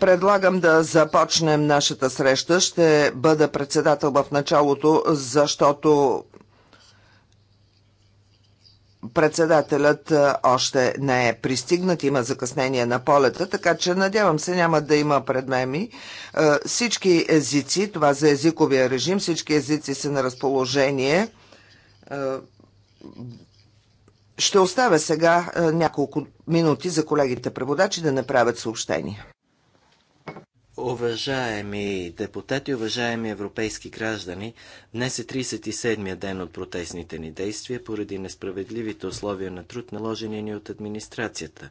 Предлагам да започнем нашата среща. Ще бъда председател в началото, защото председателят още не е пристигнат, има закъснение на полета, така че надявам се няма да има предмеми. Всички езици, това за езиковия режим, всички езици са на разположение ще оставя сега е, няколко минути за колегите преводачи да направят съобщения. Уважаеми депутати, уважаеми европейски граждани, днес е 37-я ден от протестните ни действия поради несправедливите условия на труд, наложени ни от администрацията.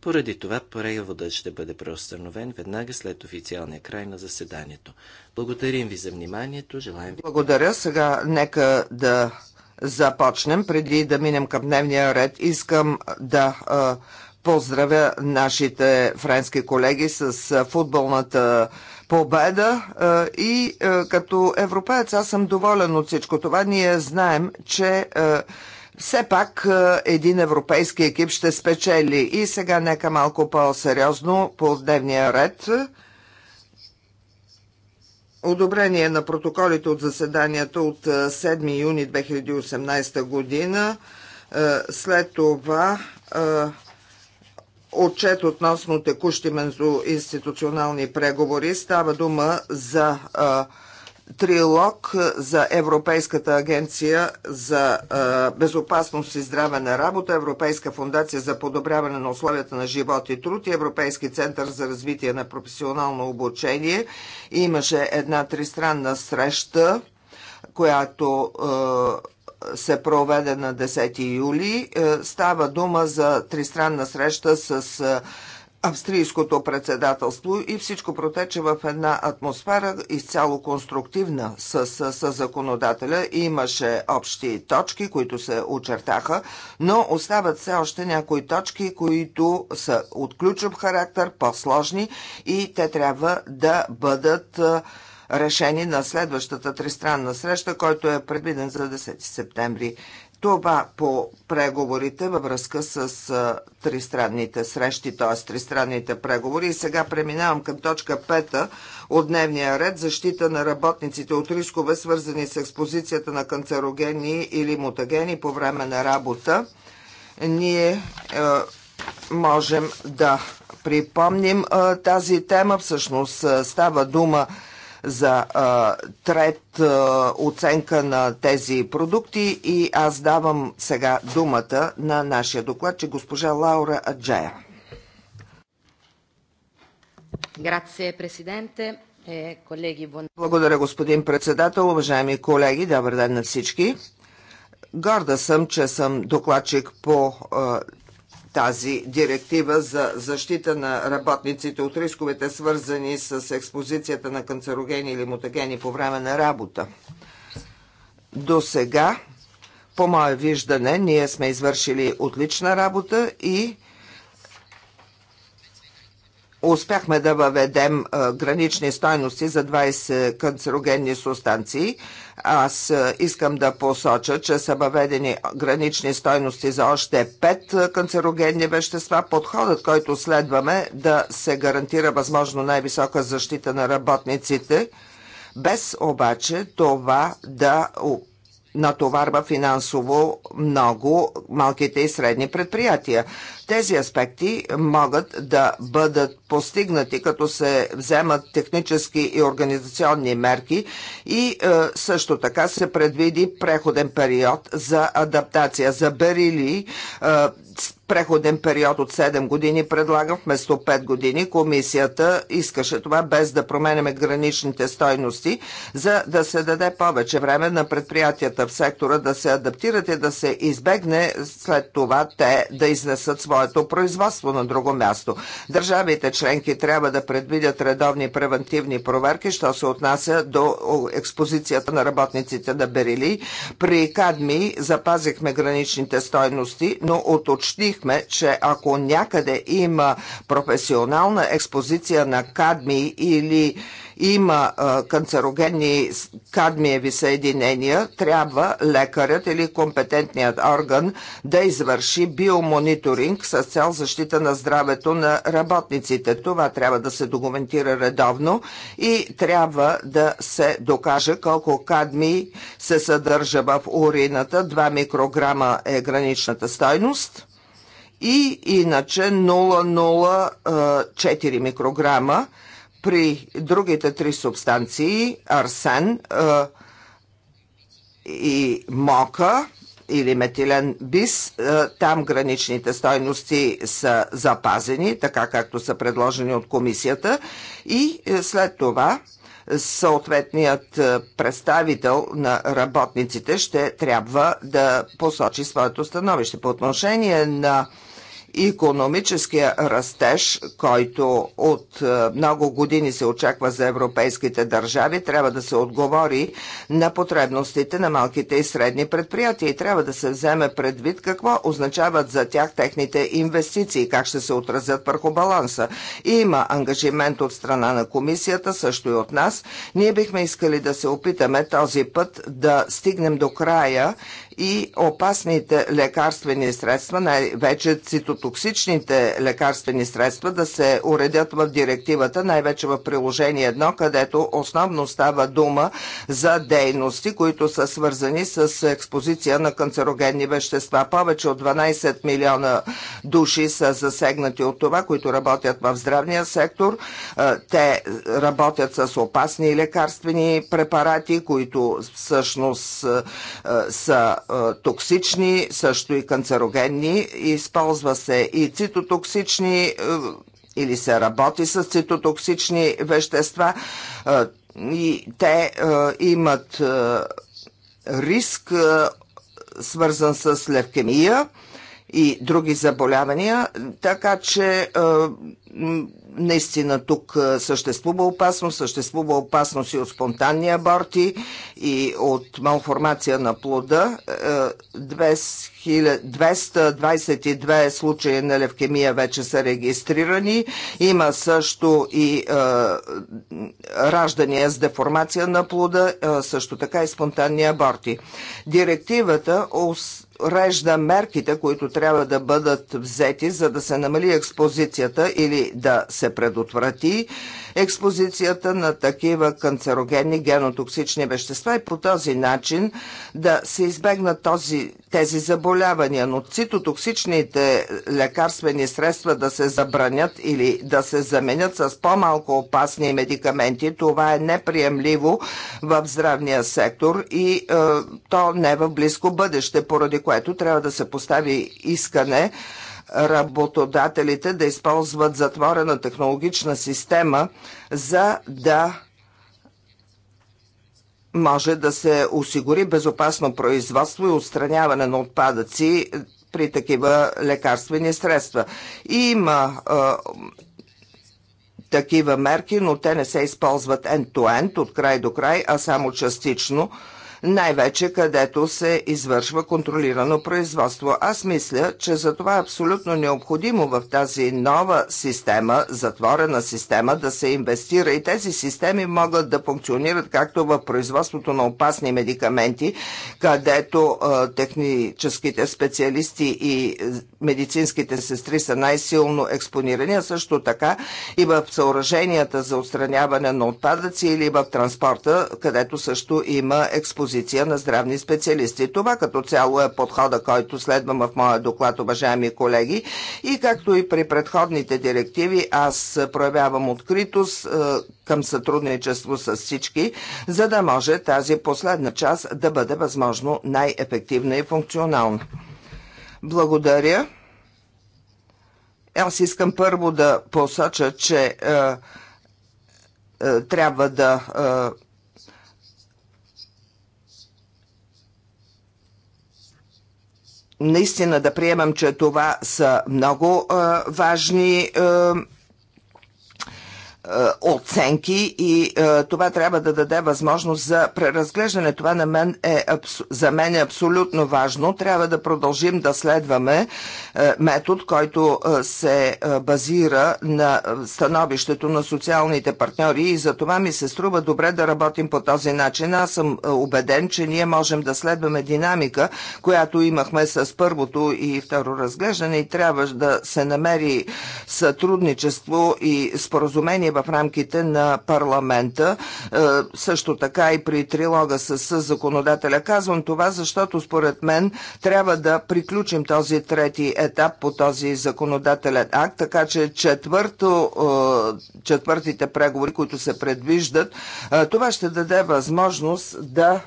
Поради това преводът ще бъде преустановен веднага след официалния край на заседанието. Благодарим ви за вниманието. Желаем ви... Благодаря. Сега нека да започнем, преди да минем към дневния ред, искам да а, поздравя нашите френски колеги с футболната победа и като европеец аз съм доволен от всичко това. Ние знаем, че все пак един европейски екип ще спечели. И сега нека малко по-сериозно по дневния ред одобрение на протоколите от заседанията от 7 юни 2018 година. След това отчет относно текущи междуинституционални преговори. Става дума за а, трилог за Европейската агенция за безопасност и здраве на работа, Европейска фундация за подобряване на условията на живот и труд и Европейски център за развитие на професионално обучение. Имаше една тристранна среща, която се проведе на 10 юли. Е, става дума за тристранна среща с австрийското председателство и всичко протече в една атмосфера изцяло конструктивна с, с, с законодателя. Имаше общи точки, които се очертаха, но остават все още някои точки, които са от ключов характер, по-сложни и те трябва да бъдат решени на следващата тристранна среща, който е предвиден за 10 септември. Това по преговорите във връзка с тристранните срещи, т.е. тристранните преговори. И сега преминавам към точка 5 от дневния ред защита на работниците от рискове, свързани с експозицията на канцерогени или мутагени по време на работа. Ние можем да припомним тази тема. Всъщност става дума за а, трет а, оценка на тези продукти и аз давам сега думата на нашия доклад, че госпожа Лаура Аджая. Грация, президенте. Е, колеги, Благодаря, господин председател. Уважаеми колеги, добър ден на всички. Горда съм, че съм докладчик по а, тази директива за защита на работниците от рисковете, свързани с експозицията на канцерогени или мутагени по време на работа. До сега, по мое виждане, ние сме извършили отлична работа и успяхме да въведем гранични стойности за 20 канцерогенни субстанции – аз е, искам да посоча, че са въведени гранични стойности за още пет е, канцерогенни вещества. Подходът, който следваме да се гарантира възможно най-висока защита на работниците, без обаче това да натоварва финансово много малките и средни предприятия. Тези аспекти могат да бъдат постигнати, като се вземат технически и организационни мерки и е, също така се предвиди преходен период за адаптация. За Берили е, преходен период от 7 години предлага вместо 5 години. Комисията искаше това без да променяме граничните стойности, за да се даде повече време на предприятията в сектора да се адаптират и да се избегне след това те да изнесат своето производство на друго място. Държавите членки трябва да предвидят редовни превентивни проверки, що се отнася до експозицията на работниците на Берили. При Кадми запазихме граничните стойности, но уточних установихме, че ако някъде има професионална експозиция на кадми или има а, канцерогенни кадмиеви съединения, трябва лекарят или компетентният орган да извърши биомониторинг с цел защита на здравето на работниците. Това трябва да се документира редовно и трябва да се докаже колко кадми се съдържа в урината. 2 микрограма е граничната стойност и иначе 004 микрограма при другите три субстанции арсен и мока или метилен бис, там граничните стойности са запазени, така както са предложени от комисията и е, след това съответният е, представител на работниците ще трябва да посочи своето становище. По отношение на економическия растеж, който от е, много години се очаква за европейските държави, трябва да се отговори на потребностите на малките и средни предприятия и трябва да се вземе предвид какво означават за тях техните инвестиции, как ще се отразят върху баланса. И има ангажимент от страна на комисията, също и от нас. Ние бихме искали да се опитаме този път да стигнем до края и опасните лекарствени средства, най-вече цитотоксичните лекарствени средства, да се уредят в директивата, най-вече в приложение 1, където основно става дума за дейности, които са свързани с експозиция на канцерогенни вещества. Повече от 12 милиона души са засегнати от това, които работят в здравния сектор. Е, те работят с опасни лекарствени препарати, които всъщност е, са е, токсични, също и канцерогенни. Използва се и цитотоксични е, или се работи с цитотоксични вещества. Е, и те имат риск, свързан с левкемия и други заболявания, така че наистина тук съществува опасност, съществува опасност и от спонтанни аборти и от малформация на плода. 222 е, случаи на левкемия вече са регистрирани. Има също и е, раждания с деформация на плода, е, също така и спонтанни аборти. Директивата урежда мерките, които трябва да бъдат взети, за да се намали експозицията или да се предотврати експозицията на такива канцерогенни генотоксични вещества и по този начин да се избегнат този тези заболявания, но цитотоксичните лекарствени средства да се забранят или да се заменят с по-малко опасни медикаменти, това е неприемливо в здравния сектор и е, то не в близко бъдеще, поради което трябва да се постави искане работодателите да използват затворена технологична система, за да може да се осигури безопасно производство и отстраняване на отпадъци при такива лекарствени средства. Има такива мерки, но те не се използват end-to-end, -end, от край до край, а само частично – най-вече където се извършва контролирано производство. Аз мисля, че за това е абсолютно необходимо в тази нова система, затворена система, да се инвестира и тези системи могат да функционират както в производството на опасни медикаменти, където е, техническите специалисти и е, медицинските сестри са най-силно експонирани, а също така и в съоръженията за отстраняване на отпадъци или в транспорта, където също има експозиция позиция на здравни специалисти. Това като цяло е подхода, който следвам в моя доклад, уважаеми колеги. И както и при предходните директиви, аз проявявам откритост е, към сътрудничество с всички, за да може тази последна част да бъде възможно най-ефективна и функционална. Благодаря. Аз искам първо да посоча, че е, е, трябва да е, наистина да приемам, че това са много а, важни а, е, оценки и е, това трябва да даде възможност за преразглеждане. Това на мен е, за мен е абсолютно важно. Трябва да продължим да следваме е, метод, който е, се е, базира на е, становището на социалните партньори и за това ми се струва добре да работим по този начин. Аз съм убеден, че ние можем да следваме динамика, която имахме с първото и второ разглеждане и трябва да се намери сътрудничество и споразумение в рамките на парламента, е, също така и при трилога с законодателя. Казвам това, защото според мен трябва да приключим този трети етап по този законодателен акт, така че четвърто, е, четвъртите преговори, които се предвиждат, е, това ще даде възможност да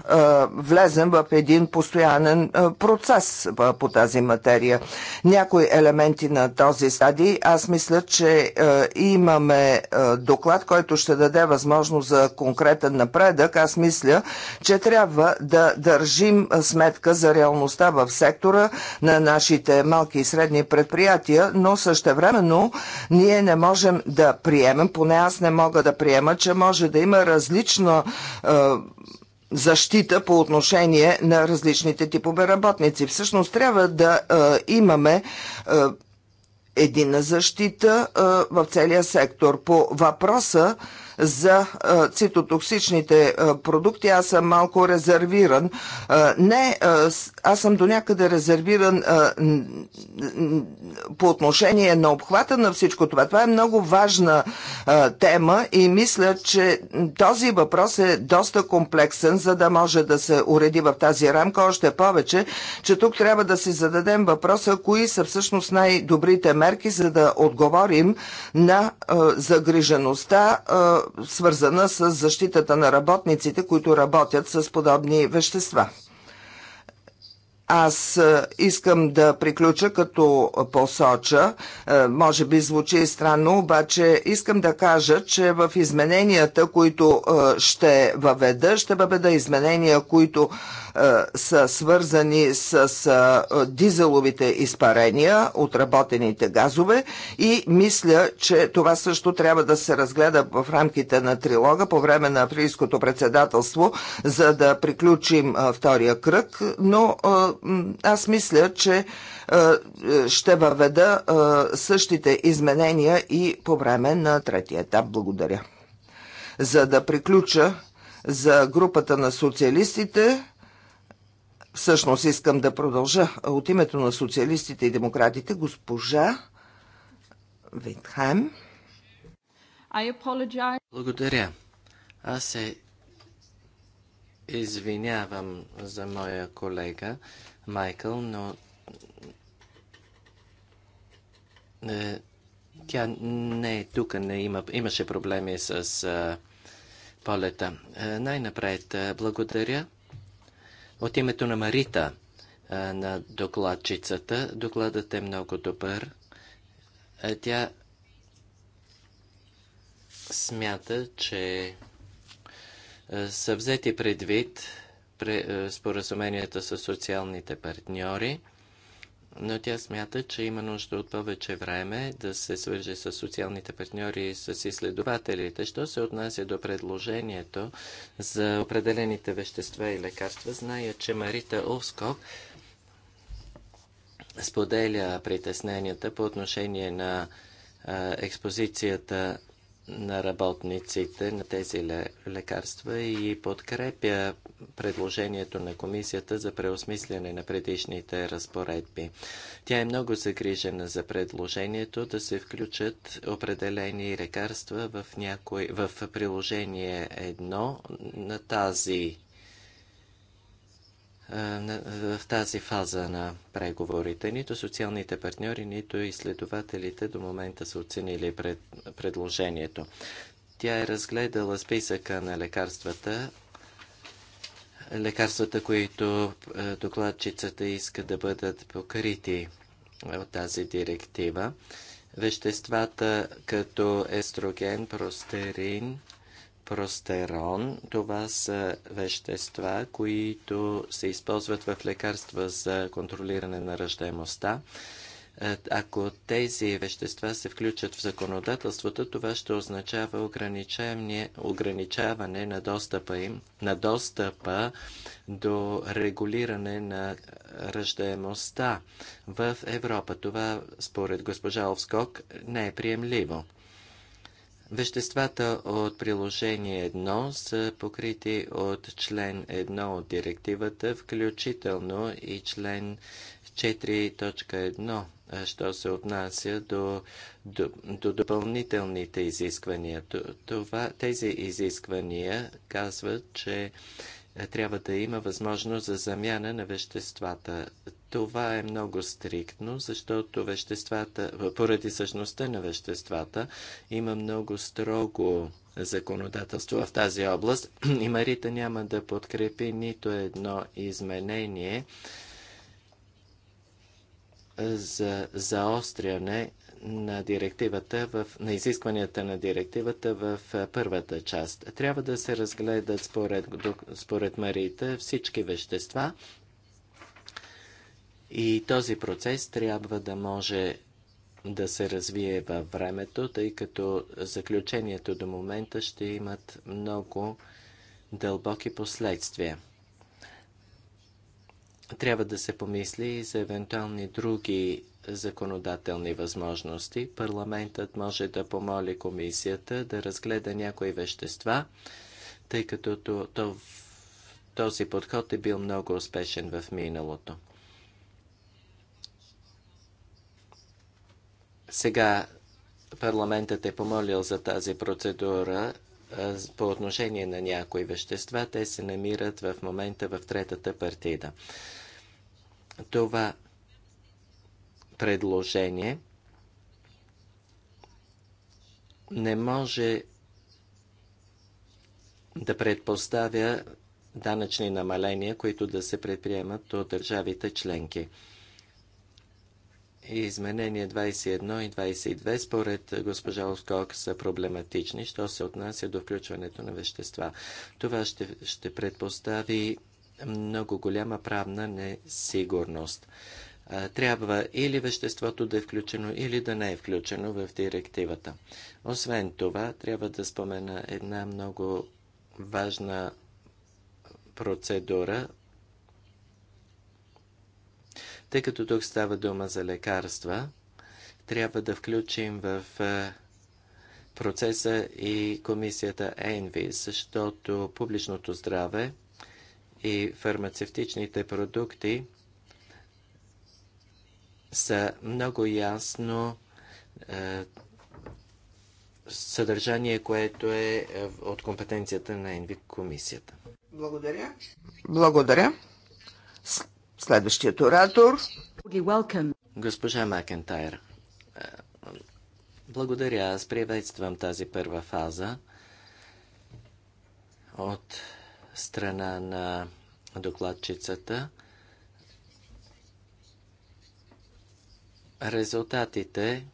влезем в един постоянен процес по тази материя. Някои елементи на този стадий, аз мисля, че имаме доклад, който ще даде възможност за конкретен напредък, аз мисля, че трябва да държим сметка за реалността в сектора на нашите малки и средни предприятия, но същевременно ние не можем да приемем, поне аз не мога да приема, че може да има различна защита по отношение на различните типове работници. Всъщност трябва да имаме е, единна защита в целия сектор. По въпроса за цитотоксичните продукти аз съм малко резервиран. Не аз съм до някъде резервиран а, по отношение на обхвата на всичко това. Това е много важна а, тема и мисля, че този въпрос е доста комплексен, за да може да се уреди в тази рамка. Още повече, че тук трябва да си зададем въпроса, кои са всъщност най-добрите мерки, за да отговорим на а, загрижеността, а, свързана с защитата на работниците, които работят с подобни вещества. Аз е, искам да приключа като посоча. Е, може би звучи странно, обаче искам да кажа, че в измененията, които е, ще въведа, ще въведа изменения, които са свързани с дизеловите изпарения, отработените газове и мисля, че това също трябва да се разгледа в рамките на трилога по време на австрийското председателство, за да приключим втория кръг, но аз мисля, че е, е, ще въведа е, същите изменения и по време на третия етап. Благодаря. За да приключа за групата на социалистите, всъщност искам да продължа от името на социалистите и демократите, госпожа Витхайм. Благодаря. Аз се извинявам за моя колега. Майкъл, но е, тя не е тук, не има, имаше проблеми с е, полета. Е, най-напред, е, благодаря от името на Марита, е, на докладчицата. Докладът е много добър. Е, тя смята, че е, са взети предвид е, споразуменията с социалните партньори, но тя смята, че има нужда от повече време да се свържи с социалните партньори и с изследователите. Що се отнася до предложението за определените вещества и лекарства, зная, че Марита Овскок споделя притесненията по отношение на е, експозицията на работниците на тези лекарства и подкрепя предложението на комисията за преосмислене на предишните разпоредби. Тя е много загрижена за предложението да се включат определени лекарства в, някой, в приложение 1 на тази в тази фаза на преговорите. Нито социалните партньори, нито изследователите до момента са оценили пред, предложението. Тя е разгледала списъка на лекарствата, лекарствата, които докладчицата иска да бъдат покрити от тази директива. Веществата като естроген, простерин, Простерон, това са вещества, които се използват в лекарства за контролиране на ръждаемостта. Е, ако тези вещества се включат в законодателството, това ще означава ограничаване на достъпа им, на достъпа до регулиране на ръждаемостта в Европа. Това, според госпожа Овскок, не е приемливо. Веществата от приложение 1 са покрити от член 1 от директивата, включително и член 4.1, що се отнася до, до, до допълнителните изисквания. Това, тези изисквания казват, че трябва да има възможност за замяна на веществата. Това е много стриктно, защото веществата, поради същността на веществата има много строго законодателство в тази област и Марита няма да подкрепи нито едно изменение за заостряне на директивата в, на изискванията на директивата в първата част. Трябва да се разгледат според, според Марита всички вещества и този процес трябва да може да се развие във времето, тъй като заключението до момента ще имат много дълбоки последствия. Трябва да се помисли и за евентуални други законодателни възможности. Парламентът може да помоли комисията да разгледа някои вещества, тъй като този подход е бил много успешен в миналото. Сега парламентът е помолил за тази процедура по отношение на някои вещества. Те се намират в момента в третата партида. Това предложение не може да предпоставя данъчни намаления, които да се предприемат от държавите членки. Изменения 21 и 22 според госпожа Оскок са проблематични, що се отнася до включването на вещества. Това ще, ще предпостави много голяма правна несигурност. Трябва или веществото да е включено, или да не е включено в директивата. Освен това, трябва да спомена една много важна процедура тъй като тук става дума за лекарства, трябва да включим в е, процеса и комисията ЕНВИ, защото публичното здраве и фармацевтичните продукти са много ясно е, съдържание, което е от компетенцията на ЕНВИ комисията. Благодаря. Благодаря. Следващият оратор. Госпожа Макентайр, е, благодаря. Аз приветствам тази първа фаза от страна на докладчицата. Резултатите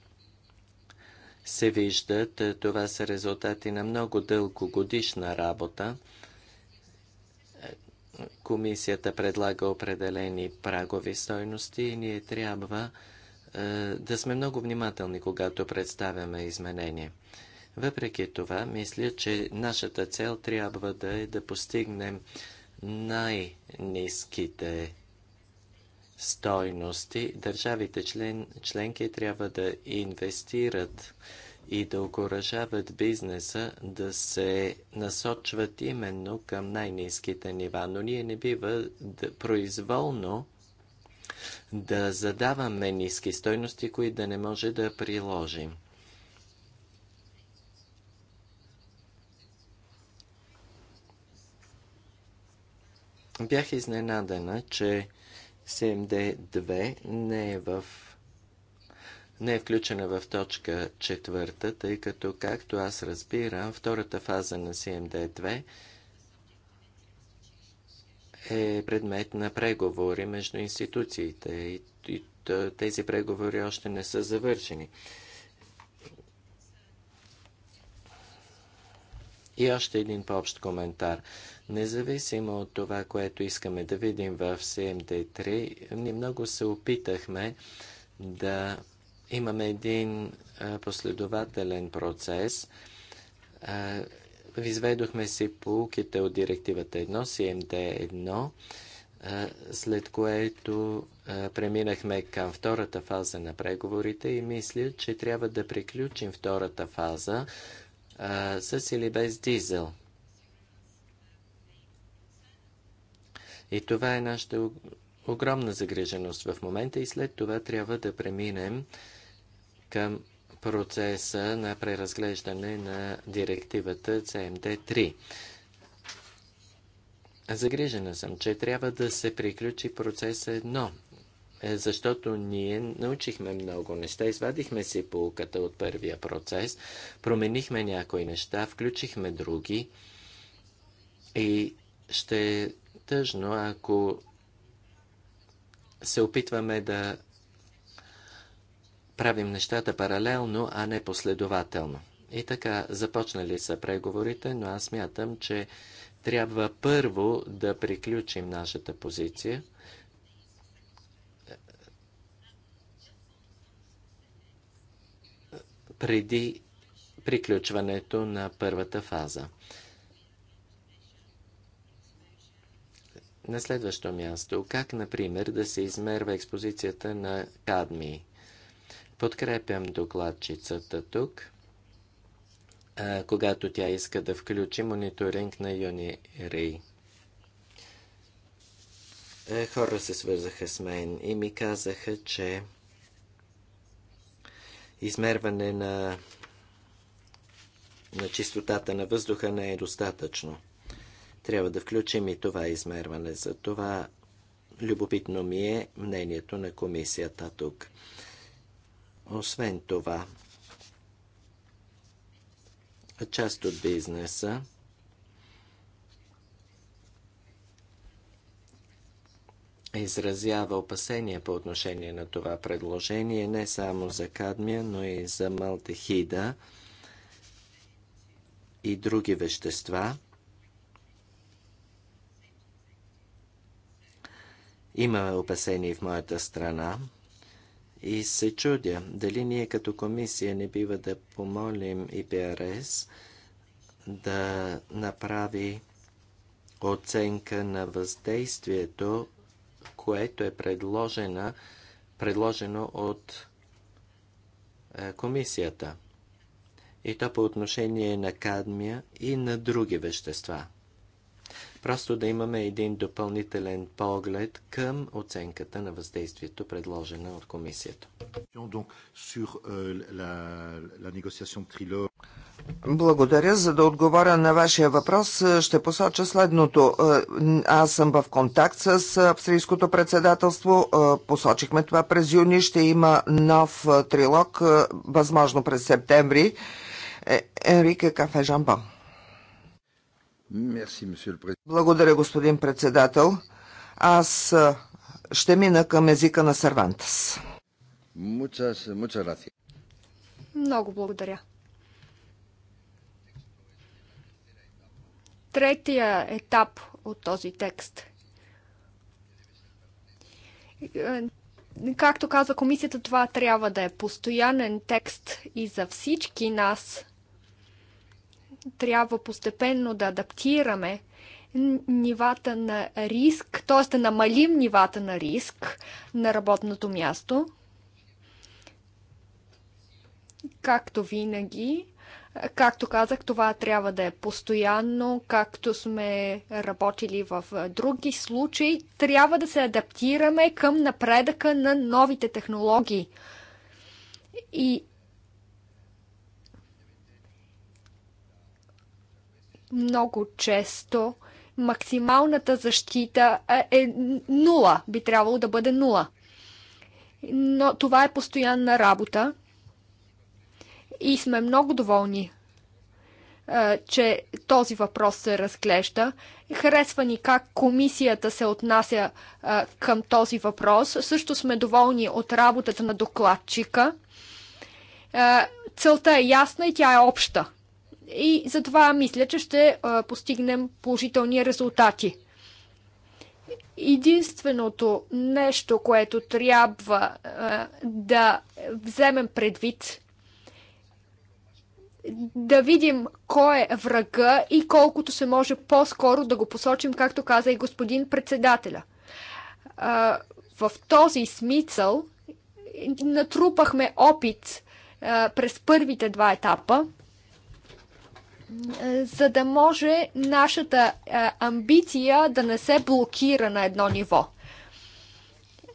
се виждат. Това са резултати на много дълго годишна работа. Комисията предлага определени прагови стойности и ние трябва е, да сме много внимателни, когато представяме изменения. Въпреки това, мисля, че нашата цел трябва да е да постигнем най-низките стойности. Държавите член, членки трябва да инвестират и да окоръжават бизнеса да се насочват именно към най-низките нива. Но ние не бива да, произволно да задаваме ниски стойности, които да не може да приложим. Бях изненадана, че 72 не е в не е включена в точка четвърта, тъй като, както аз разбирам, втората фаза на CMD-2 е предмет на преговори между институциите и, и тези преговори още не са завършени. И още един по-общ коментар. Независимо от това, което искаме да видим в CMD3, ние много се опитахме да имаме един последователен процес. Изведохме си полуките от директивата 1, CMD 1, след което преминахме към втората фаза на преговорите и мисля, че трябва да приключим втората фаза с или без дизел. И това е нашата огромна загриженост в момента и след това трябва да преминем към процеса на преразглеждане на директивата CMD-3. Загрижена съм, че трябва да се приключи процеса едно, е, защото ние научихме много неща, извадихме си полуката от първия процес, променихме някои неща, включихме други и ще е тъжно, ако се опитваме да правим нещата паралелно, а не последователно. И така, започнали са преговорите, но аз мятам, че трябва първо да приключим нашата позиция. преди приключването на първата фаза. На следващо място, как, например, да се измерва експозицията на кадмии? Подкрепям докладчицата тук, когато тя иска да включи мониторинг на Юни Рей. Е, хора се свързаха с мен и ми казаха, че измерване на, на чистотата на въздуха не е достатъчно. Трябва да включим и това измерване. За това любопитно ми е мнението на комисията тук. Освен това, част от бизнеса изразява опасения по отношение на това предложение не само за кадмия, но и за малтехида и други вещества. Има опасения в моята страна. И се чудя дали ние като комисия не бива да помолим ИПРС да направи оценка на въздействието, което е предложено, предложено от е, комисията. И то по отношение на кадмия и на други вещества. Просто да имаме един допълнителен поглед към оценката на въздействието, предложена от комисията. Euh, Благодаря. За да отговоря на вашия въпрос, е, ще посоча следното. Е, аз съм в контакт с австрийското председателство. Е, посочихме това през юни. Ще има нов трилог, възможно през септември. Енрике Кафе Жамбон. Благодаря, господин председател. Аз ще мина към езика на Сервантес. Много благодаря. Третия етап от този текст. Е, както каза комисията, това трябва да е постоянен текст и за всички нас, трябва постепенно да адаптираме нивата на риск, т.е. да намалим нивата на риск на работното място. Както винаги, както казах, това трябва да е постоянно, както сме работили в други случаи. Трябва да се адаптираме към напредъка на новите технологии. И много често максималната защита е нула, би трябвало да бъде нула. Но това е постоянна работа и сме много доволни, че този въпрос се разглежда. Харесва ни как комисията се отнася към този въпрос. Също сме доволни от работата на докладчика. Целта е ясна и тя е обща – и затова мисля, че ще постигнем положителни резултати. Единственото нещо, което трябва да вземем предвид, да видим кой е врага и колкото се може по-скоро да го посочим, както каза и господин председателя. В този смисъл натрупахме опит през първите два етапа за да може нашата амбиция да не се блокира на едно ниво.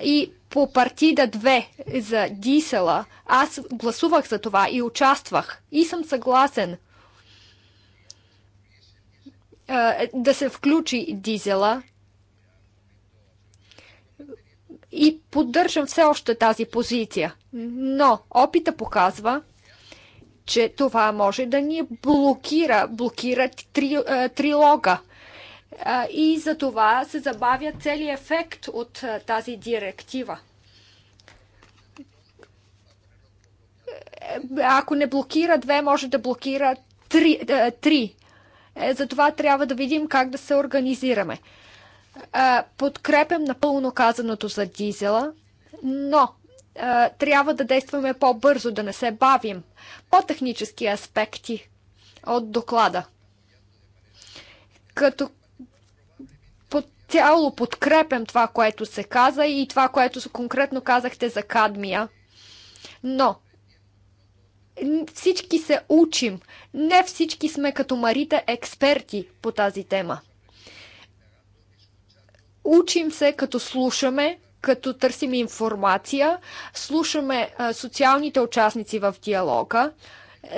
И по партида 2 за дисела, аз гласувах за това и участвах. И съм съгласен да се включи дизела. И поддържам все още тази позиция. Но опита показва, че това може да ни блокира, блокира три, е, трилога. Е, и за това се забавя целият ефект от е, тази директива. Ако не блокира две, може да блокира три. три. Затова трябва да видим как да се организираме. Подкрепям напълно казаното за дизела, но трябва да действаме по-бързо, да не се бавим. По-технически аспекти от доклада. Като по цяло подкрепям това, което се каза и това, което конкретно казахте за кадмия. Но всички се учим. Не всички сме като Марите експерти по тази тема. Учим се като слушаме, като търсим информация, слушаме социалните участници в диалога,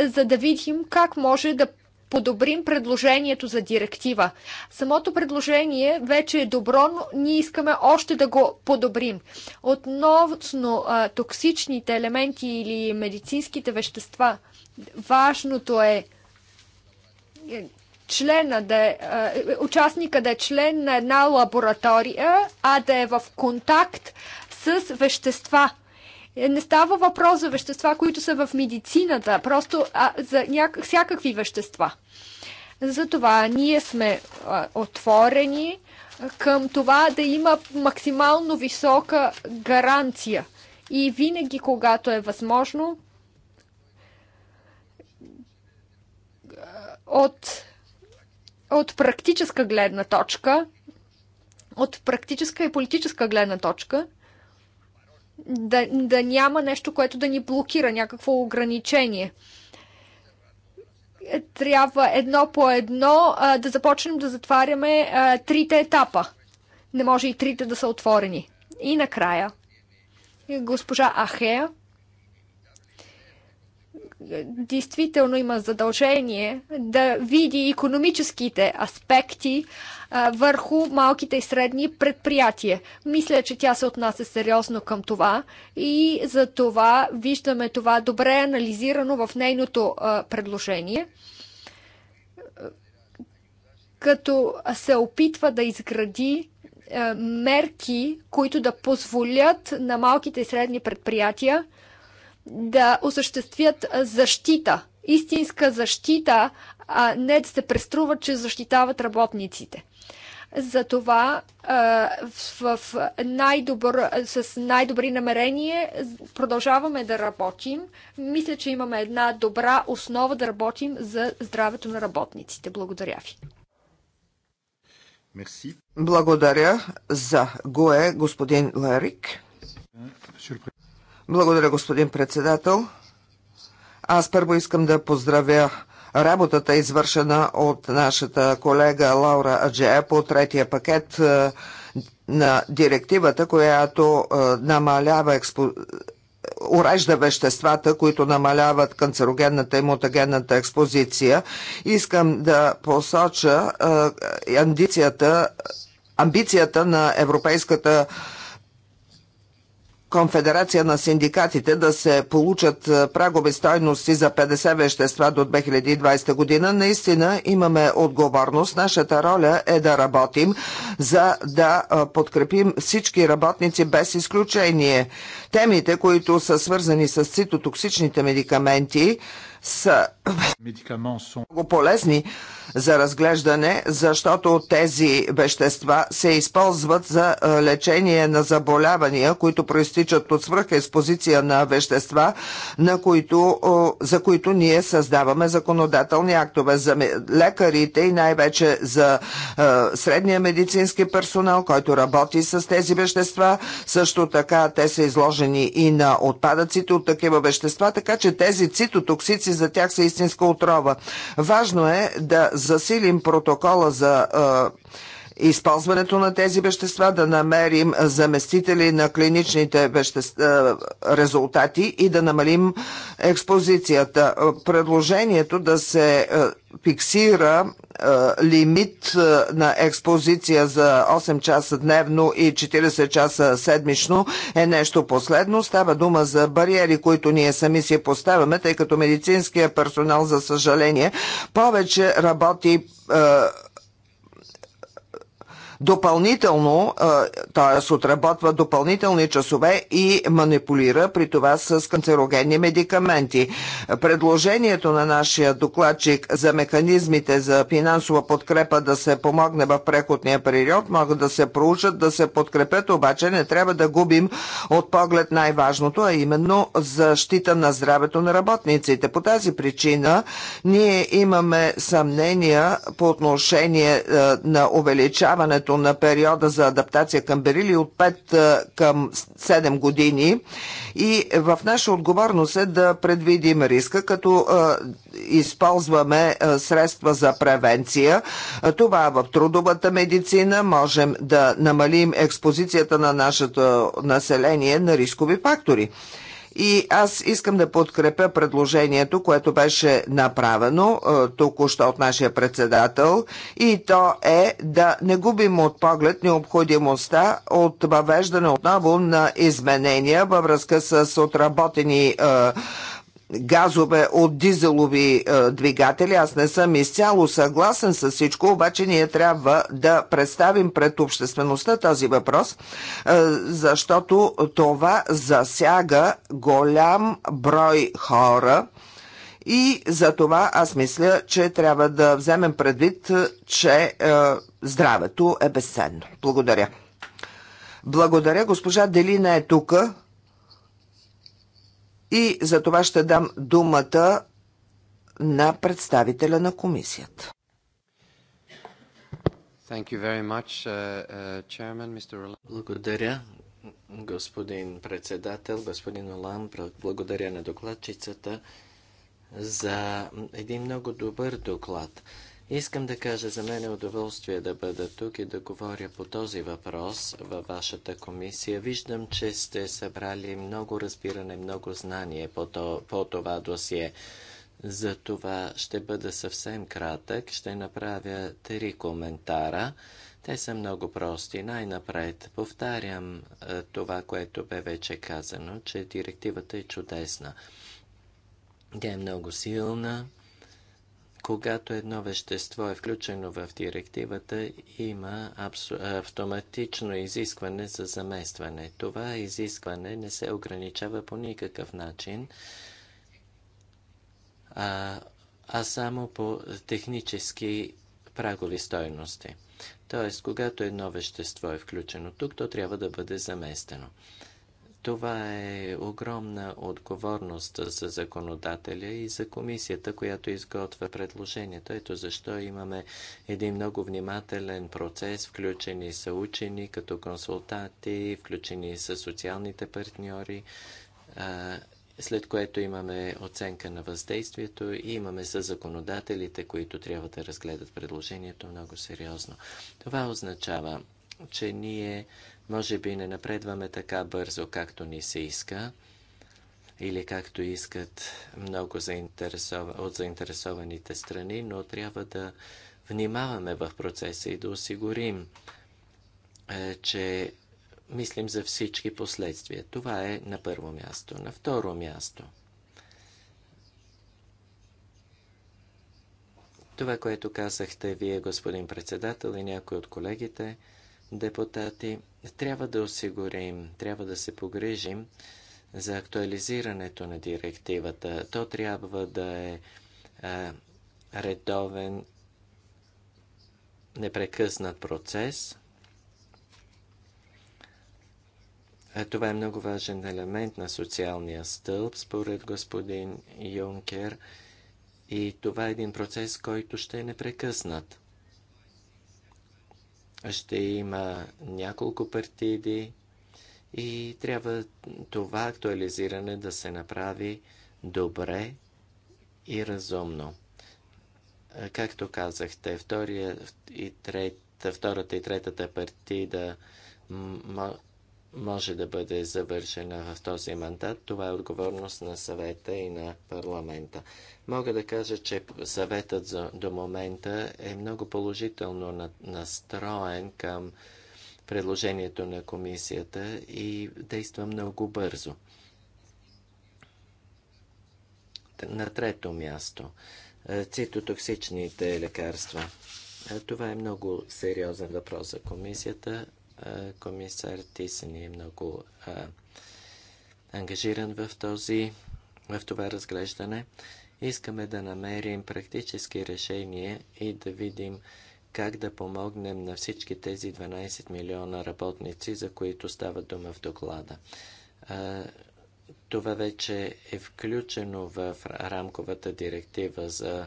за да видим как може да подобрим предложението за директива. Самото предложение вече е добро, но ние искаме още да го подобрим. Относно а, токсичните елементи или медицинските вещества, важното е члена да е, е, участника да е член на една лаборатория, а да е в контакт с вещества. Е, не става въпрос за вещества, които са в медицината, просто а, за няк- всякакви вещества. Затова ние сме а, отворени към това да има максимално висока гаранция. И винаги, когато е възможно, от от практическа гледна точка, от практическа и политическа гледна точка, да, да няма нещо, което да ни блокира, някакво ограничение. Трябва едно по едно а, да започнем да затваряме а, трите етапа. Не може и трите да са отворени. И накрая, госпожа Ахея действително има задължение да види економическите аспекти а, върху малките и средни предприятия. Мисля, че тя се отнася сериозно към това и за това виждаме това добре анализирано в нейното а, предложение като се опитва да изгради мерки, които да позволят на малките и средни предприятия да осъществят защита, истинска защита, а не да се преструват, че защитават работниците. Затова в най-добър, с най-добри намерения продължаваме да работим. Мисля, че имаме една добра основа да работим за здравето на работниците. Благодаря ви. Merci. Благодаря за ГОЕ, господин Ларик. Благодаря, господин председател. Аз първо искам да поздравя работата, извършена от нашата колега Лаура Аджея по третия пакет е, на директивата, която е, намалява експо... урежда веществата, които намаляват канцерогенната и мутагенната експозиция. Искам да посоча е, амбицията, амбицията на Европейската Конфедерация на синдикатите да се получат е, прагови стойности за 50 вещества до 2020 година, наистина имаме отговорност. Нашата роля е да работим, за да е, подкрепим всички работници без изключение. Темите, които са свързани с цитотоксичните медикаменти, са много полезни за разглеждане, защото тези вещества се използват за е, лечение на заболявания, които проистичат от свръхеспозиция на вещества, на които, е, за които ние създаваме законодателни актове за лекарите и най-вече за е, средния медицински персонал, който работи с тези вещества. Също така те са изложени и на отпадъците от такива вещества, така че тези цитотоксици че за тях са истинска отрова. Важно е да засилим протокола за е, използването на тези вещества, да намерим заместители на клиничните вещества, е, резултати и да намалим експозицията. Предложението да се е, фиксира е, лимит на експозиция за 8 часа дневно и 40 часа седмично е нещо последно. Става дума за бариери, които ние сами си поставяме, тъй като медицинския персонал, за съжаление, повече работи допълнително, т.е. отработва допълнителни часове и манипулира при това с канцерогенни медикаменти. Предложението на нашия докладчик за механизмите за финансова подкрепа да се помогне в преходния период могат да се проучат, да се подкрепят, обаче не трябва да губим от поглед най-важното, а именно защита на здравето на работниците. По тази причина ние имаме съмнения по отношение на увеличаването времето на периода за адаптация към берили от 5 към 7 години и в наша отговорност е да предвидим риска, като използваме средства за превенция. Това в трудовата медицина можем да намалим експозицията на нашето население на рискови фактори. И аз искам да подкрепя предложението, което беше направено е, току-що от нашия председател и то е да не губим от поглед необходимостта от въвеждане отново на изменения във връзка с отработени е, газове от дизелови е, двигатели. Аз не съм изцяло съгласен с всичко, обаче ние трябва да представим пред обществеността този въпрос, е, защото това засяга голям брой хора. И за това аз мисля, че трябва да вземем предвид, че е, здравето е безценно. Благодаря. Благодаря. Госпожа Делина е тука. И за това ще дам думата на представителя на комисията. Uh, uh, благодаря, господин председател, господин Олан, благодаря на докладчицата за един много добър доклад. Искам да кажа, за мен е удоволствие да бъда тук и да говоря по този въпрос във вашата комисия. Виждам, че сте събрали много разбиране, много знание по, то, по това досие. За това ще бъда съвсем кратък. Ще направя три коментара. Те са много прости. Най-напред повтарям е, това, което бе вече казано, че директивата е чудесна. Тя е много силна когато едно вещество е включено в директивата, има автоматично изискване за заместване. Това изискване не се ограничава по никакъв начин, а, а само по технически прагови стойности. Тоест, когато едно вещество е включено тук, то трябва да бъде заместено. Това е огромна отговорност за законодателя и за комисията, която изготвя предложението. Ето защо имаме един много внимателен процес. Включени са учени като консултанти, включени са социалните партньори, след което имаме оценка на въздействието и имаме са законодателите, които трябва да разгледат предложението много сериозно. Това означава, че ние може би не напредваме така бързо, както ни се иска или както искат много заинтересов... от заинтересованите страни, но трябва да внимаваме в процеса и да осигурим, е, че мислим за всички последствия. Това е на първо място. На второ място. Това, което казахте вие, господин председател и някои от колегите, депутати – трябва да осигурим, трябва да се погрежим за актуализирането на директивата. То трябва да е а, редовен, непрекъснат процес. А това е много важен елемент на социалния стълб, според господин Юнкер. И това е един процес, който ще е непрекъснат ще има няколко партиди и трябва това актуализиране да се направи добре и разумно. Както казахте, втория и трет, втората и третата партида може да бъде завършена в този мандат. Това е отговорност на съвета и на парламента. Мога да кажа, че съветът за, до момента е много положително на, настроен към предложението на комисията и действа много бързо. На трето място е, цитотоксичните лекарства. Е, това е много сериозен въпрос за комисията. Комисар си е много а, ангажиран в, този, в това разглеждане. Искаме да намерим практически решения и да видим как да помогнем на всички тези 12 милиона работници, за които става дума в доклада. А, това вече е включено в рамковата директива за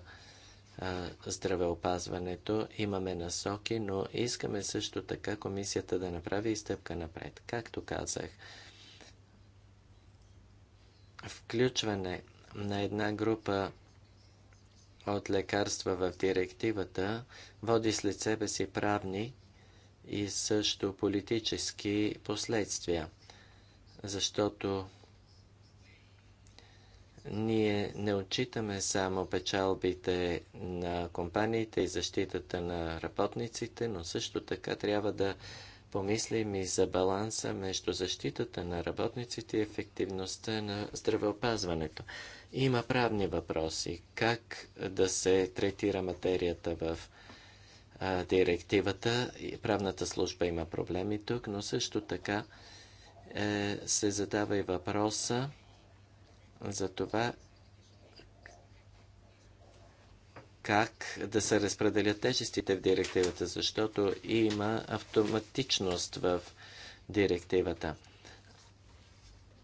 здравеопазването. Имаме насоки, но искаме също така комисията да направи и стъпка напред. Както казах, включване на една група от лекарства в директивата води след себе си правни и също политически последствия, защото ние не отчитаме само печалбите на компаниите и защитата на работниците, но също така трябва да помислим и за баланса между защитата на работниците и ефективността на здравеопазването. Има правни въпроси. Как да се третира материята в директивата? Правната служба има проблеми тук, но също така е, се задава и въпроса за това как да се разпределят тежестите в директивата, защото има автоматичност в директивата.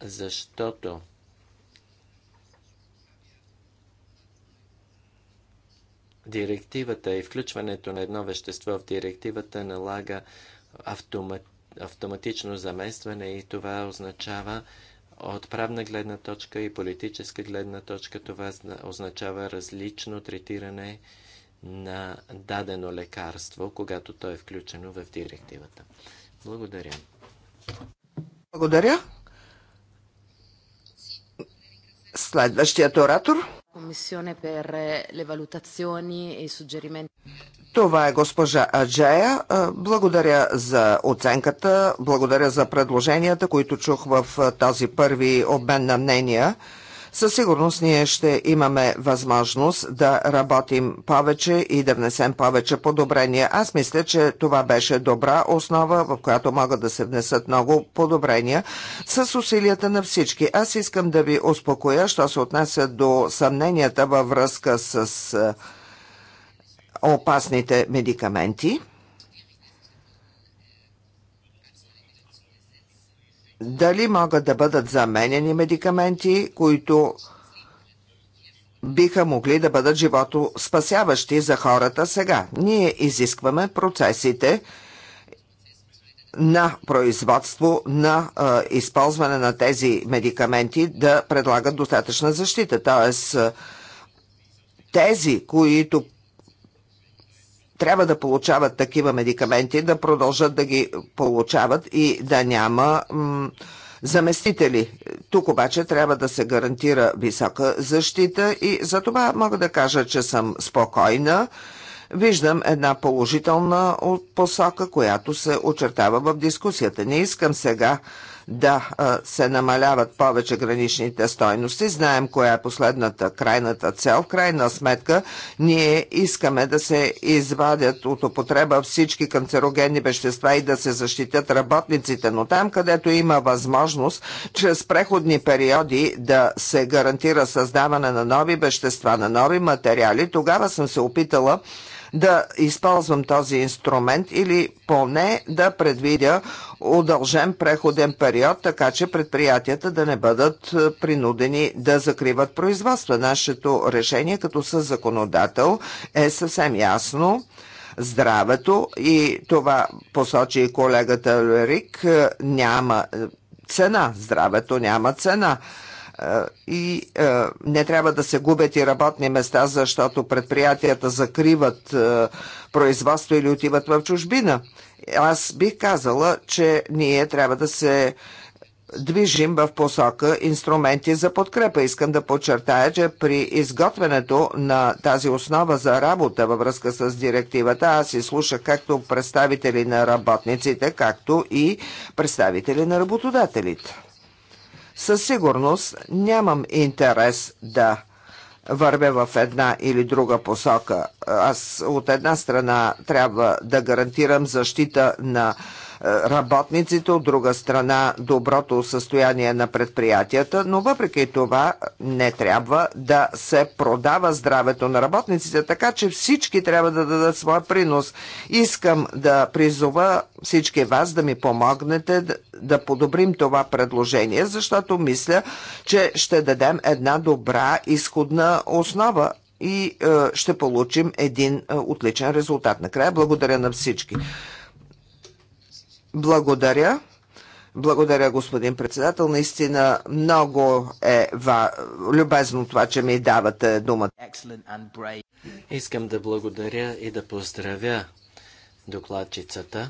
Защото директивата и включването на едно вещество в директивата налага автомат, автоматично заместване и това означава от правна гледна точка и политическа гледна точка това означава различно третиране на дадено лекарство, когато то е включено в директивата. Благодаря. Благодаря. Следващият оратор и e Това е госпожа Аджея. Е, благодаря за оценката, благодаря за предложенията, които чух в е, тази първи обмен на мнения. Със сигурност ние ще имаме възможност да работим повече и да внесем повече подобрения. Аз мисля, че това беше добра основа, в която могат да се внесат много подобрения с усилията на всички. Аз искам да ви успокоя, що се отнася до съмненията във връзка с е, опасните медикаменти. дали могат да бъдат заменени медикаменти, които биха могли да бъдат живото спасяващи за хората сега. Ние изискваме процесите на производство, на а, използване на тези медикаменти да предлагат достатъчна защита. Тоест, тези, които трябва да получават такива медикаменти, да продължат да ги получават и да няма заместители. Тук обаче трябва да се гарантира висока защита и за това мога да кажа, че съм спокойна. Виждам една положителна посока, която се очертава в дискусията. Не искам сега да се намаляват повече граничните стойности. Знаем коя е последната крайната цел. В крайна сметка ние искаме да се извадят от употреба всички канцерогенни вещества и да се защитят работниците, но там, където има възможност, чрез преходни периоди да се гарантира създаване на нови вещества, на нови материали, тогава съм се опитала да използвам този инструмент или поне да предвидя удължен преходен период, така че предприятията да не бъдат е, принудени да закриват производства. Нашето решение като със законодател е съвсем ясно здравето и това посочи и колегата Лерик, е, няма е, цена. Здравето няма цена и е, не трябва да се губят и работни места, защото предприятията закриват е, производство или отиват в чужбина. Аз бих казала, че ние трябва да се движим в посока инструменти за подкрепа. Искам да подчертая, че при изготвянето на тази основа за работа във връзка с директивата, аз изслушах както представители на работниците, както и представители на работодателите. Със сигурност нямам интерес да вървя в една или друга посока. Аз от една страна трябва да гарантирам защита на работниците, от друга страна доброто състояние на предприятията, но въпреки това не трябва да се продава здравето на работниците, така че всички трябва да дадат своя принос. Искам да призова всички вас да ми помогнете да, подобрим това предложение, защото мисля, че ще дадем една добра изходна основа и е, ще получим един е, отличен резултат. Накрая благодаря на всички. Благодаря. Благодаря, господин председател. Наистина много е ва... любезно това, че ми давате думата. Искам да благодаря и да поздравя докладчицата,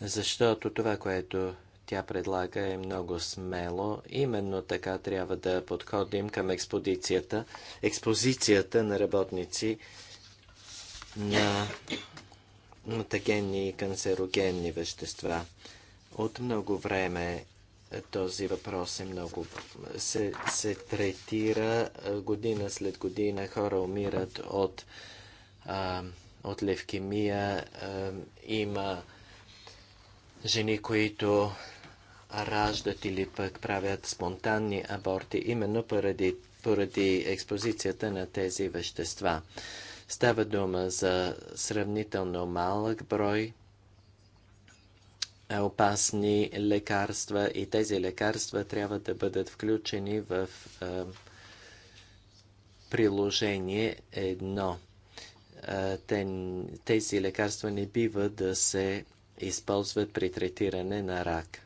защото това, което тя предлага е много смело. Именно така трябва да подходим към експозицията, експозицията на работници на мутагенни и канцерогенни вещества. От много време този въпрос е много... Се, се третира година след година. Хора умират от, а, от левкемия. А, има жени, които раждат или пък правят спонтанни аборти, именно поради, поради експозицията на тези вещества. Става дума за сравнително малък брой опасни лекарства и тези лекарства трябва да бъдат включени в приложение 1. тези лекарства не бива да се използват при третиране на рак.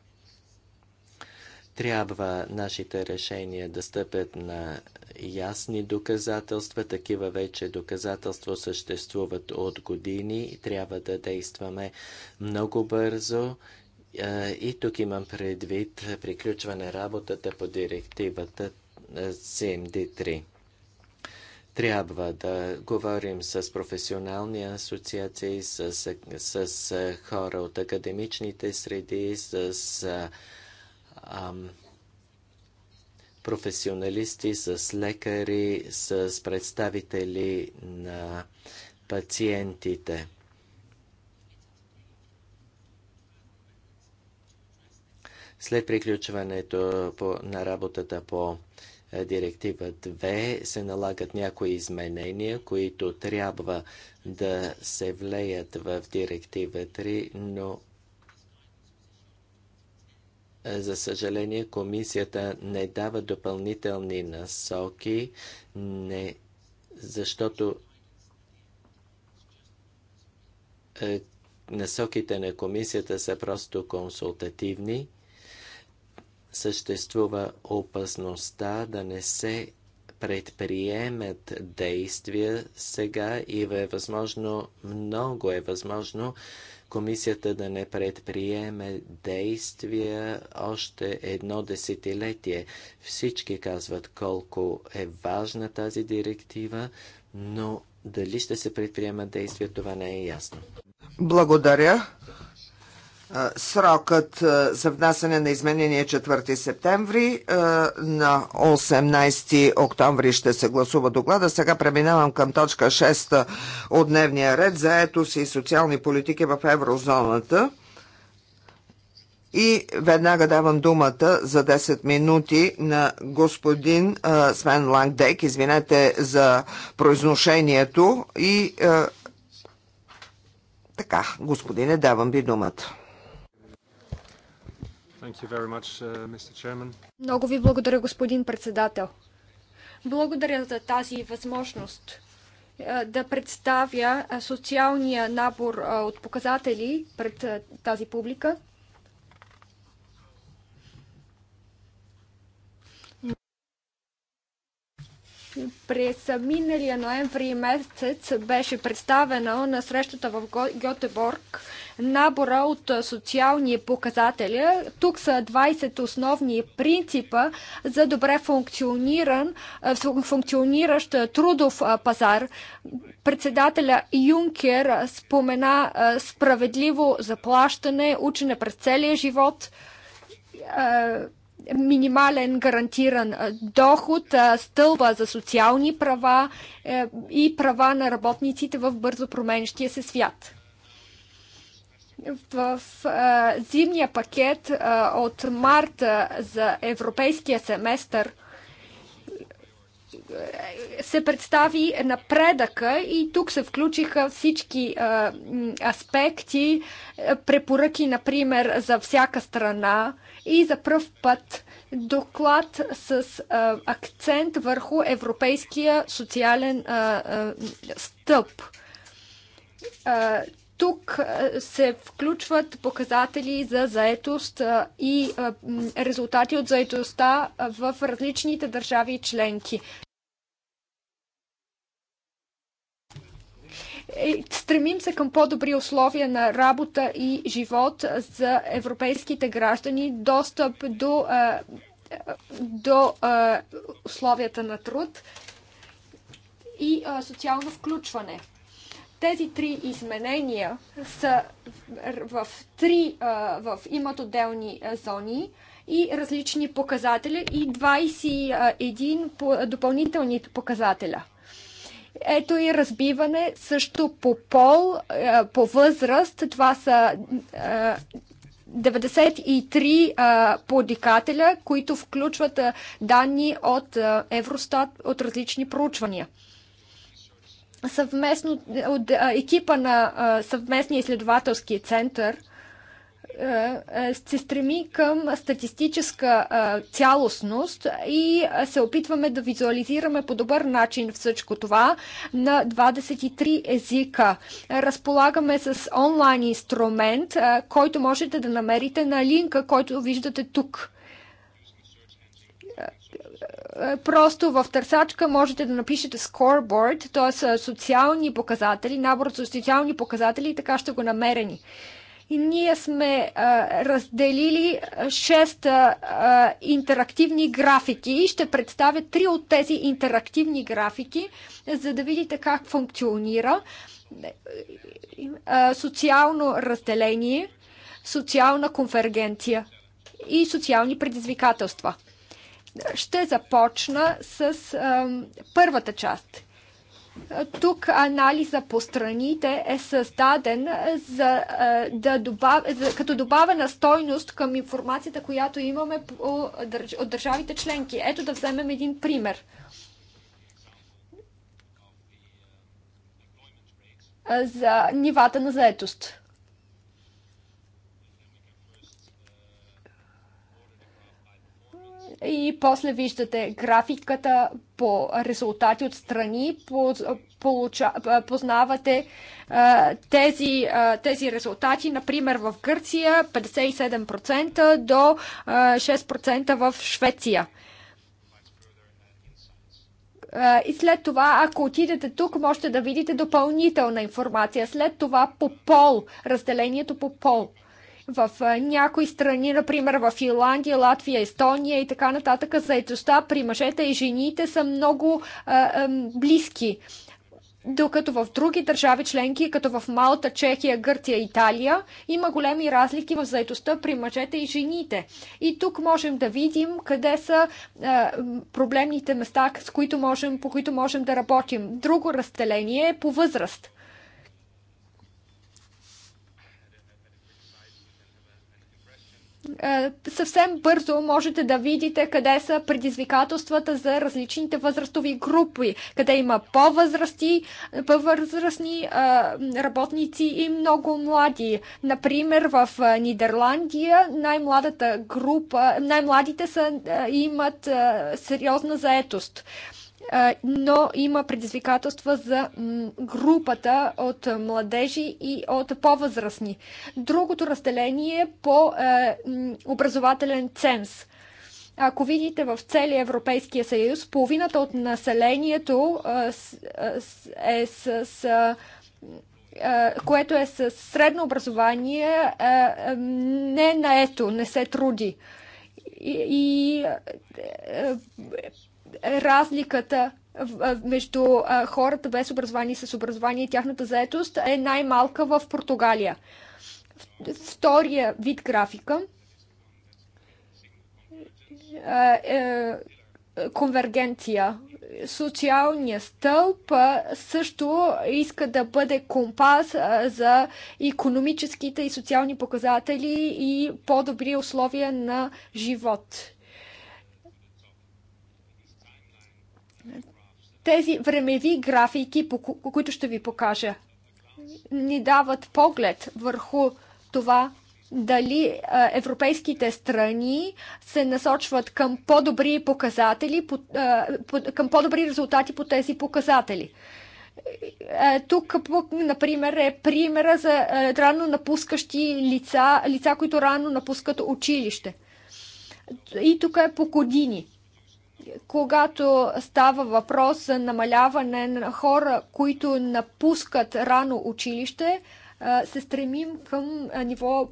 Трябва нашите решения да стъпят на ясни доказателства. Такива вече доказателства съществуват от години. Трябва да действаме много бързо. И тук имам предвид приключване работата по директивата CMD3 трябва да говорим с професионални асоциации, с, с, с хора от академичните среди, с, с ам, професионалисти, с лекари, с представители на пациентите. След приключването на работата по е, директива 2 се налагат някои изменения, които трябва да се влеят в директива 3, но е, за съжаление, комисията не дава допълнителни насоки, не, защото е, насоките на комисията са просто консултативни. Съществува опасността да не се предприемат действия сега и е възможно, много е възможно комисията да не предприеме действия още едно десетилетие. Всички казват колко е важна тази директива, но дали ще се предприема действия, това не е ясно. Благодаря. Срокът за внасяне на изменение 4 септември. На 18 октомври ще се гласува доклада. Сега преминавам към точка 6 от дневния ред за етос и социални политики в еврозоната. И веднага давам думата за 10 минути на господин а, Свен Лангдек. Извинете за произношението и а, така, господине, давам ви думата. Uh, Много ви благодаря, господин председател. Благодаря за тази възможност е, да представя е, социалния набор е, от показатели пред тази публика. През миналия ноември месец беше представена на срещата в Гьотеборг набора от социални показатели. Тук са 20 основни принципа за добре функциониран, функциониращ трудов пазар. Председателя Юнкер спомена справедливо заплащане, учене през целия живот, минимален гарантиран доход, стълба за социални права е, и права на работниците в бързо променящия се свят в а, зимния пакет а, от марта за европейския семестър се представи напредъка и тук се включиха всички а, аспекти, препоръки, например, за всяка страна и за пръв път доклад с а, акцент върху европейския социален а, а, А, тук се включват показатели за заетост и резултати от заетостта в различните държави и членки. Е, стремим се към по-добри условия на работа и живот за европейските граждани, достъп до, до условията на труд и социално включване. Тези три изменения са в, в три, в, имат отделни зони и различни показатели и 21 допълнителни показателя. Ето и разбиване също по пол, по възраст. Това са 93 подикателя, които включват данни от Евростат от различни проучвания съвместно от екипа на съвместния изследователски център се стреми към статистическа цялостност и се опитваме да визуализираме по добър начин всичко това на 23 езика. Разполагаме с онлайн инструмент, който можете да намерите на линка, който виждате тук. Е, просто в търсачка можете да напишете scoreboard, т.е. социални показатели, набор от социални показатели и така ще го намерени. И ние сме а, е, разделили 6 е, а, интерактивни графики и ще представя три от тези интерактивни графики, за да видите как функционира а, социално разделение, социална конвергенция и социални предизвикателства. Ще започна с първата част. Тук анализа по страните е създаден за, да добав, за, като добавена стойност към информацията, която имаме по, от държавите членки. Ето да вземем един пример. За нивата на заетост. и после виждате графиката по резултати от страни, познавате тези, тези резултати, например в Гърция 57% до 6% в Швеция. И след това, ако отидете тук, можете да видите допълнителна информация. След това по пол, разделението по пол. В някои страни, например в Финландия, Латвия, Естония и така нататък, заедостта при мъжете и жените са много а, а, близки. Докато в други държави членки, като в Малта, Чехия, Гърция, Италия, има големи разлики в заедостта при мъжете и жените. И тук можем да видим къде са е, проблемните места, с които можем, по които можем да работим. Друго разделение е по възраст. Е, съвсем бързо можете да видите къде са предизвикателствата за различните възрастови групи, къде има по-възрасти, по-възрастни е, работници и много млади. Например, в е, Нидерландия най-младата група, най-младите са, имат сериозна заетост но има предизвикателства за групата от младежи и от по-възрастни. Другото разделение е по е, образователен ценз. Ако видите в целия Европейския съюз, половината от населението е с което е с средно образование, не наето, не се труди. И разликата между хората без образование и с образование и тяхната заетост е най-малка в Португалия. Втория вид графика е конвергенция. Социалният стълб също иска да бъде компас за економическите и социални показатели и по-добри условия на живот. Тези времеви графики, които ще ви покажа, ни дават поглед върху това дали европейските страни се насочват към по-добри показатели, към по-добри резултати по тези показатели. Е, тук, например, е примера за е, рано напускащи лица, лица, които рано напускат училище. И тук е по години когато става въпрос за намаляване на хора, които напускат рано училище, се стремим към ниво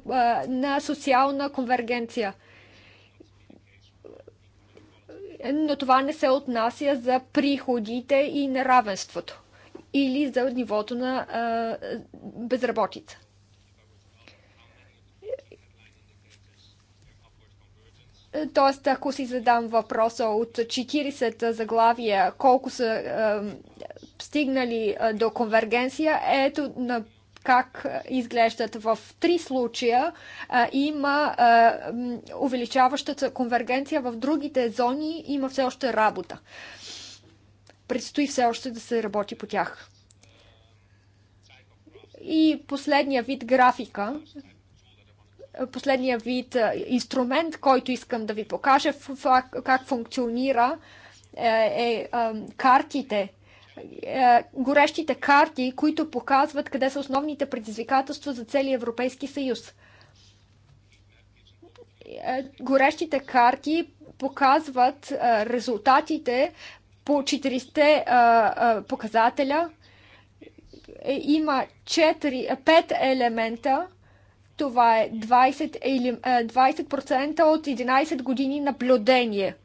на социална конвергенция. Но това не се отнася за приходите и неравенството или за нивото на безработица. Тоест, ако си задам въпроса от 40 заглавия, колко са е, стигнали до конвергенция, ето на как изглеждат в три случая. А, има а, увеличаващата конвергенция в другите зони, има все още работа. Предстои все още да се работи по тях. И последния вид графика, последния вид е, инструмент, който искам да ви покажа как функционира е, е, е картите. Горещите карти, които показват къде са основните предизвикателства за целия Европейски съюз. Горещите карти показват резултатите по четирите показателя. Има 4, 5 елемента, това е 20%, или, 20% от 11 години наблюдение.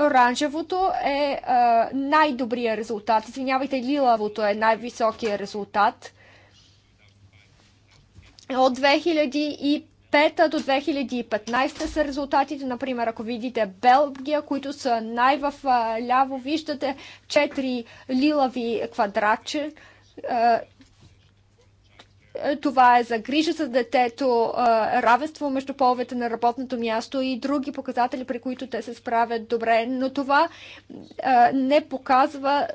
Оранжевото е най-добрия резултат. Извинявайте, лилавото е най-високия резултат. От 2005 до 2015 са резултатите. Например, ако видите Белгия, които са най-в ляво, виждате 4 лилави квадратче е, това е за грижа за детето, е, равенство между половете на работното място и други показатели, при които те се справят добре. Но това е, не показва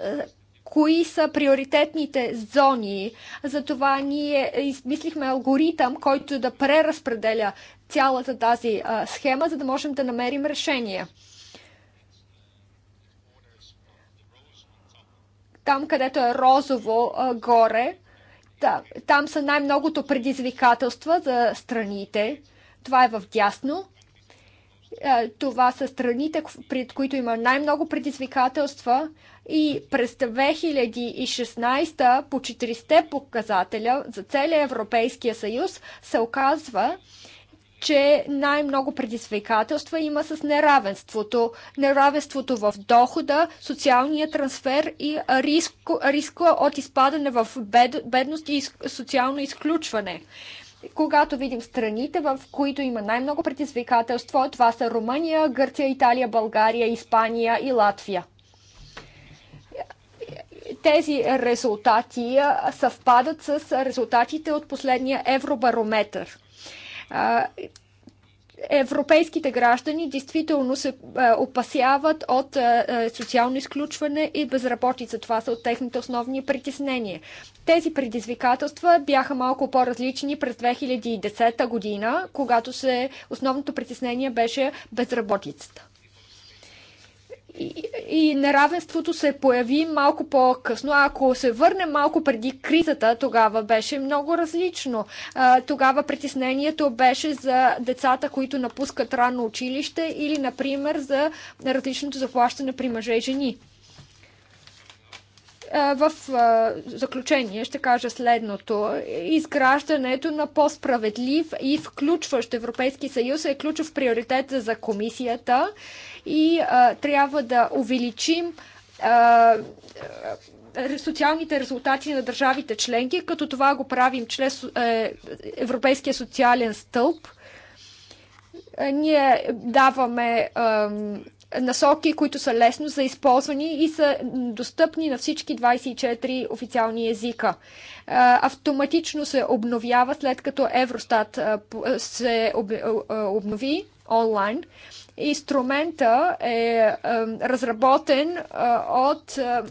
кои са приоритетните зони. Затова ние измислихме алгоритъм, който да преразпределя цялата тази схема, за да можем да намерим решение. Там, където е розово горе, да, там са най-многото предизвикателства за страните. Това е в дясно. Е, това са страните, пред които има най-много предизвикателства и през 2016 по 40 показателя за целия Европейския съюз се оказва, че най-много предизвикателства има с неравенството. Неравенството в дохода, социалния трансфер и риск, риска от изпадане в бед, бедност и социално изключване. Когато видим страните, в които има най-много предизвикателство, това са Румъния, Гърция, Италия, България, Испания и Латвия тези резултати съвпадат с резултатите от последния евробарометър европейските граждани действително се опасяват от социално изключване и безработица. Това са от техните основни притеснения. Тези предизвикателства бяха малко по-различни през 2010 година, когато се, основното притеснение беше безработицата и, и неравенството се появи малко по-късно. Ако се върнем малко преди кризата, тогава беше много различно. Тогава притеснението беше за децата, които напускат рано училище или, например, за различното заплащане при мъже и жени. В заключение ще кажа следното. Изграждането на по-справедлив и включващ Европейски съюз е ключов приоритет за комисията и а, трябва да увеличим а, социалните резултати на държавите членки, като това го правим чрез е, Европейския социален стълб. Ние даваме насоки, които са лесно за използване и са достъпни на всички 24 официални езика. Автоматично се обновява след като Евростат се обнови онлайн. Инструмента е разработен е, от е,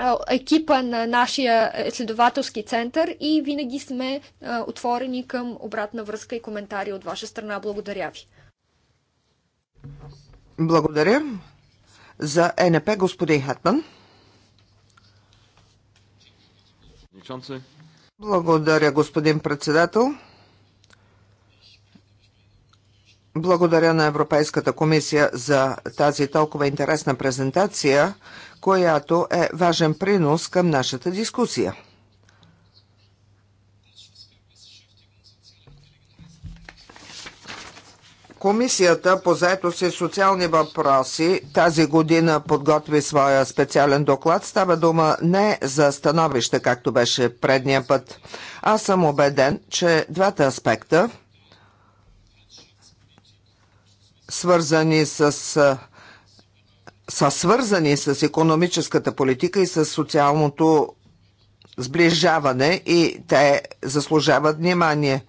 е, екипа на нашия изследователски център и винаги сме отворени към обратна връзка и коментари от ваша страна. Благодаря ви. Благодаря. За НП господин Хатман. Благодаря, господин председател. Благодаря на Европейската комисия за тази толкова интересна презентация, която е важен принос към нашата дискусия. Комисията по заетост и социални въпроси тази година подготви своя специален доклад. Става дума не за становище, както беше предния път. Аз съм убеден, че двата аспекта – свързани с са свързани с економическата политика и с социалното сближаване и те заслужават внимание.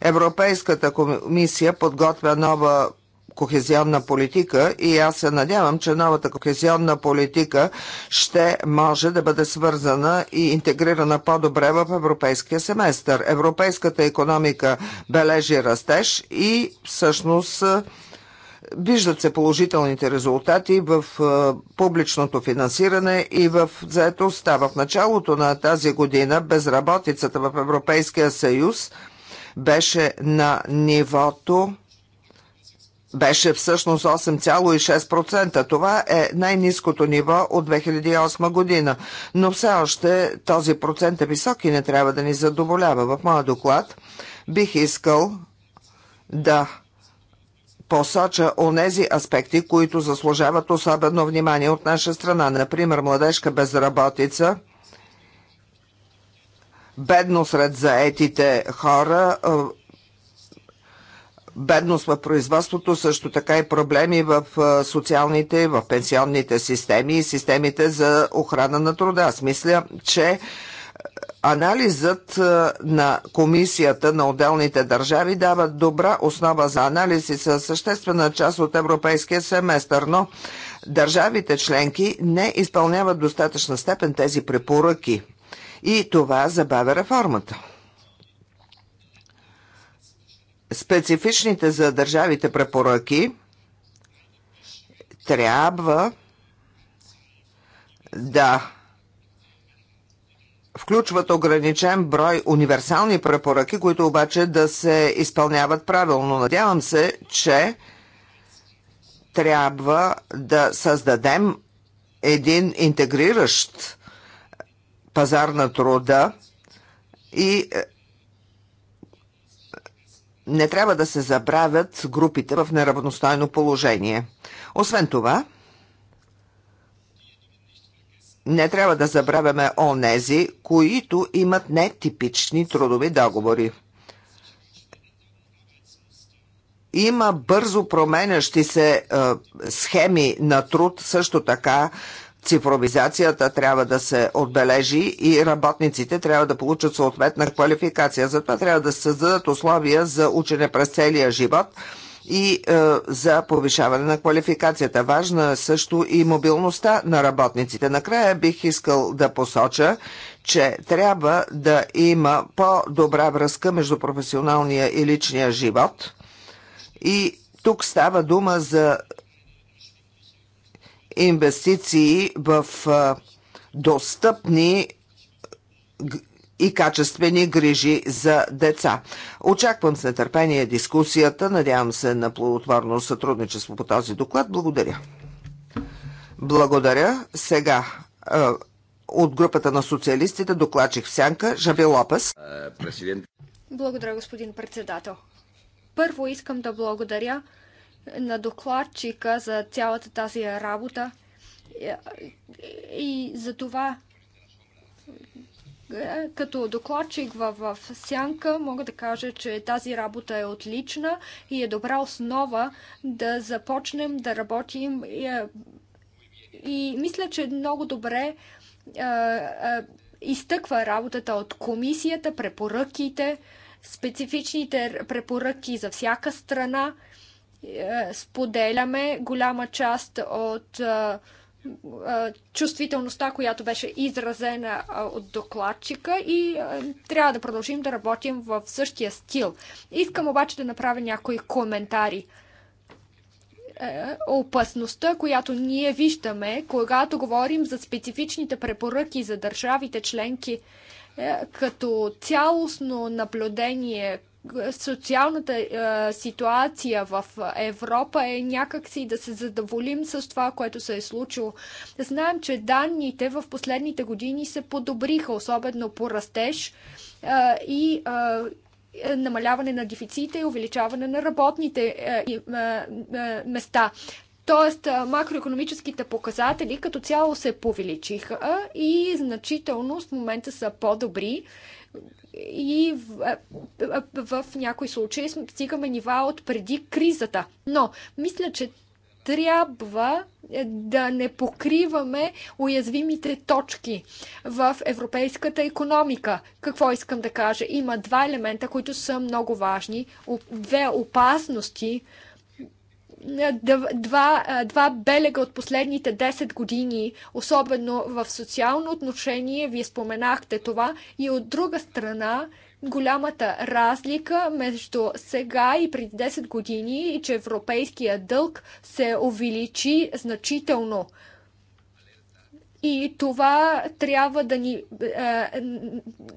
Европейската комисия подготвя нова кохезионна политика и аз се надявам, че новата кохезионна политика ще може да бъде свързана и интегрирана по-добре в европейския семестър. Европейската економика бележи растеж и всъщност Виждат се положителните резултати в публичното финансиране и в заедостта. В началото на тази година безработицата в Европейския съюз беше на нивото беше всъщност 8,6%. Това е най-низкото ниво от 2008 година, но все още този процент е висок и не трябва да ни задоволява. В моя доклад бих искал да посоча онези аспекти, които заслужават особено внимание от наша страна, например младежка безработица, бедно сред заетите хора, е, бедност в производството, също така и проблеми в е, социалните, в пенсионните системи и системите за охрана на труда. Аз мисля, че анализът на комисията на отделните държави дава добра основа за анализ и със съществена част от европейския семестър, но държавите членки не изпълняват достатъчна степен тези препоръки и това забавя реформата. Специфичните за държавите препоръки трябва да включват ограничен брой универсални препоръки, които обаче да се изпълняват правилно. Надявам се, че трябва да създадем един интегриращ пазар на труда и е, не трябва да се забравят групите в неравностойно положение. Освен това, не трябва да забравяме онези, които имат нетипични трудови договори. Има бързо променящи се е, схеми на труд, също така цифровизацията трябва да се отбележи и работниците трябва да получат съответна квалификация. Затова трябва да се създадат условия за учене през целия живот – и е, за повишаване на квалификацията. Важна е също и мобилността на работниците. Накрая бих искал да посоча, че трябва да има по-добра връзка между професионалния и личния живот. И тук става дума за инвестиции в е, достъпни и качествени грижи за деца. Очаквам с нетърпение дискусията. Надявам се на плодотворно сътрудничество по този доклад. Благодаря. Благодаря. Сега от групата на социалистите докладчих в сянка Жаби Лопес. Благодаря, господин председател. Първо искам да благодаря на докладчика за цялата тази работа и за това, като докладчик в Сянка мога да кажа, че тази работа е отлична и е добра основа да започнем да работим е, и мисля, че много добре е, е, изтъква работата от комисията, препоръките, специфичните препоръки за всяка страна. Споделяме голяма част от чувствителността, която беше изразена от докладчика и трябва да продължим да работим в същия стил. Искам обаче да направя някои коментари. Е, опасността, която ние виждаме, когато говорим за специфичните препоръки за държавите членки, е, като цялостно наблюдение социалната е, ситуация в Европа е някакси да се задоволим с това, което се е случило. Знаем, че данните в последните години се подобриха, особено по растеж е, и е, намаляване на дефицита и увеличаване на работните е, е, е, места. Тоест, макроекономическите показатели като цяло се повеличиха и значително в момента са по-добри и в, в, в, някои случаи стигаме нива от преди кризата. Но мисля, че трябва е, да не покриваме уязвимите точки в европейската економика. Какво искам да кажа? Има два елемента, които са много важни. Две опасности, е, два, е, два белега от последните 10 години, особено в социално отношение, вие споменахте това, и от друга страна голямата разлика между сега и преди 10 години, че европейския дълг се увеличи значително. И това трябва да ни е,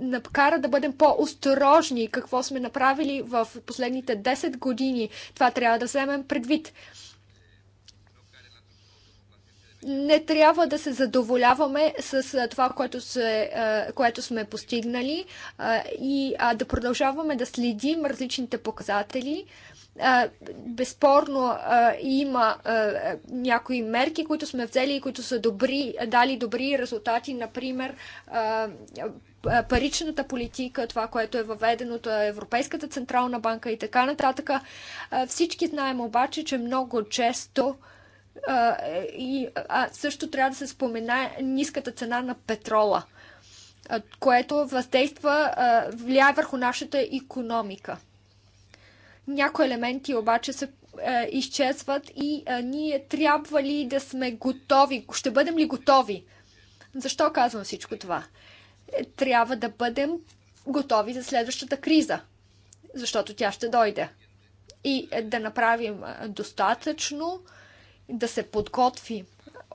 накара да бъдем по-осторожни какво сме направили в последните 10 години. Това трябва да вземем предвид не трябва да се задоволяваме с е, това, което, се, е, което сме постигнали е, и да продължаваме да следим различните показатели безспорно има някои мерки, които сме взели и които са добри, дали добри резултати, например паричната политика, това, което е въведено от Европейската централна банка и така нататък. Всички знаем обаче, че много често е, и също трябва да се спомена ниската цена на петрола, което въздейства, влияе върху нашата економика. Някои елементи обаче се е, изчезват и е, ние трябва ли да сме готови? Ще бъдем ли готови? Защо казвам всичко това? Е, трябва да бъдем готови за следващата криза, защото тя ще дойде. И е, да направим е, достатъчно, да се подготвим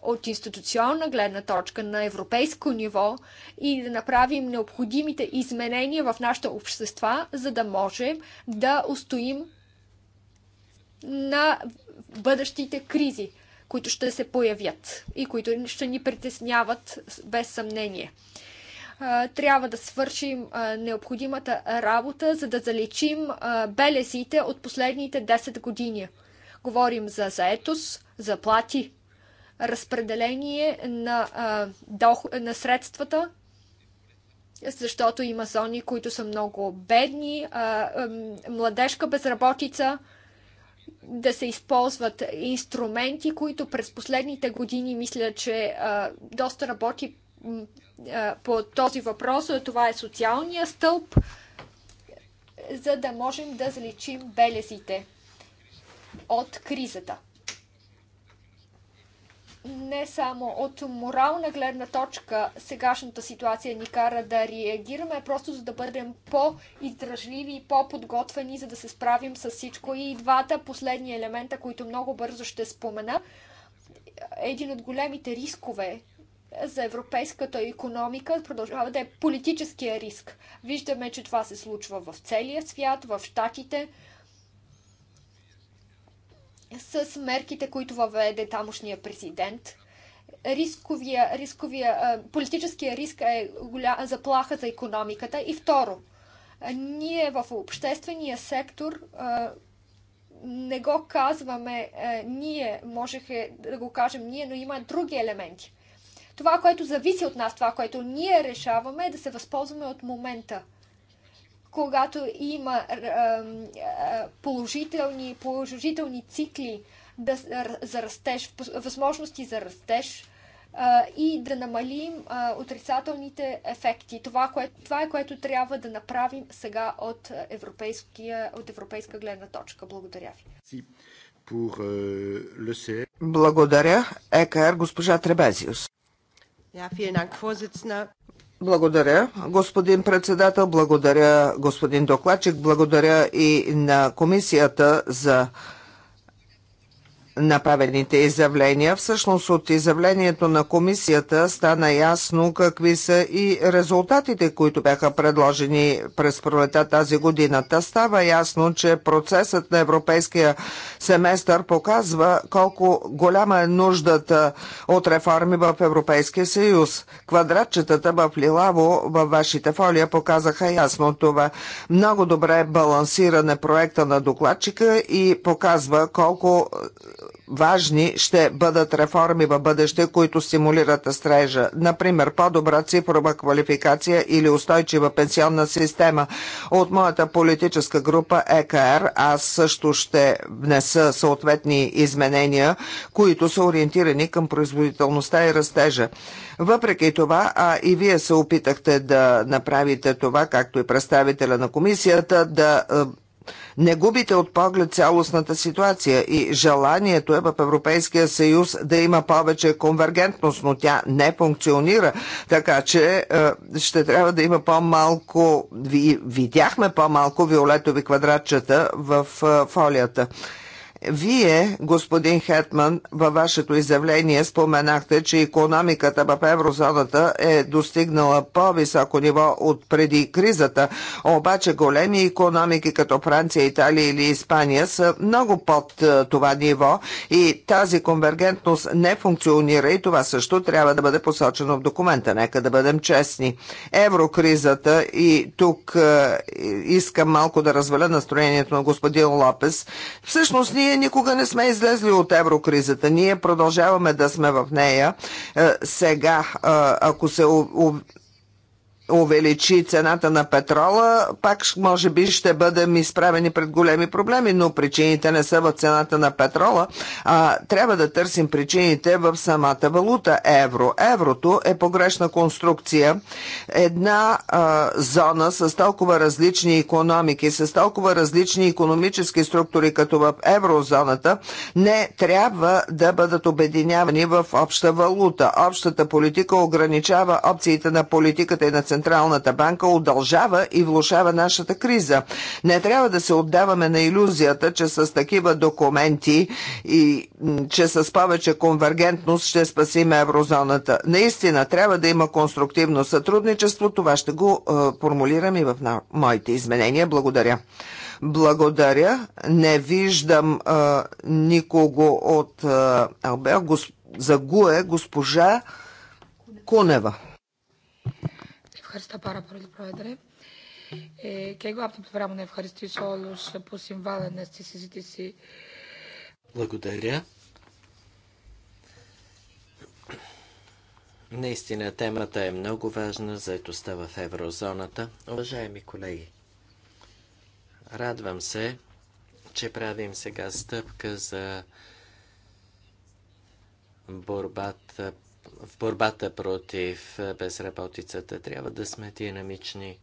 от институционна гледна точка на европейско ниво и да направим необходимите изменения в нашите общества, за да можем да устоим на бъдещите кризи, които ще се появят и които ще ни притесняват без съмнение трябва да свършим необходимата работа, за да залечим белезите от последните 10 години. Говорим за заетост, за плати, разпределение на, а, на средствата, защото има зони, които са много бедни, а, а, младежка безработица, да се използват инструменти, които през последните години мисля, че а, доста работи а, по този въпрос. Това е социалния стълб, за да можем да заличим белезите от кризата не само от морална гледна точка сегашната ситуация ни кара да реагираме, просто за да бъдем по-издръжливи и по-подготвени, за да се справим с всичко. И двата последни елемента, които много бързо ще спомена, един от големите рискове за европейската економика продължава да е политическия риск. Виждаме, че това се случва в целия свят, в щатите с мерките, които въведе тамошния президент. Рисковия, рисковия, политическия риск е голя, заплаха за економиката. И второ, ние в обществения сектор не го казваме ние, можехме да го кажем ние, но има други елементи. Това, което зависи от нас, това, което ние решаваме, е да се възползваме от момента – когато има положителни, положителни цикли да, за растеж, възможности за растеж и да намалим отрицателните ефекти. Това, кое, това е което трябва да направим сега от, от европейска гледна точка. Благодаря ви. Благодаря. ЕКР госпожа Требезиус. Yeah, благодаря, господин председател, благодаря, господин докладчик, благодаря и на комисията за направените изявления. Всъщност от изявлението на комисията стана ясно какви са и резултатите, които бяха предложени през пролета тази година. Та става ясно, че процесът на европейския семестър показва колко голяма е нуждата от реформи в Европейския съюз. Квадратчетата в Лилаво във вашите фолия показаха ясно това. Много добре балансиране проекта на докладчика и показва колко важни ще бъдат реформи в бъдеще, които стимулират стрежа. Например, по-добра цифрова квалификация или устойчива пенсионна система. От моята политическа група ЕКР аз също ще внеса съответни изменения, които са ориентирани към производителността и растежа. Въпреки това, а и вие се опитахте да направите това, както и представителя на комисията, да е, не губите от поглед цялостната ситуация и желанието е в Европейския съюз да има повече конвергентност, но тя не функционира, така че е, ще трябва да има по-малко, видяхме по-малко виолетови квадратчета в е, фолията. Вие, господин Хетман, във вашето изявление споменахте, че економиката в еврозоната е достигнала по-високо ниво от преди кризата, обаче големи економики като Франция, Италия или Испания са много под е, това ниво и тази конвергентност не функционира и това също трябва да бъде посочено в документа. Нека да бъдем честни. Еврокризата и тук е, искам малко да разваля настроението на господин Лопес. Всъщност ние ние никога не сме излезли от еврокризата. Ние продължаваме да сме в нея. Е, сега, е, ако се увеличи цената на петрола, пак може би ще бъдем изправени пред големи проблеми, но причините не са в цената на петрола, а трябва да търсим причините в самата валута евро. Еврото е погрешна конструкция. Една а, зона с толкова различни економики, с толкова различни економически структури, като в еврозоната, не трябва да бъдат обединявани в обща валута. Общата политика ограничава опциите на политиката и на цената Централната банка удължава и влушава нашата криза. Не трябва да се отдаваме на иллюзията, че с такива документи и че с повече конвергентност ще спасим еврозоната. Наистина трябва да има конструктивно сътрудничество. Това ще го е, формулирам и в на... моите изменения. Благодаря. Благодаря. Не виждам е, никого от е, Албер. Гос... Загуе госпожа Кунева. Ευχαριστώ πάρα πολύ, Πρόεδρε. Ε, και εγώ από την πλευρά μου να ευχαριστήσω όλους που συμβάλλανε στη συζήτηση. Благодаря. Наистина темата е много важна, за заедостта в еврозоната. Уважаеми колеги, радвам се, че правим сега стъпка за борбата в борбата против безработицата трябва да сме динамични,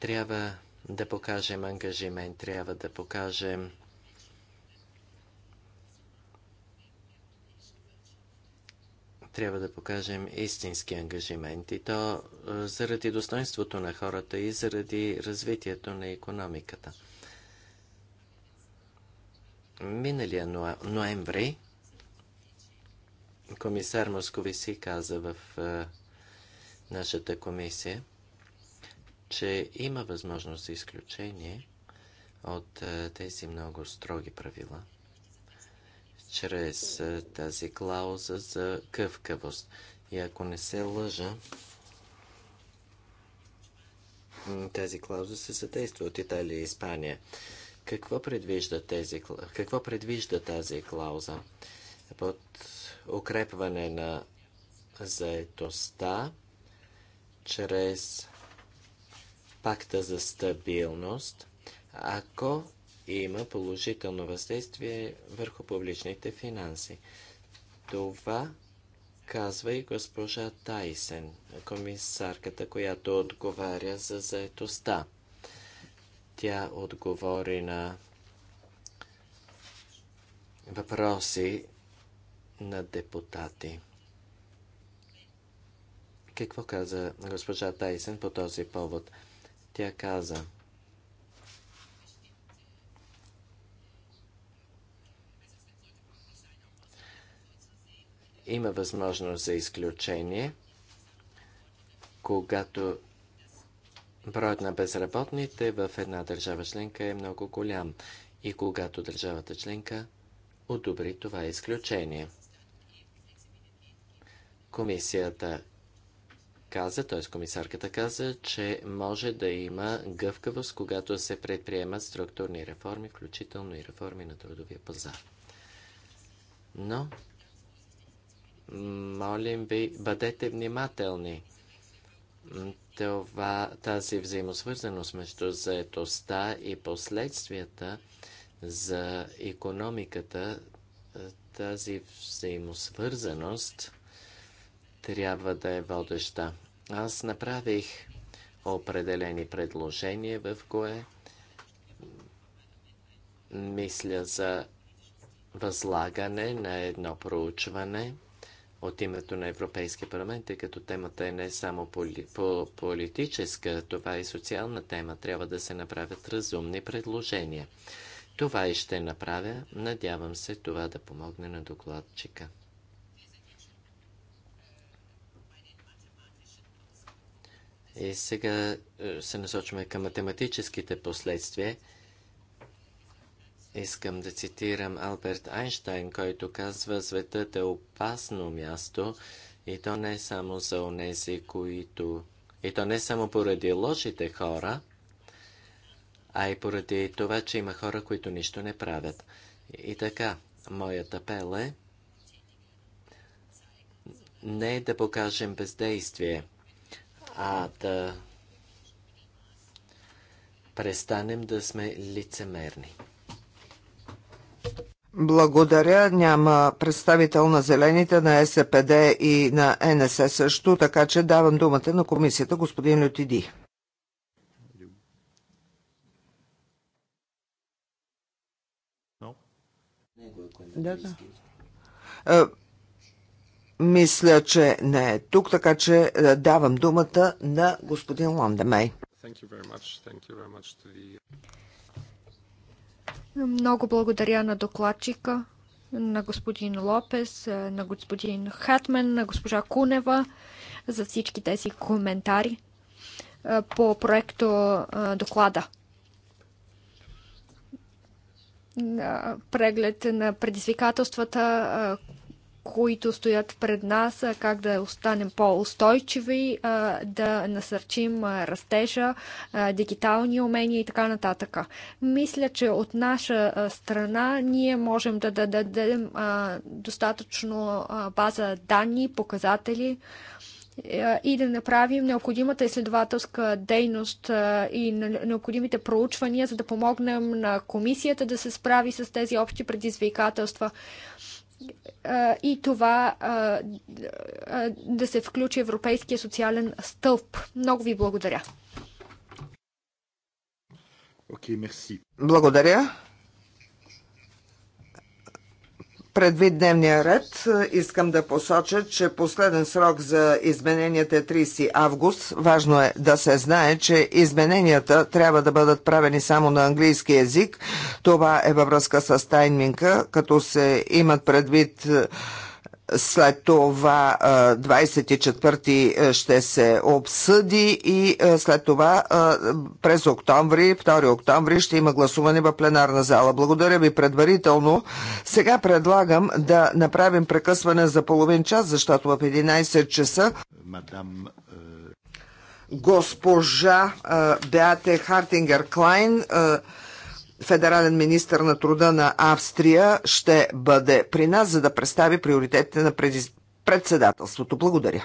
трябва да покажем ангажимент, трябва да покажем трябва да покажем истински ангажимент и то е, заради достоинството на хората и заради развитието на економиката. Миналия ноември комисар Московиси каза в е, нашата комисия, че има възможност за изключение от е, тези много строги правила чрез е, тази клауза за къвкавост. И ако не се лъжа, тази клауза се съдейства от Италия и Испания. Какво предвижда, тези, какво предвижда тази клауза? Под укрепване на заетостта чрез пакта за стабилност, ако има положително въздействие върху публичните финанси. Това казва и госпожа Тайсен, комисарката, която отговаря за заетостта. Тя отговори на въпроси на депутати. Какво каза госпожа Тайсен по този повод? Тя каза, има възможност за изключение, когато броят на безработните в една държава членка е много голям и когато държавата членка одобри това изключение. Комисията каза, т.е. комисарката каза, че може да има гъвкавост, когато се предприемат структурни реформи, включително и реформи на трудовия пазар. Но, молим ви, бъдете внимателни. Това, тази взаимосвързаност между заетостта и последствията за економиката, тази взаимосвързаност – трябва да е водеща. Аз направих определени предложения, в кое мисля за възлагане на едно проучване от името на Европейския парламент, тъй като темата е не само поли, политическа, това е и социална тема. Трябва да се направят разумни предложения. Това и ще направя. Надявам се това да помогне на докладчика. И е, сега е, се насочваме към математическите последствия. Искам да цитирам Алберт Айнштайн, който казва «Светът е опасно място и то не само за онези, които... И то не само поради лошите хора, а и поради това, че има хора, които нищо не правят. И така, моят апел е не да покажем бездействие – а да престанем да сме лицемерни. Благодаря. Няма представител на Зелените, на СПД и на НС също, така че давам думата на комисията господин Лютиди. Да, да. Е, мисля, че не е тук, така че е, давам думата на господин Ландемей. Много благодаря на докладчика, на господин Лопес, е, на господин Хатмен, на госпожа Кунева за всички тези коментари е, по проекто доклада. Преглед на предизвикателствата, които стоят пред нас, как да останем по-устойчиви, да насърчим растежа, дигитални умения и така нататък. Мисля, че от наша страна ние можем да дадем достатъчно база данни, показатели, и да направим необходимата изследователска дейност и необходимите проучвания, за да помогнем на комисията да се справи с тези общи предизвикателства и това да се включи Европейския социален стълб. Много ви благодаря. Okay, Благодаря. Предвид дневния ред, искам да посоча, че последен срок за измененията е 30 август. Важно е да се знае, че измененията трябва да бъдат правени само на английски язик. Това е във връзка с тайминка, като се имат предвид след това 24-ти ще се обсъди и след това през октомври, 2 октомври ще има гласуване в пленарна зала. Благодаря ви предварително. Сега предлагам да направим прекъсване за половин час, защото в 11 часа Мадам, госпожа Беате Хартингер Клайн федерален министр на труда на Австрия ще бъде при нас, за да представи приоритетите на председателството. Благодаря.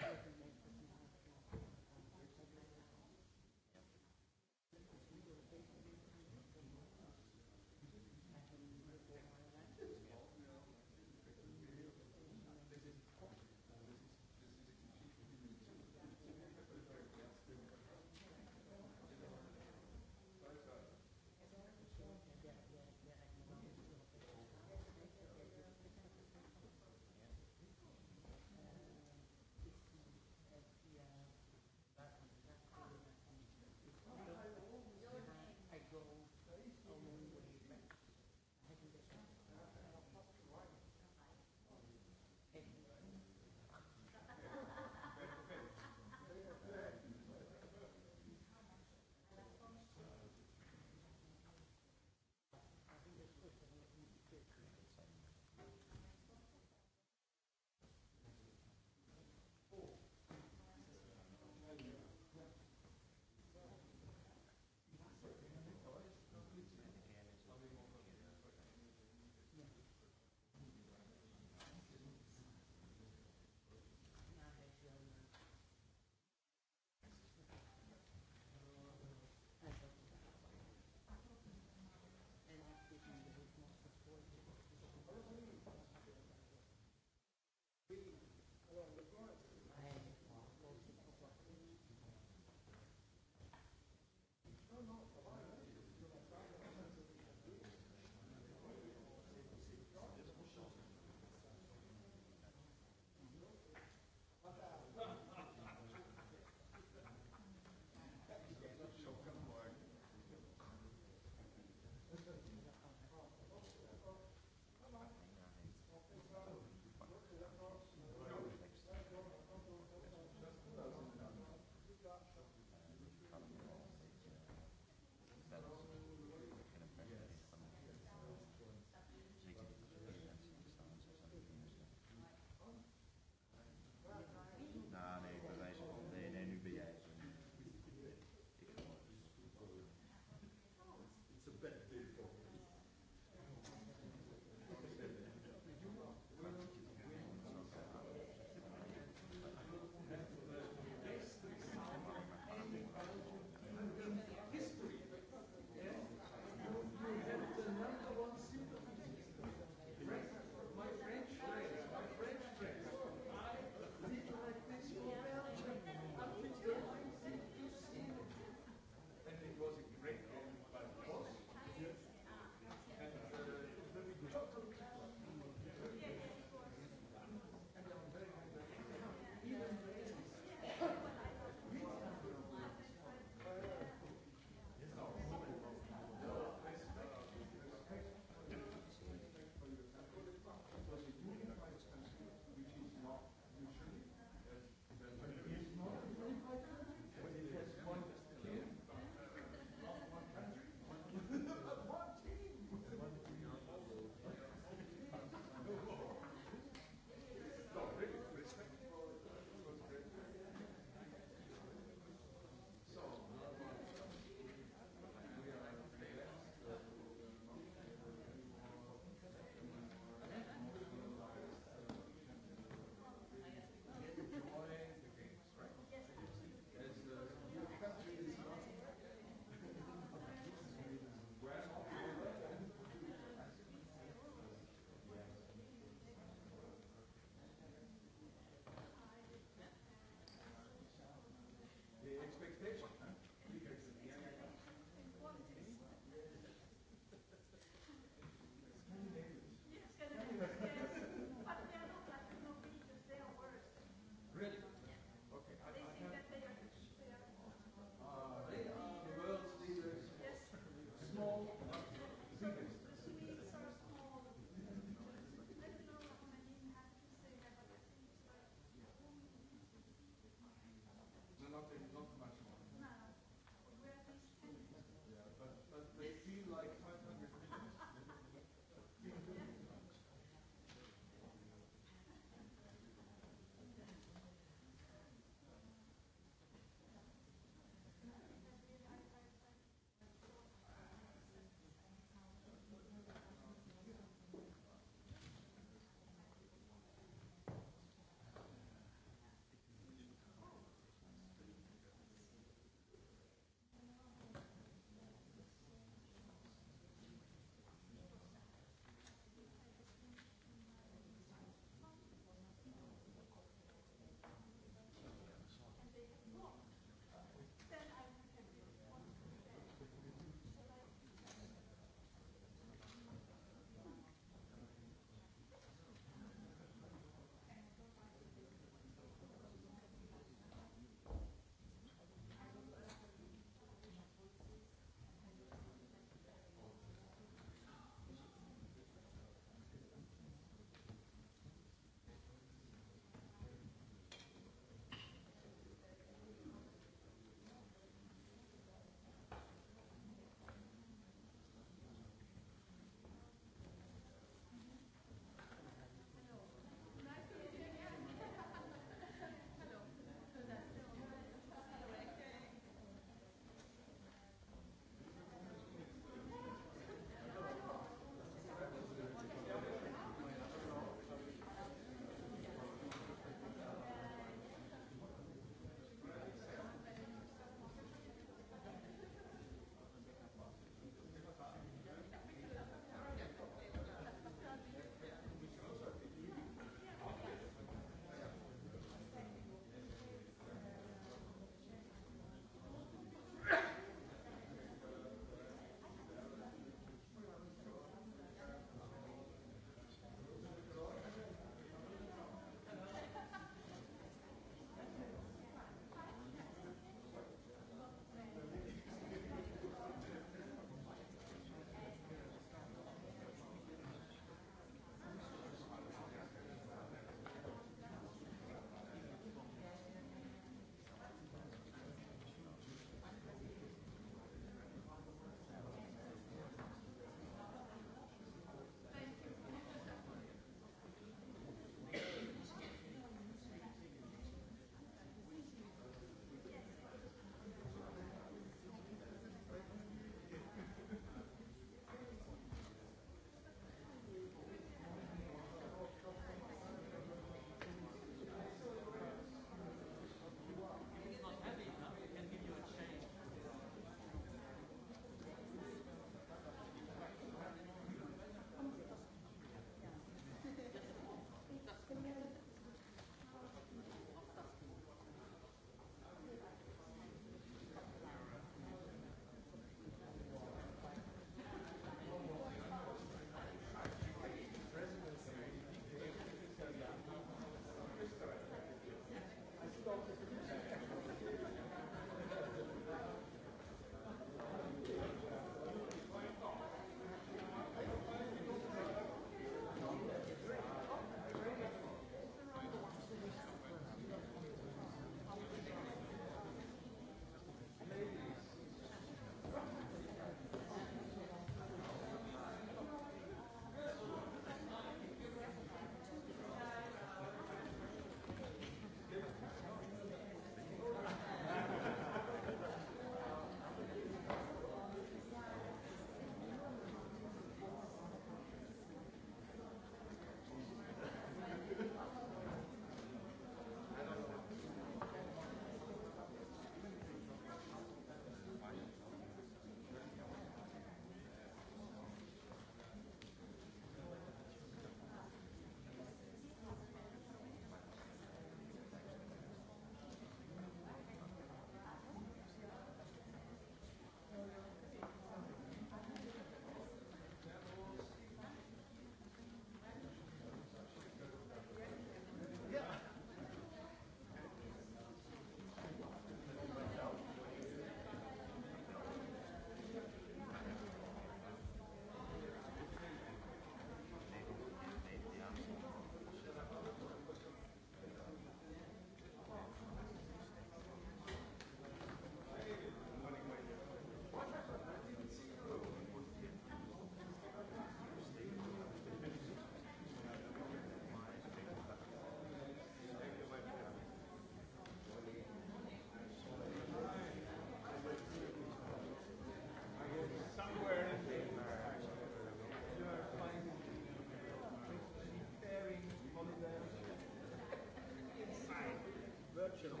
Черно.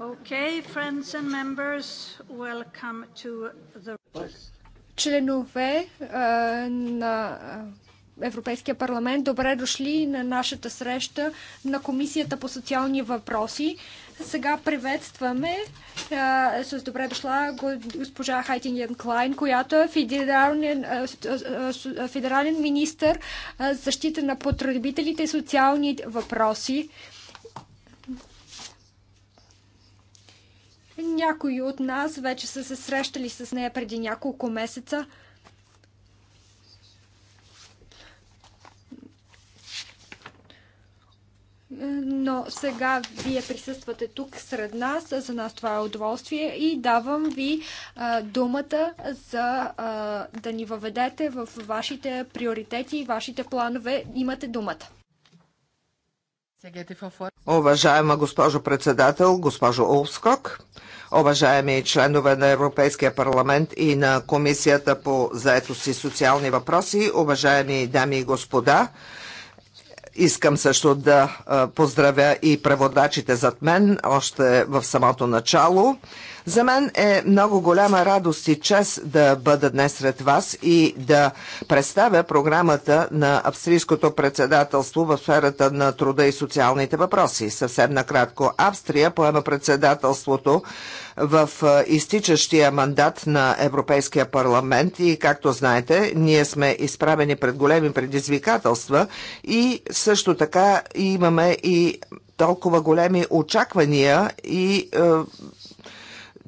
Okay, friends and members, welcome to the... Членове uh, на Европейския парламент. Добре дошли на нашата среща на Комисията по социални въпроси. Сега приветстваме с добре дошла госпожа Хайтинген Клайн, която е федерален, федерален министр защита на потребителите и социални въпроси. Някои от нас вече са се срещали с нея преди няколко месеца. сега вие присъствате тук сред нас. За нас това е удоволствие и давам ви а, думата за а, да ни въведете в вашите приоритети и вашите планове. Имате думата. Уважаема госпожо председател, госпожо Олскок, уважаеми членове на Европейския парламент и на Комисията по заетост и социални въпроси, уважаеми дами и господа, Искам също да поздравя и преводачите зад мен, още в самото начало. За мен е много голяма радост и чест да бъда днес сред вас и да представя програмата на австрийското председателство в сферата на труда и социалните въпроси. Съвсем накратко, Австрия поема председателството в изтичащия мандат на Европейския парламент и, както знаете, ние сме изправени пред големи предизвикателства и също така имаме и толкова големи очаквания и е,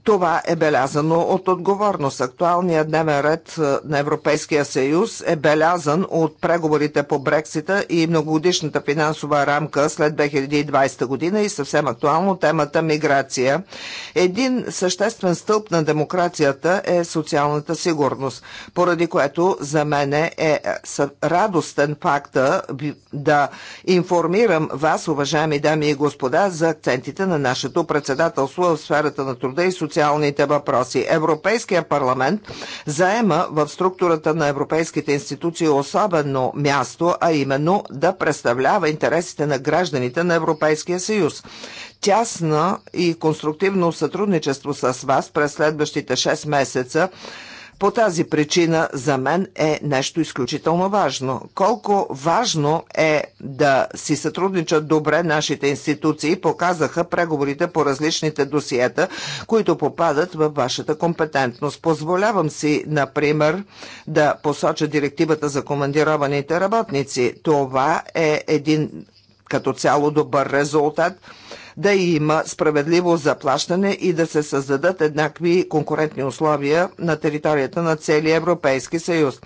това е белязано от отговорност. Актуалният дневен ред е, на Европейския съюз е белязан от преговорите по Брексита и многогодишната финансова рамка след 2020 година и съвсем актуално темата миграция. Един съществен стълб на демокрацията е социалната сигурност, поради което за мен е, е радостен факта да информирам вас, уважаеми дами и господа, за акцентите на нашето председателство в сферата на труда и социалната социалните въпроси. Европейския парламент заема в структурата на европейските институции особено място, а именно да представлява интересите на гражданите на Европейския съюз тясна и конструктивно сътрудничество с вас през следващите 6 месеца по тази причина за мен е нещо изключително важно. Колко важно е да си сътрудничат добре нашите институции, показаха преговорите по различните досиета, които попадат във вашата компетентност. Позволявам си, например, да посоча директивата за командированите работници. Това е един като цяло добър резултат – да има справедливо заплащане и да се създадат еднакви конкурентни условия на територията на целия Европейски съюз.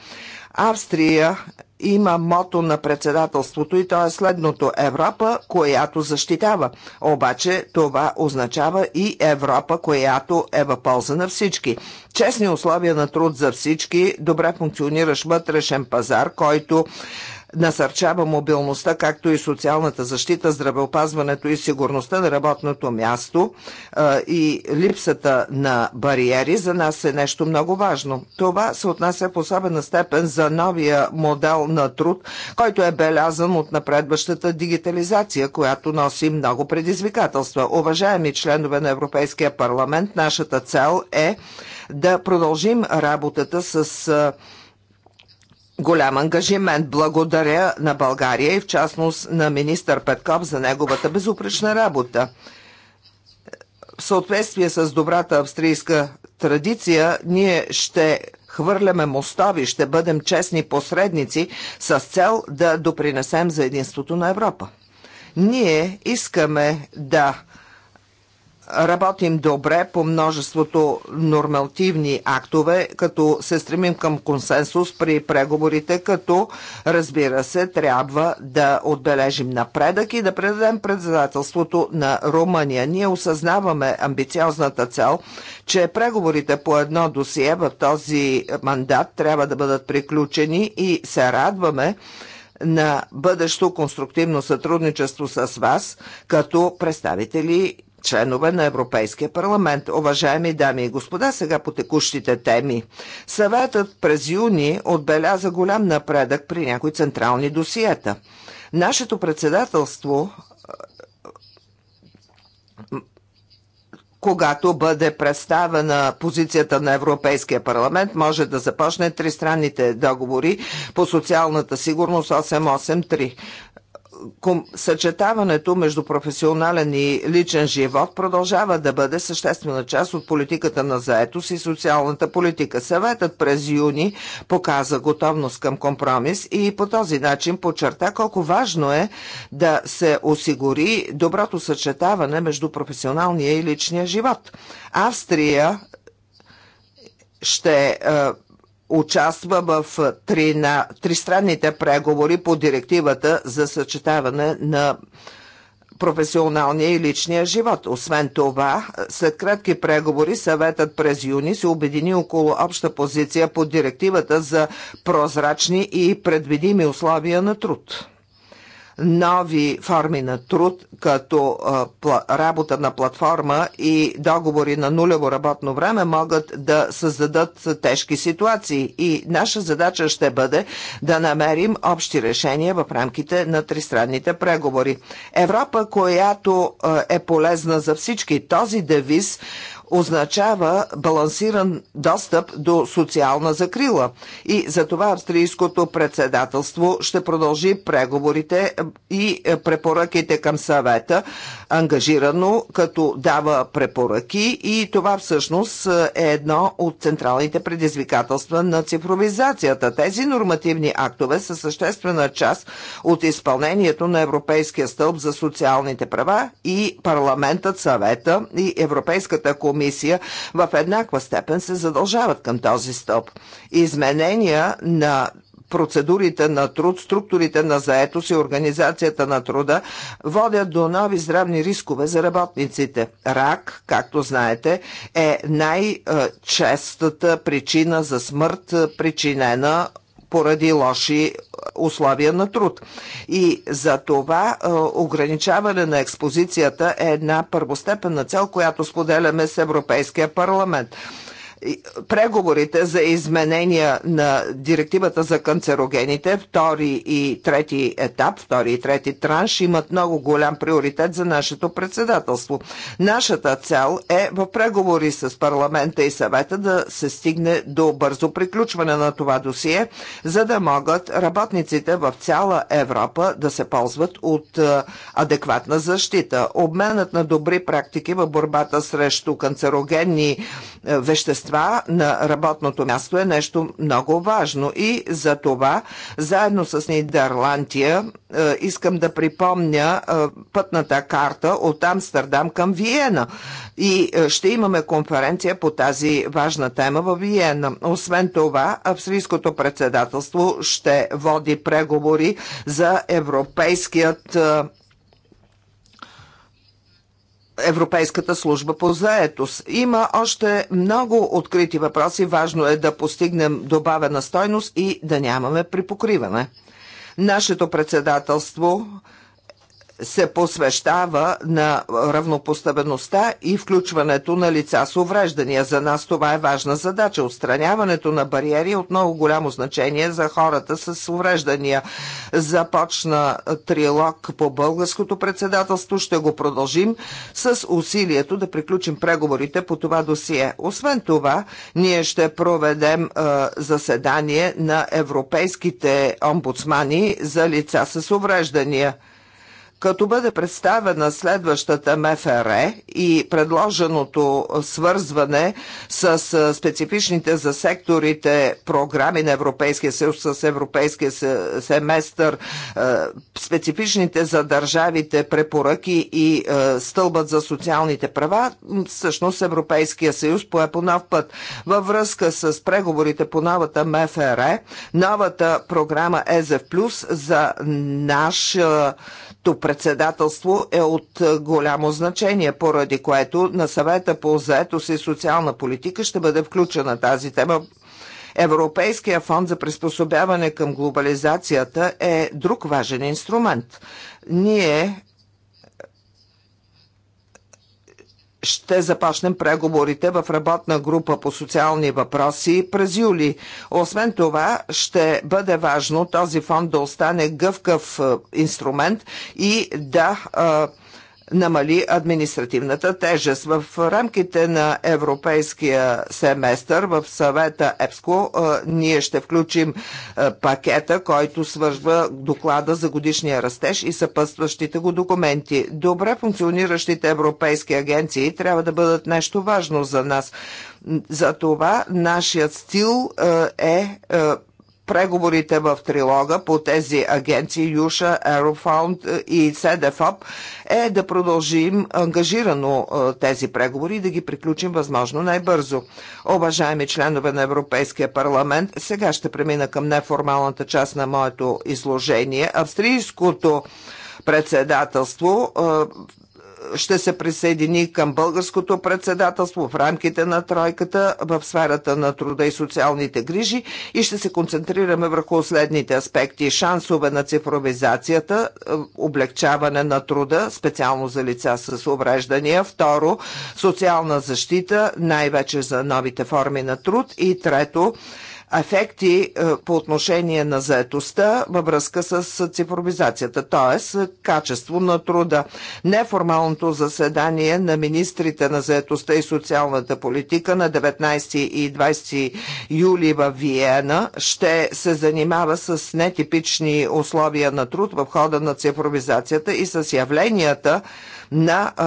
Австрия има мото на председателството и то е следното Европа, която защитава. Обаче това означава и Европа, която е в полза на всички. Честни условия на труд за всички, добре функциониращ вътрешен пазар, който насърчава мобилността, както и социалната защита, здравеопазването и сигурността на работното място и липсата на бариери за нас е нещо много важно. Това се отнася в особена степен за новия модел на труд, който е белязан от напредващата дигитализация, която носи много предизвикателства. Уважаеми членове на Европейския парламент, нашата цел е да продължим работата с голям ангажимент. Благодаря на България и в частност на министър Петков за неговата безупречна работа. В съответствие с добрата австрийска традиция, ние ще хвърляме мостови, ще бъдем честни посредници с цел да допринесем за единството на Европа. Ние искаме да работим добре по множеството нормативни актове, като се стремим към консенсус при преговорите, като разбира се трябва да отбележим напредък и да предадем председателството на Румъния. Ние осъзнаваме амбициозната цел, че преговорите по едно досие в този мандат трябва да бъдат приключени и се радваме, на бъдещо конструктивно сътрудничество с вас като представители членове на Европейския парламент. Уважаеми дами и господа, сега по текущите теми. Съветът през юни отбеляза голям напредък при някои централни досиета. Нашето председателство когато бъде представена позицията на Европейския парламент, може да започне тристранните договори по социалната сигурност 883 съчетаването между професионален и личен живот продължава да бъде съществена част от политиката на заетост и социалната политика. Съветът през юни показа готовност към компромис и по този начин подчерта колко важно е да се осигури доброто съчетаване между професионалния и личния живот. Австрия ще е, участва в три на, тристранните преговори по директивата за съчетаване на професионалния и личния живот. Освен това, след кратки преговори съветът през юни се обедини около обща позиция по директивата за прозрачни и предвидими условия на труд нови форми на труд, като работа на платформа и договори на нулево работно време могат да създадат тежки ситуации. И наша задача ще бъде да намерим общи решения в рамките на тристранните преговори. Европа, която е полезна за всички, този девиз означава балансиран достъп до социална закрила и за това австрийското председателство ще продължи преговорите и препоръките към съвета ангажирано, като дава препоръки и това всъщност е едно от централните предизвикателства на цифровизацията. Тези нормативни актове са съществена част от изпълнението на Европейския стълб за социалните права и парламентът, съвета и Европейската комисия в еднаква степен се задължават към този стълб. Изменения на процедурите на труд, структурите на заетост и организацията на труда водят до нови здравни рискове за работниците. Рак, както знаете, е най-честата причина за смърт, причинена поради лоши е, условия на труд. И за това е, ограничаване на експозицията е една първостепенна цел, която споделяме с Европейския парламент преговорите за изменения на директивата за канцерогените, втори и трети етап, втори и трети транш, имат много голям приоритет за нашето председателство. Нашата цел е в преговори с парламента и съвета да се стигне до бързо приключване на това досие, за да могат работниците в цяла Европа да се ползват от е, адекватна защита. Обменът на добри практики в борбата срещу канцерогенни е, вещества това на работното място е нещо много важно и за това заедно с Нидерландия е, искам да припомня е, пътната карта от Амстердам към Виена и е, ще имаме конференция по тази важна тема в Виена. Освен това, австрийското председателство ще води преговори за европейският Европейската служба по заетост. Има още много открити въпроси. Важно е да постигнем добавена стойност и да нямаме припокриване. Нашето председателство се посвещава на равнопоставеността и включването на лица с увреждания. За нас това е важна задача. Отстраняването на бариери е от много голямо значение за хората с увреждания. Започна трилог по българското председателство. Ще го продължим с усилието да приключим преговорите по това досие. Освен това, ние ще проведем е, заседание на европейските омбудсмани за лица с увреждания. Като бъде представена следващата МФР и предложеното свързване с специфичните за секторите програми на Европейския съюз, с Европейския семестър, специфичните за държавите препоръки и стълбът за социалните права, всъщност Европейския съюз пое по нов път. Във връзка с преговорите по новата МФР, новата програма ЕЗФ Плюс за наша Чешкото председателство е от голямо значение, поради което на съвета по заетост и социална политика ще бъде включена тази тема. Европейския фонд за приспособяване към глобализацията е друг важен инструмент. Ние ще започнем преговорите в работна група по социални въпроси през юли. Освен това, ще бъде важно този фонд да остане гъвкав е, инструмент и да е, намали административната тежест. В рамките на европейския семестър в съвета ЕПСКО ние ще включим пакета, който свързва доклада за годишния растеж и съпътстващите го документи. Добре функциониращите европейски агенции трябва да бъдат нещо важно за нас. За това нашият стил е преговорите в трилога по тези агенции Юша, Аерофаунд е, и СДФОП е да продължим ангажирано е, тези преговори и да ги приключим възможно най-бързо. Обажаеми членове на Европейския парламент, сега ще премина към неформалната част на моето изложение. Австрийското председателство е, ще се присъедини към българското председателство в рамките на тройката в сферата на труда и социалните грижи и ще се концентрираме върху следните аспекти. Шансове на цифровизацията, е, облегчаване на труда, специално за лица с увреждания. Второ, социална защита, най-вече за новите форми на труд. И трето, ефекти е, по отношение на заетостта във връзка с цифровизацията, т.е. качество на труда. Неформалното заседание на министрите на заетостта и социалната политика на 19 и 20 юли в Виена ще се занимава с нетипични условия на труд в хода на цифровизацията и с явленията на е,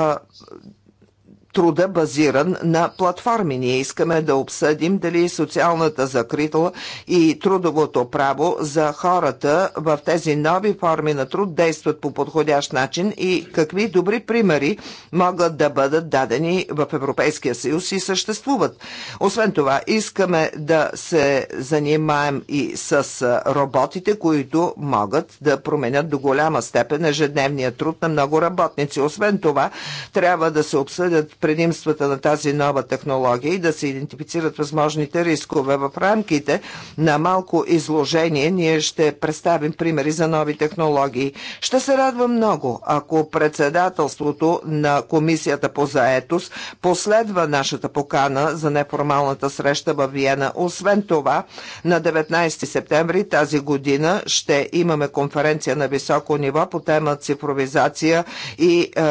труда базиран на платформи. Ние искаме да обсъдим дали социалната закритла и трудовото право за хората в тези нови форми на труд действат по подходящ начин и какви добри примери могат да бъдат дадени в Европейския съюз и съществуват. Освен това, искаме да се занимаем и с роботите, които могат да променят до голяма степен ежедневния труд на много работници. Освен това, трябва да се обсъдят предимствата на тази нова технология и да се идентифицират възможните рискове. В рамките на малко изложение ние ще представим примери за нови технологии. Ще се радвам много, ако председателството на Комисията по заетост последва нашата покана за неформалната среща в Виена. Освен това, на 19 септември тази година ще имаме конференция на високо ниво по тема цифровизация и е,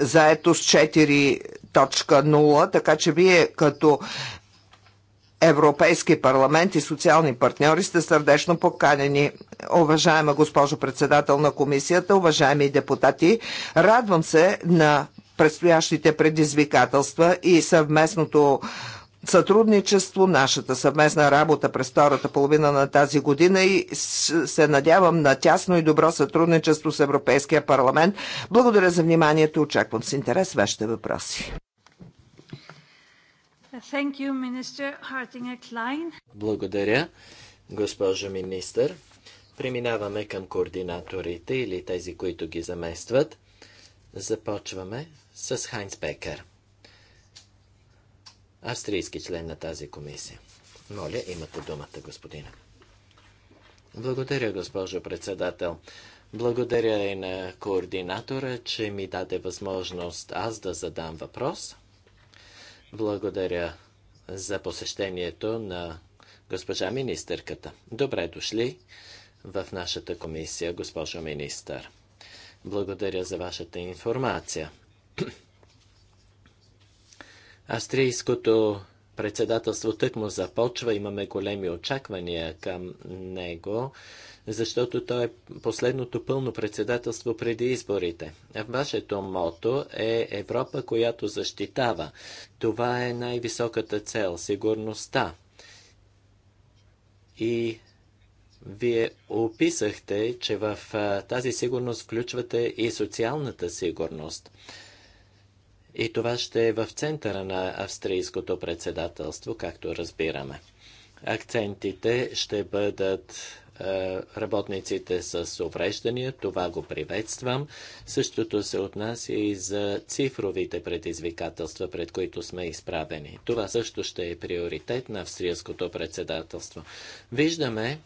заетост 4.0, така че вие като Европейски парламент и социални партньори сте сърдечно поканени. Уважаема госпожо председател на комисията, уважаеми депутати, радвам се на предстоящите предизвикателства и съвместното сътрудничество, нашата съвместна работа през втората половина на тази година и се надявам на тясно и добро сътрудничество с Европейския парламент. Благодаря за вниманието. Очаквам с интерес вашите въпроси. You, Благодаря, госпожо министър. Преминаваме към координаторите или тези, които ги заместват. Започваме с Хайнс Бекер австрийски член на тази комисия. Моля, имате думата, господина. Благодаря, госпожо председател. Благодаря и на координатора, че ми даде възможност аз да задам въпрос. Благодаря за посещението на госпожа министърката. Добре дошли в нашата комисия, госпожо министър. Благодаря за вашата информация. Австрийското председателство тъкмо започва, имаме големи очаквания към него, защото то е последното пълно председателство преди изборите. Вашето мото е Европа, която защитава. Това е най-високата цел – сигурността. И вие описахте, че в тази сигурност включвате и социалната сигурност. И това ще е в центъра на австрийското председателство, както разбираме. Акцентите ще бъдат е, работниците с увреждания. Това го приветствам. Същото се отнася и за цифровите предизвикателства, пред които сме изправени. Това също ще е приоритет на австрийското председателство. Виждаме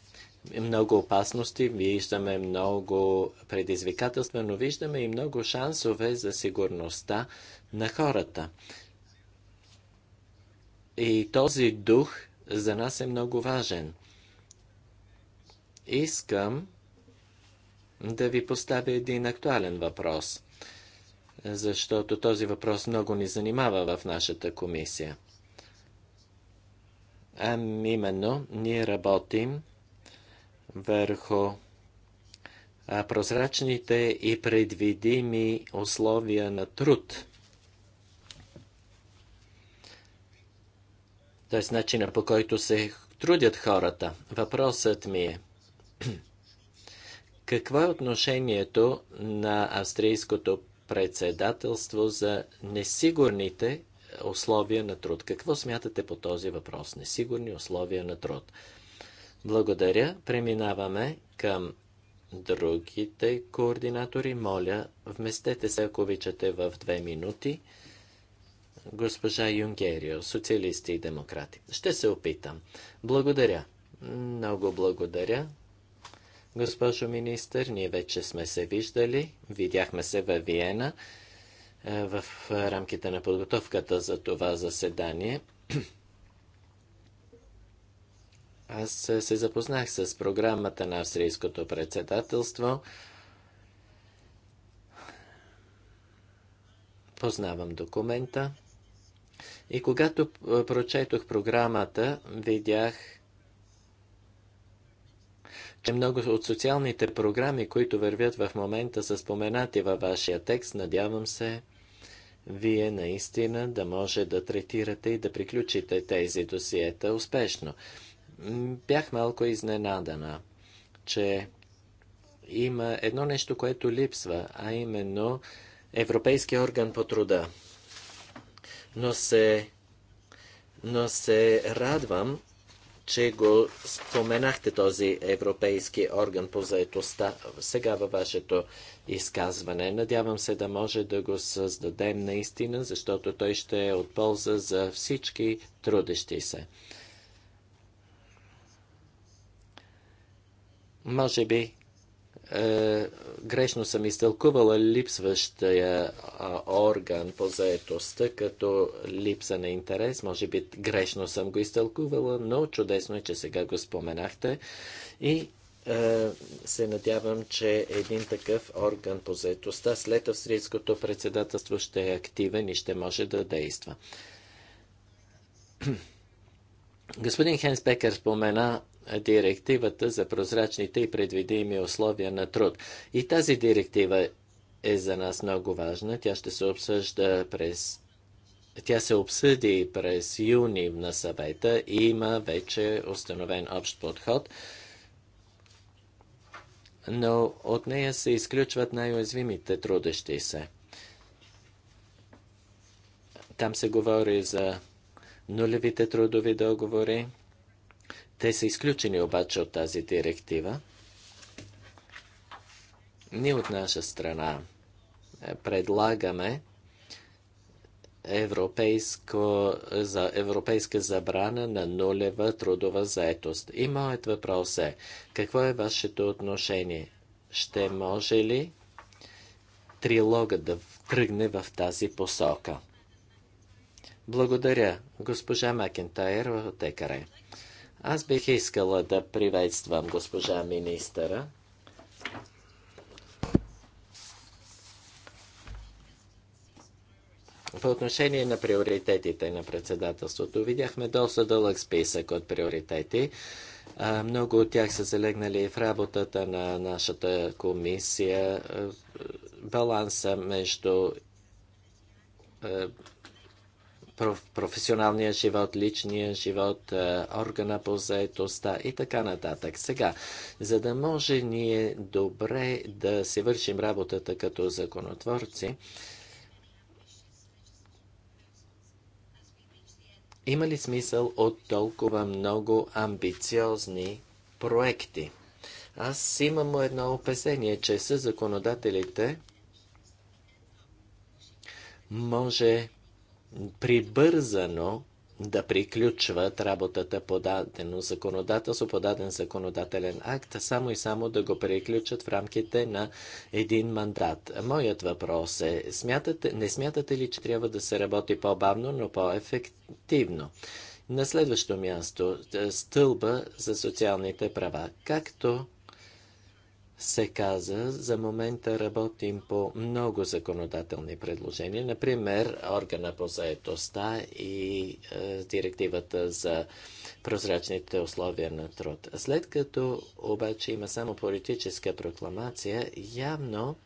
много опасности, виждаме много предизвикателства, но виждаме и много шансове за сигурността на хората. И този дух за нас е много важен. Искам да ви поставя един актуален въпрос, защото този въпрос много ни занимава в нашата комисия. А именно, ние работим върху прозрачните и предвидими условия на труд т.е. начина по който се трудят хората. Въпросът ми е, какво е отношението на австрийското председателство за несигурните условия на труд? Какво смятате по този въпрос? Несигурни условия на труд. Благодаря. Преминаваме към другите координатори. Моля, вместете се, ако обичате, в две минути госпожа Юнгерио, социалисти и демократи. Ще се опитам. Благодаря. Много благодаря. Госпожо министър, ние вече сме се виждали. Видяхме се във Виена е, в рамките на подготовката за това заседание. Аз се запознах с програмата на австрийското председателство. Познавам документа. И когато прочетох програмата, видях, че много от социалните програми, които вървят в момента, са споменати във вашия текст. Надявам се, вие наистина да може да третирате и да приключите тези досиета успешно. Бях малко изненадана, че има едно нещо, което липсва, а именно Европейски орган по труда но се, но се радвам, че го споменахте този европейски орган по заетостта сега във вашето изказване. Надявам се да може да го създадем наистина, защото той ще е от полза за всички трудещи се. Може би е, грешно съм изтълкувала липсващия а, е, орган по заетостта като липса на интерес. Може би грешно съм го изтълкувала, но чудесно е, че сега го споменахте. И е, се надявам, че един такъв орган по заетостта след австрийското председателство ще е активен и ще може да действа. Господин Пекер спомена директивата за прозрачните и предвидими условия на труд. И тази директива е за нас много важна. Тя ще се обсъжда през тя се обсъди през юни на съвета и има вече установен общ подход, но от нея се изключват най-уязвимите трудещи се. Там се говори за нулевите трудови договори, те са изключени обаче от тази директива. Ние от наша страна е, предлагаме европейско, за европейска забрана на нулева трудова заетост. И моят въпрос е, какво е вашето отношение? Ще може ли трилога да тръгне в тази посока? Благодаря, госпожа Макентайр от Екаре. Аз бих искала да приветствам госпожа министъра. По отношение на приоритетите на председателството, видяхме доста дълъг списък от приоритети. Много от тях са залегнали в работата на нашата комисия. Е, баланса между е, професионалния живот, личния живот, е, органа по заетостта и така нататък. Сега, за да може ние добре да се вършим работата като законотворци, има ли смисъл от толкова много амбициозни проекти? Аз имам едно опасение, че със законодателите може прибързано да приключват работата по дадено законодателство, по даден законодателен акт, само и само да го приключат в рамките на един мандат. Моят въпрос е, смятате, не смятате ли, че трябва да се работи по-бавно, но по-ефективно? На следващо място, стълба за социалните права. Както се каза, за момента работим по много законодателни предложения, например органа по заедостта и е, директивата за прозрачните условия на труд. След като обаче има само политическа прокламация, явно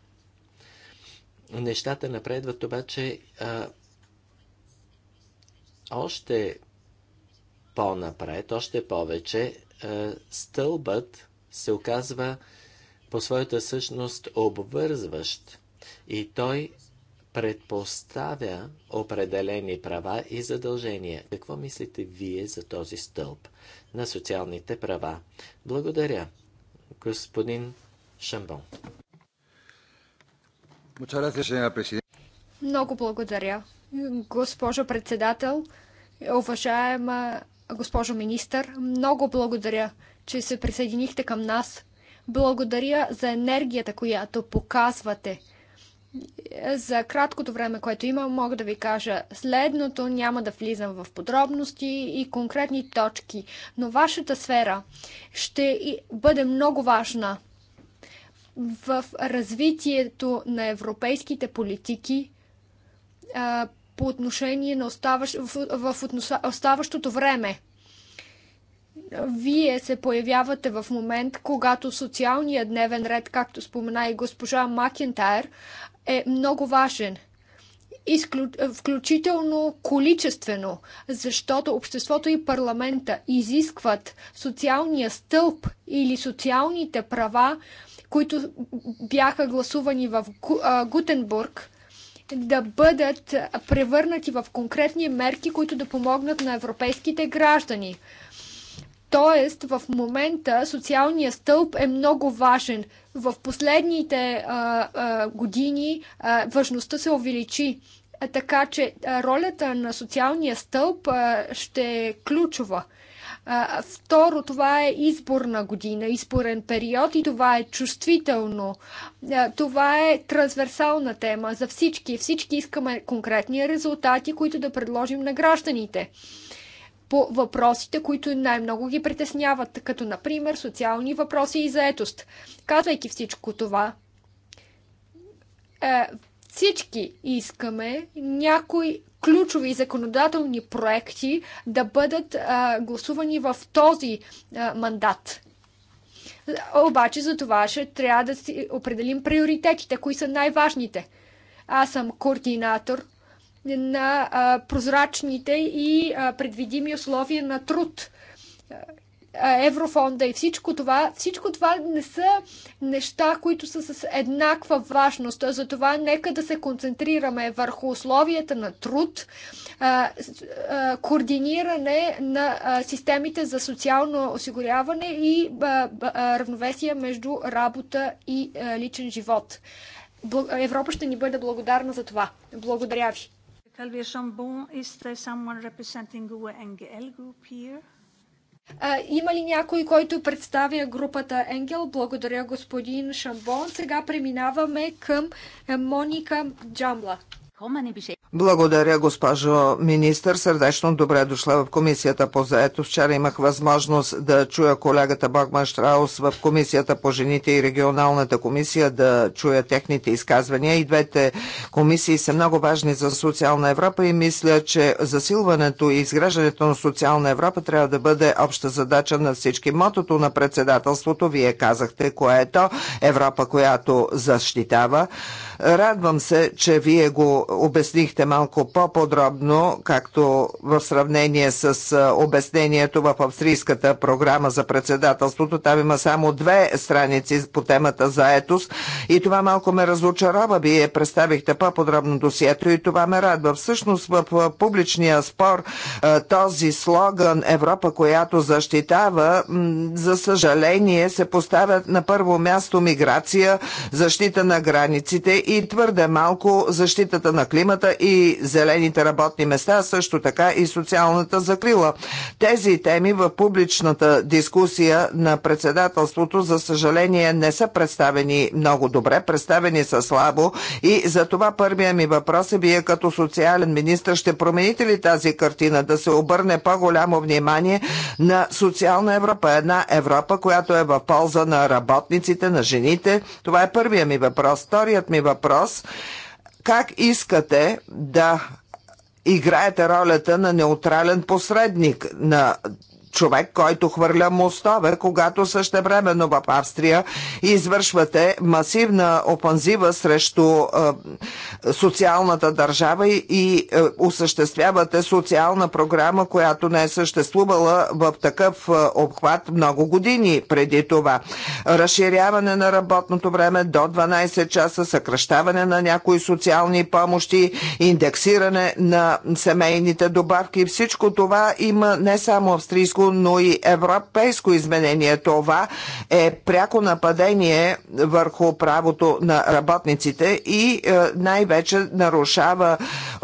нещата напредват обаче е, още по-напред, още повече е, стълбът се оказва по своята същност обвързващ и той предпоставя определени права и задължения. Какво мислите вие за този стълб на социалните права? Благодаря, господин Шамбон. Много благодаря, госпожо председател, уважаема госпожо министър. Много благодаря, че се присъединихте към нас благодаря за енергията, която показвате. За краткото време, което имам, мога да ви кажа следното. Няма да влизам в подробности и конкретни точки, но вашата сфера ще бъде много важна в развитието на европейските политики по отношение на оставащ, в, в, в оставащото време вие се появявате в момент, когато социалният дневен ред, както спомена и госпожа Макентайр, е много важен включително количествено, защото обществото и парламента изискват социалния стълб или социалните права, които бяха гласувани в Гутенбург, да бъдат превърнати в конкретни мерки, които да помогнат на европейските граждани. Тоест, в момента социалния стълб е много важен. В последните а, а, години а, важността се увеличи. А, така че а, ролята на социалния стълб а, ще е ключова. А, второ, това е изборна година, изборен период и това е чувствително. А, това е трансверсална тема за всички. Всички искаме конкретни резултати, които да предложим на гражданите по въпросите, които най-много ги притесняват, като например социални въпроси и заетост. Казвайки всичко това, е, всички искаме някои ключови законодателни проекти да бъдат а, е, гласувани в този а, е, мандат. Обаче за това ще трябва да си определим приоритетите, кои са най-важните. Аз съм координатор на а, прозрачните и а, предвидими условия на труд. Еврофонда и всичко това, всичко това не са неща, които са с еднаква важност. Затова нека да се концентрираме върху условията на труд, координиране на системите за социално осигуряване и равновесие между работа и личен живот. Европа ще ни бъде благодарна за това. Благодаря ви. Calvier Шамбон, is there someone representing GUE NGL group here? има ли някой, който представя групата Енгел? Благодаря, господин Шамбон. Сега преминаваме към Моника Джамла. Благодаря, госпожо министър. Сърдечно добре дошла в комисията по заето. Вчера имах възможност да чуя колегата Богман Штраус в комисията по жените и регионалната комисия, да чуя техните изказвания. И двете комисии са много важни за социална Европа и мисля, че засилването и изграждането на социална Европа трябва да бъде обща задача на всички. Мотото на председателството, вие казахте, кое е то Европа, която защитава. Радвам се, че вие го обяснихте обяснихте малко по-подробно, както в сравнение с обяснението в австрийската програма за председателството. Там има само две страници по темата за етос и това малко ме разочарова. Вие представихте по-подробно досието и това ме радва. Всъщност в публичния спор този слоган Европа, която защитава, за съжаление се поставя на първо място миграция, защита на границите и твърде малко защитата на климата и зелените работни места, също така и социалната закрила. Тези теми в публичната дискусия на председателството, за съжаление, не са представени много добре, представени са слабо и за това първия ми въпрос е вие като социален министр ще промените ли тази картина, да се обърне по-голямо внимание на социална Европа, една Европа, която е в полза на работниците, на жените? Това е първия ми въпрос. Вторият ми въпрос е как искате да играете ролята на неутрален посредник на човек, който хвърля мостове, когато същевременно в Австрия извършвате масивна опанзива срещу е, социалната държава и е, осъществявате социална програма, която не е съществувала в такъв е, обхват много години преди това. Разширяване на работното време до 12 часа, съкръщаване на някои социални помощи, индексиране на семейните добавки. Всичко това има не само австрийско европейско, но и европейско изменение. Това е пряко нападение върху правото на работниците и е, най-вече нарушава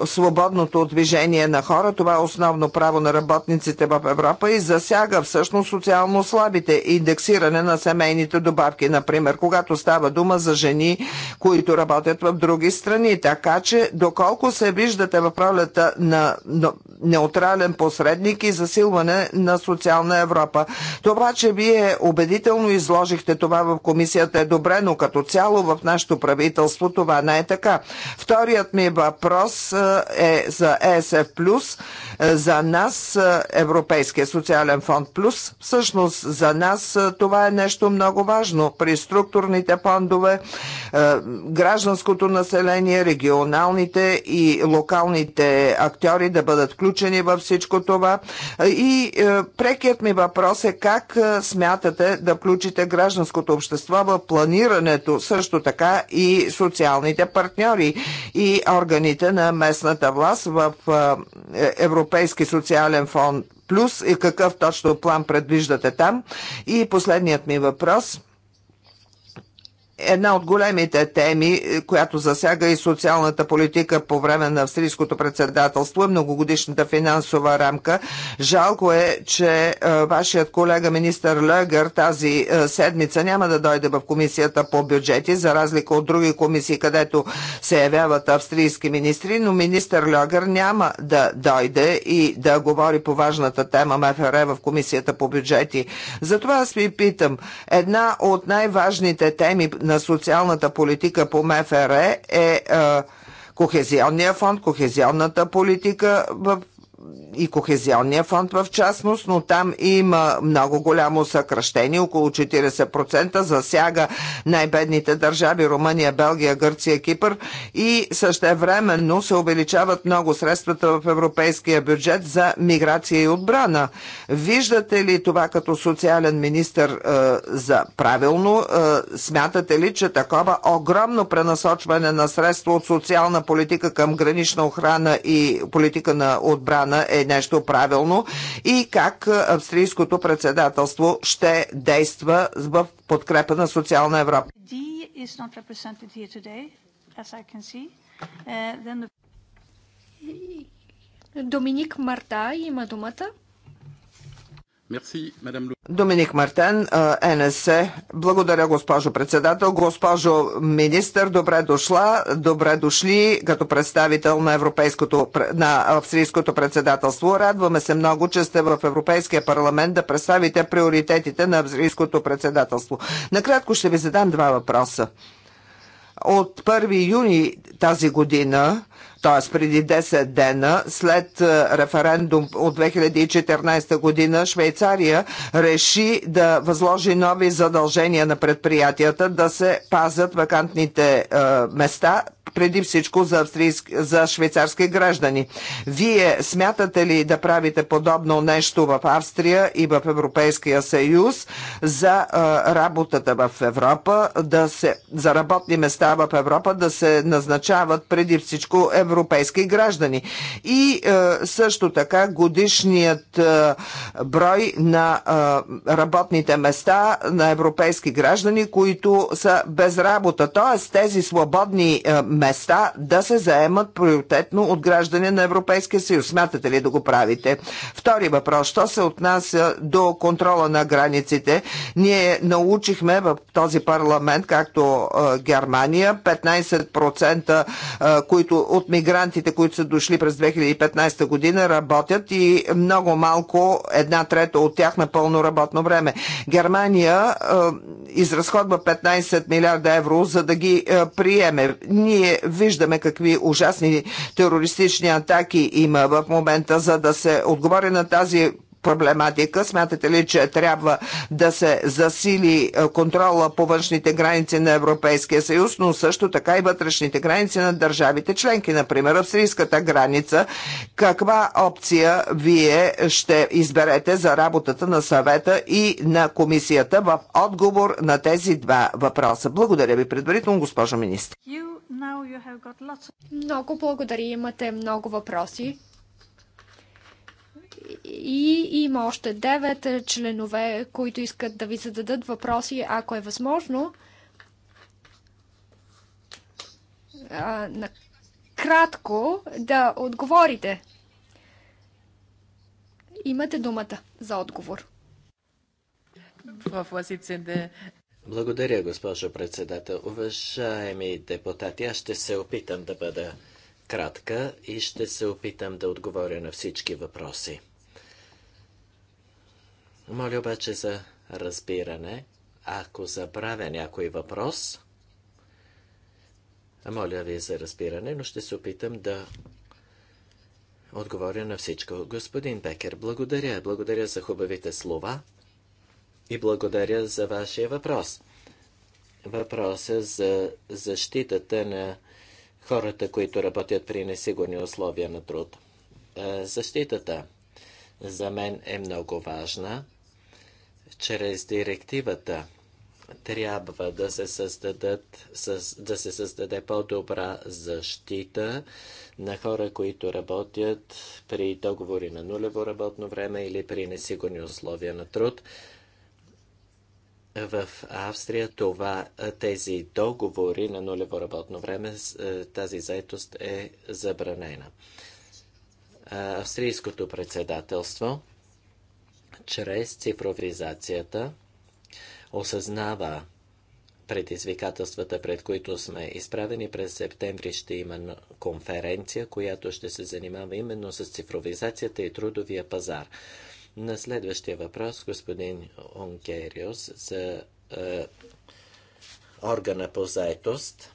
свободното движение на хора. Това е основно право на работниците в Европа и засяга всъщност социално слабите. Индексиране на семейните добавки, например, когато става дума за жени, които работят в други страни. Така че, доколко се виждате в пролета на неутрален посредник и засилване на социална Европа. Това, че вие убедително изложихте това в комисията е добре, но като цяло в нашето правителство това не е така. Вторият ми въпрос е, е за ЕСФ+, Плюс, е, за нас е, Европейския социален фонд плюс. Всъщност за нас това е нещо много важно. При структурните фондове, гражданското население, регионалните и локалните актьори да бъдат включени във всичко това и Прекият ми въпрос е как смятате да включите гражданското общество в планирането, също така и социалните партньори и органите на местната власт в е, Европейски социален фонд плюс и какъв точно план предвиждате там? И последният ми въпрос – една от големите теми, е, която засяга и социалната политика по време на австрийското председателство е многогодишната финансова рамка. Жалко е, че е, вашият колега министър Легър тази е, седмица няма да дойде в комисията по бюджети, за разлика от други комисии, където се явяват австрийски министри, но министър Легър няма да дойде и да говори по важната тема МФР в комисията по бюджети. Затова аз ви питам, една от най-важните теми на социалната политика по МФР е, е Кохезионния фонд, кохезионната политика в и Кохезионния фонд в частност, но там има много голямо съкръщение, около 40% засяга най-бедните държави Румъния, Белгия, Гърция, Кипър и същевременно се увеличават много средствата в европейския бюджет за миграция и отбрана. Виждате ли това като социален министр е, за правилно? Е, смятате ли, че такова огромно пренасочване на средства от социална политика към гранична охрана и политика на отбрана плана е нещо правилно и как австрийското председателство ще действа в подкрепа на социална Европа. Uh, Доминик Марта има думата. Доминик Мартен, НСС. Благодаря, госпожо председател. Госпожо министър, добре дошла, добре дошли като представител на, европейското, на австрийското председателство. Радваме се много, че сте в Европейския парламент да представите приоритетите на австрийското председателство. Накратко ще ви задам два въпроса. От 1 юни тази година т.е. преди 10 дена, след е, референдум от 2014 година, Швейцария реши да възложи нови задължения на предприятията да се пазят вакантните е, места преди всичко за, австрийски, за швейцарски граждани. Вие смятате ли да правите подобно нещо в Австрия и в Европейския съюз за а, работата в Европа, да се, за работни места в Европа да се назначават преди всичко европейски граждани? И а, също така годишният а, брой на а, работните места на европейски граждани, които са без работа, Тоест, тези свободни а, места да се заемат приоритетно от граждани на Европейския съюз. Смятате ли да го правите? Втори въпрос. Що се отнася до контрола на границите? Ние научихме в този парламент, както е, Германия, 15% е, които, от мигрантите, които са дошли през 2015 година, работят и много малко, една трета от тях на пълно работно време. Германия е, изразходва 15 милиарда евро, за да ги приеме. Ние ние виждаме какви ужасни терористични атаки има в момента, за да се отговори на тази проблематика. Смятате ли, че трябва да се засили е, контрола по външните граници на Европейския съюз, но също така и вътрешните граници на държавите членки, например австрийската граница? Каква опция вие ще изберете за работата на съвета и на комисията в отговор на тези два въпроса? Благодаря ви предварително, госпожо министр. Of... Много благодаря, имате много въпроси. И има още 9 членове, които искат да ви зададат въпроси, ако е възможно. кратко да отговорите. Имате думата за отговор. Frau Vorsitzende, благодаря, госпожо председател. Уважаеми депутати, аз ще се опитам да бъда кратка и ще се опитам да отговоря на всички въпроси. Моля обаче за разбиране. Ако забравя някой въпрос, моля ви за разбиране, но ще се опитам да отговоря на всичко. Господин Бекер, благодаря. Благодаря за хубавите слова и благодаря за вашия въпрос. Въпроса за защитата на хората, които работят при несигурни условия на труд. Е, защитата за мен е много важна. Чрез директивата трябва да се, създадат, да се създаде по-добра защита на хора, които работят при договори на нулево работно време или при несигурни условия на труд. В Австрия това, тези договори на нулево работно време, тази заетост е забранена. Австрийското председателство чрез цифровизацията осъзнава предизвикателствата, пред които сме изправени. През септември ще има конференция, която ще се занимава именно с цифровизацията и трудовия пазар. На следващия въпрос, господин Онкериус, за е, органа по заетост.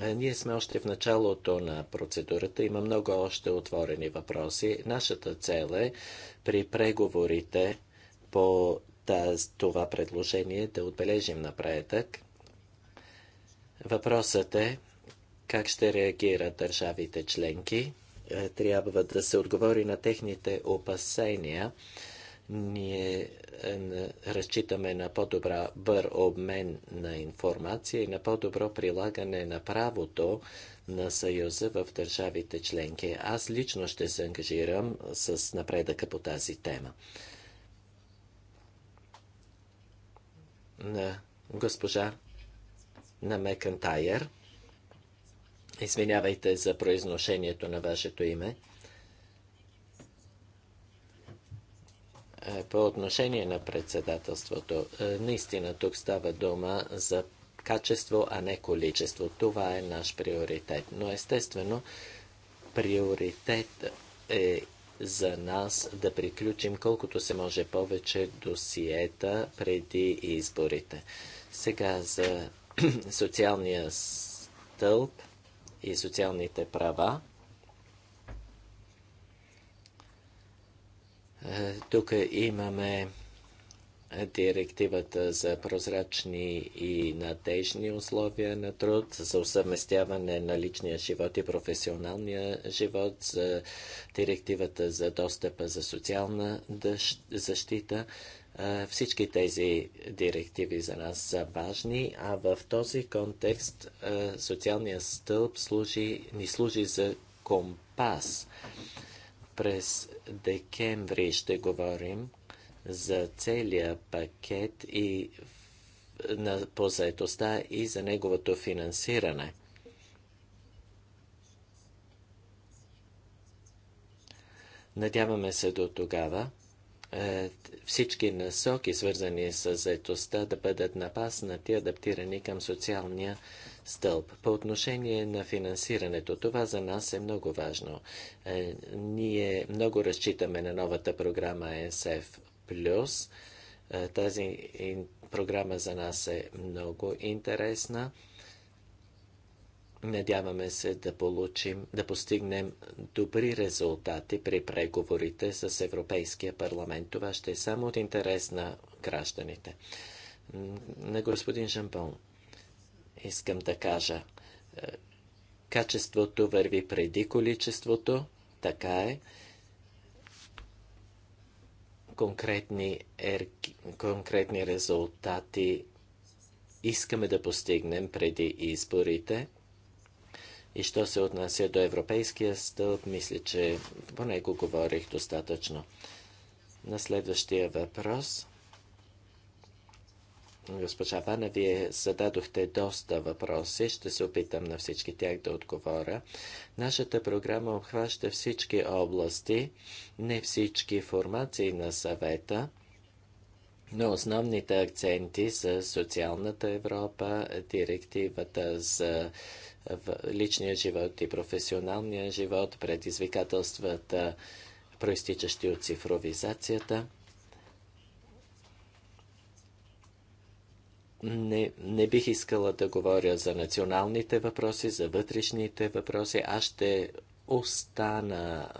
Е, ние сме още в началото на процедурата. Има много още отворени въпроси. Нашата цел е при преговорите по таз, това предложение да отбележим напредък. Въпросът е как ще реагират държавите членки е, трябва да се отговори на техните опасения. Ние е, разчитаме на по-добра бър обмен на информация и на по-добро прилагане на правото на Съюза в държавите членки. Аз лично ще се ангажирам с напредъка по тази тема. На госпожа на Мекентайер – Извинявайте за произношението на вашето име. Е, по отношение на председателството, е, наистина тук става дума за качество, а не количество. Това е наш приоритет. Но естествено, приоритет е за нас да приключим колкото се може повече досиета преди изборите. Сега за социалния стълб – и социалните права. Е, тук имаме директивата за прозрачни и надежни условия на труд, за усъвместяване на личния живот и професионалния живот, за директивата за достъпа за социална защита. Всички тези директиви за нас са важни, а в този контекст социалният стълб служи, ни служи за компас. През декември ще говорим за целия пакет и на, по заедостта и за неговото финансиране. Надяваме се до тогава е, всички насоки, свързани с заетостта, да бъдат напаснати, адаптирани към социалния стълб. По отношение на финансирането, това за нас е много важно. Е, ние много разчитаме на новата програма SF, е тази програма за нас е много интересна. Надяваме се да получим, да постигнем добри резултати при преговорите с Европейския парламент. Това ще е само от интерес на гражданите. На господин Жамбон искам да кажа, е, качеството върви преди количеството, така е. Конкретни, ер... конкретни резултати искаме да постигнем преди изборите – и що се отнася до европейския стълб, мисля, че по него говорих достатъчно. На следващия въпрос. Госпожа Вана, вие зададохте доста въпроси. Ще се опитам на всички тях да отговоря. Нашата програма обхваща всички области, не всички формации на съвета, но основните акценти са социалната Европа, директивата за в личния живот и професионалния живот, предизвикателствата, проистичащи от цифровизацията. Не, не бих искала да говоря за националните въпроси, за вътрешните въпроси. Аз ще остана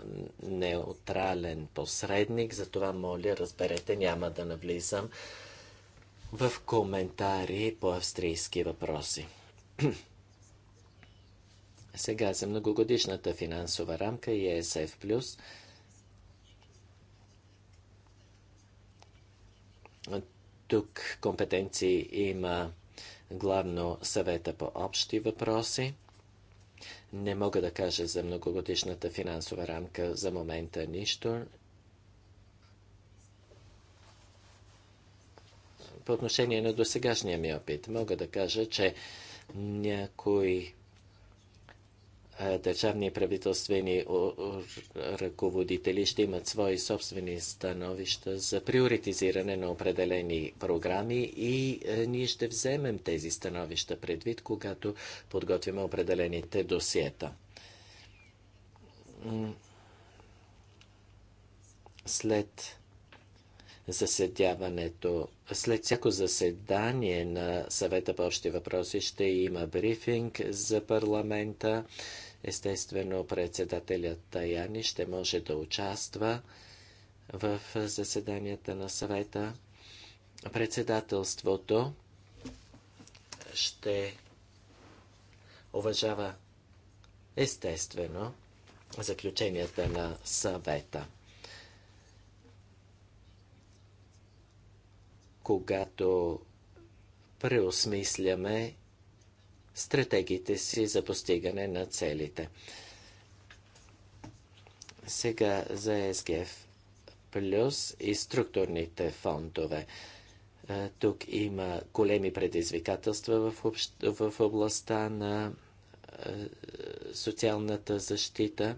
неутрален посредник, затова моля, разберете, няма да навлизам в коментари по австрийски въпроси. Сега за многогодишната финансова рамка и ЕСФ+, тук компетенции има главно съвета по общи въпроси. Не мога да кажа за многогодишната финансова рамка за момента нищо. По отношение на досегашния ми опит, мога да кажа, че някои държавни и правителствени ръководители ще имат свои собствени становища за приоритизиране на определени програми и е, ние ще вземем тези становища предвид, когато подготвим определените досиета. След заседяването. След всяко заседание на съвета по общи въпроси ще има брифинг за парламента Естествено, председателят Таяни ще може да участва в заседанията на съвета. Председателството ще уважава естествено заключенията на съвета. Когато преосмисляме стратегиите си за постигане на целите. Сега за СГФ плюс и структурните фондове. Тук има големи предизвикателства в, общ... в областта на социалната защита.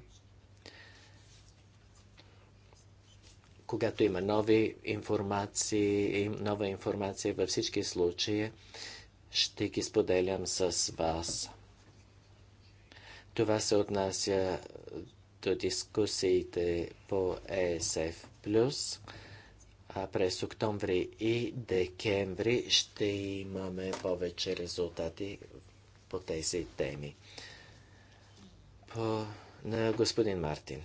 Когато има нови информации, нова информация във всички случаи, ще ги споделям с вас. Това се отнася до дискусиите по ESF+. Е а през октомври и декември ще имаме повече резултати по тези теми. По, на господин Мартин.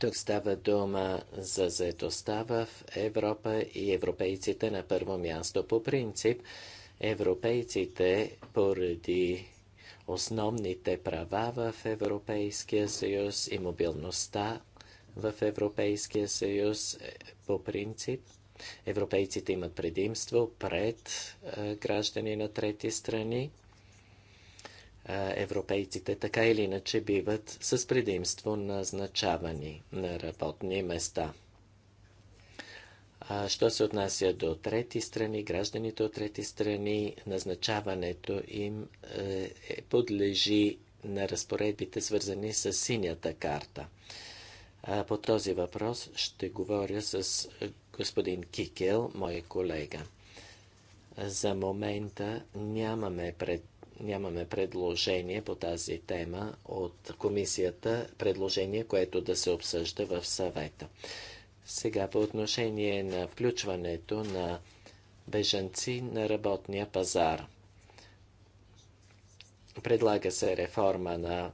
Тук става дума за заедостта в Европа и европейците на първо място. По принцип, европейците поради основните права в Европейския съюз и мобилността в Европейския съюз е, по принцип. Европейците имат предимство пред е, граждани на трети страни. Е, европейците така или иначе биват с предимство назначавани на работни места. Що се отнася до трети страни, гражданите от трети страни, назначаването им е, е, подлежи на разпоредбите, свързани с синята карта. А, по този въпрос ще говоря с е, господин Кикел, мой колега. За момента нямаме, пред, нямаме предложение по тази тема от комисията, предложение, което да се обсъжда в съвета. Сега по отношение на включването на бежанци на работния пазар. Предлага се реформа на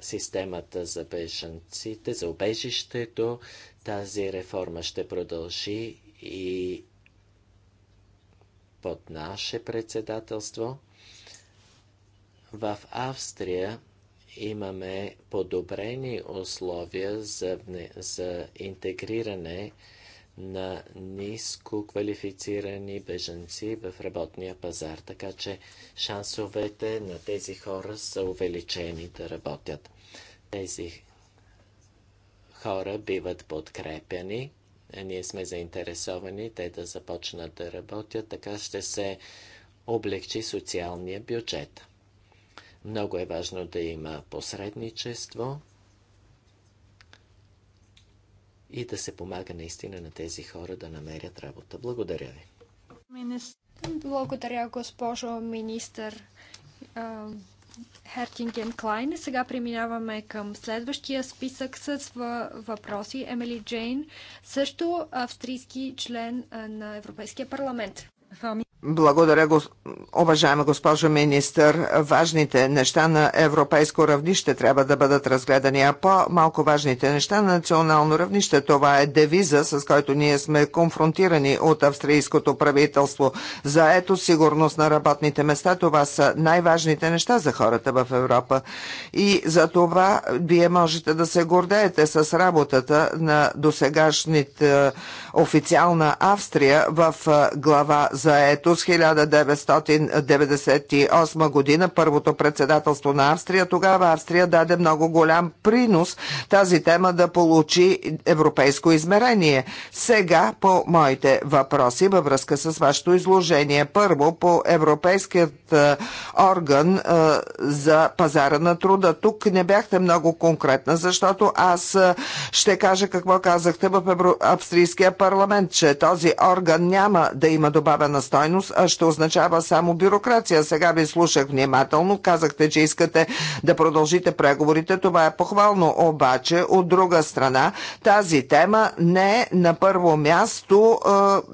системата за бежанците, за обежището. Тази реформа ще продължи и под наше председателство. В Австрия имаме подобрени условия за, за интегриране на ниско квалифицирани беженци в работния пазар, така че шансовете на тези хора са увеличени да работят. Тези хора биват подкрепени. Ние сме заинтересовани те да започнат да работят, така ще се облегчи социалния бюджет. Много е важно да има посредничество и да се помага наистина на тези хора да намерят работа. Благодаря ви. Благодаря, госпожо министър Хертинген Клайн. Сега преминаваме към следващия списък с въпроси. Емили Джейн, също австрийски член на Европейския парламент. Благодаря, го, уважаема госпожо министър. Важните неща на европейско равнище трябва да бъдат разгледани, а по-малко важните неща на национално равнище. Това е девиза, с който ние сме конфронтирани от австрийското правителство. За ето сигурност на работните места, това са най-важните неща за хората в Европа. И за това вие можете да се гордеете с работата на досегашните официална Австрия в глава за ето с 1998 година, първото председателство на Австрия. Тогава Австрия даде много голям принос тази тема да получи европейско измерение. Сега по моите въпроси във връзка с вашето изложение. Първо по Европейският е, орган е, за пазара на труда. Тук не бяхте много конкретна, защото аз е, ще кажа какво казахте в Австрийския парламент, че този орган няма да има добавена стойност ефективност, а ще означава само бюрокрация. Сега ви слушах внимателно. Казахте, че искате да продължите преговорите. Това е похвално. Обаче, от друга страна, тази тема не е на първо място,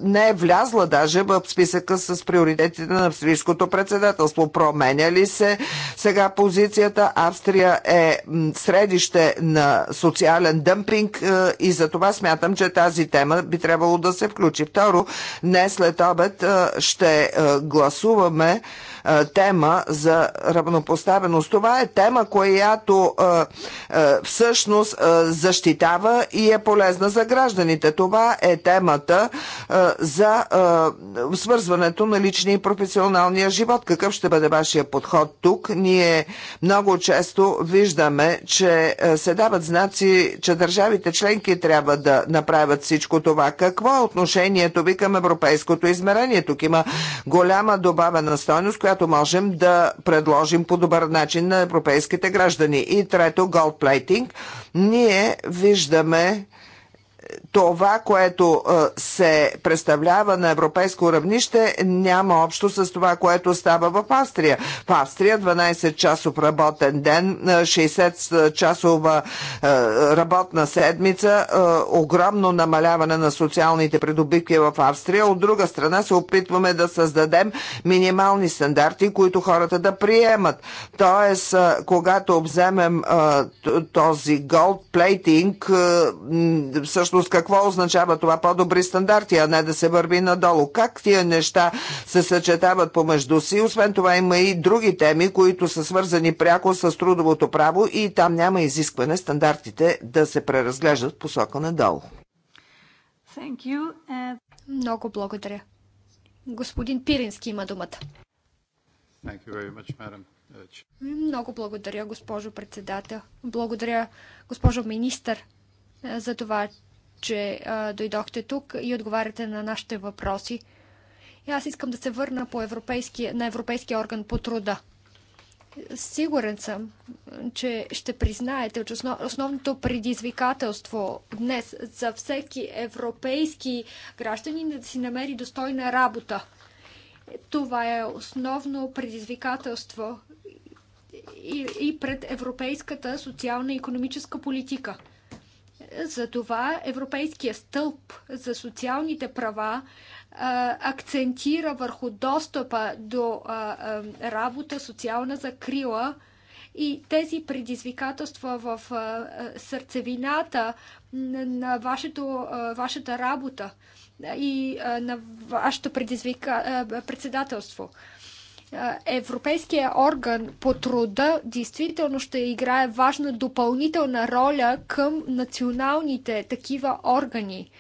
не е влязла даже в списъка с приоритетите на австрийското председателство. Променя ли се сега позицията? Австрия е средище на социален дъмпинг и за това смятам, че тази тема би трябвало да се включи. Второ, не след обед ще ще е, гласуваме е, тема за равнопоставеност. Това е тема, която е, е, всъщност защитава и е полезна за гражданите. Това е темата за свързването на личния и професионалния живот. Какъв ще бъде вашия подход тук? Ние много често виждаме, че се дават знаци, че държавите членки трябва да направят всичко това. Какво е отношението ви към европейското измерение? Тук има голяма добавена стойност, която която можем да предложим по добър начин на европейските граждани. И трето, голдплейтинг. Ние виждаме, това, което се представлява на европейско равнище, няма общо с това, което става в Австрия. В Австрия 12-часов работен ден, 60-часова работна седмица, огромно намаляване на социалните придобивки в Австрия. От друга страна се опитваме да създадем минимални стандарти, които хората да приемат. Тоест, когато обземем този gold plating, всъщност какво означава това по-добри стандарти, а не да се върви надолу? Как тия неща се съчетават помежду си? Освен това има и други теми, които са свързани пряко с трудовото право и там няма изискване стандартите да се преразглеждат в посока надолу. And... Много благодаря. Господин Пирински има думата. Much, uh, Много благодаря, госпожо председател. Благодаря, госпожо министър, uh, за това, че а, дойдохте тук и отговаряте на нашите въпроси. И аз искам да се върна по европейски, на Европейския орган по труда. Сигурен съм, че ще признаете, че основното предизвикателство днес за всеки европейски гражданин е да си намери достойна работа. Това е основно предизвикателство и, и пред европейската социална и економическа политика – за това Европейския стълб за социалните права акцентира върху достъпа до работа, социална закрила и тези предизвикателства в сърцевината на вашето, вашата работа и на вашето предизвика... председателство. Европейския орган по труда действително ще играе важна допълнителна роля към националните такива органи.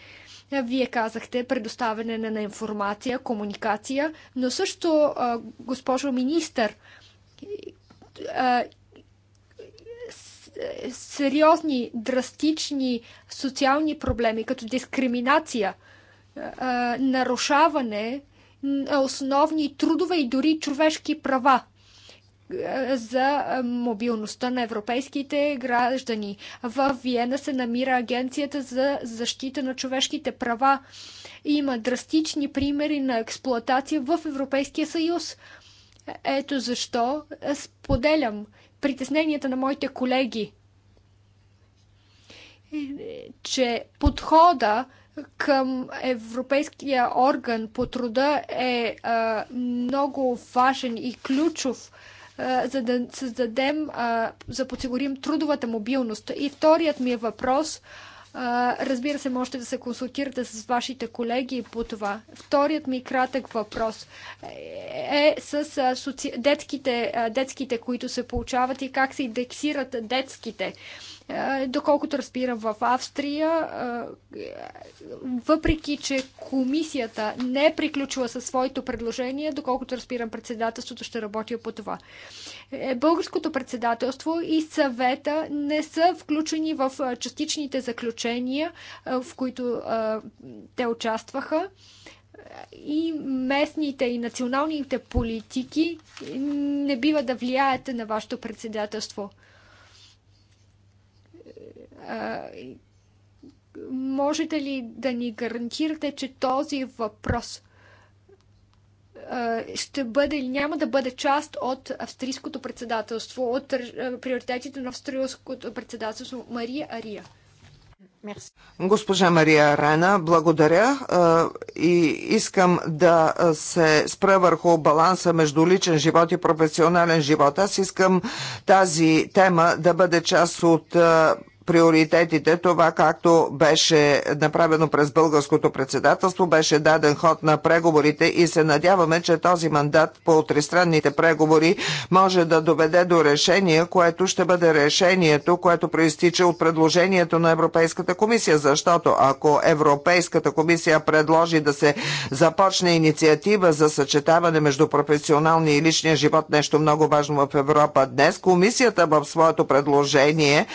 Вие казахте предоставяне на информация, комуникация, но също, госпожо министър, сериозни, драстични социални проблеми, като дискриминация, нарушаване основни трудове и дори човешки права е, за мобилността на европейските граждани. В Виена се намира Агенцията за защита на човешките права. Има драстични примери на експлоатация в Европейския съюз. Ето защо споделям притесненията на моите колеги, че подхода към Европейския орган по труда е а, много важен и ключов, а, за да създадем, а, за да подсигурим трудовата мобилност. И вторият ми е въпрос. А, разбира се, можете да се консултирате с вашите колеги по това. Вторият ми кратък въпрос е, е с а, соци... детските, а, детските, които се получават и как се индексират детските. А, е, доколкото разбирам в Австрия, е, въпреки че комисията не е приключила със своето предложение, доколкото разбирам председателството ще работи по това. Е, българското председателство и съвета не са включени в частичните заключения, в които те участваха и местните и националните политики не бива да влияят на вашето председателство можете ли да ни гарантирате, че този въпрос ще бъде или няма да бъде част от австрийското председателство, от приоритетите на австрийското председателство Мария Ария? Госпожа Мария Рена, благодаря и искам да се спра върху баланса между личен живот и професионален живот. Аз искам тази тема да бъде част от приоритетите, това както беше направено през българското председателство, беше даден ход на преговорите и се надяваме, че този мандат по тристранните преговори може да доведе до решение, което ще бъде решението, което проистича от предложението на Европейската комисия, защото ако Европейската комисия предложи да се започне инициатива за съчетаване между професионалния и личния живот, нещо много важно в Европа днес, комисията в своето предложение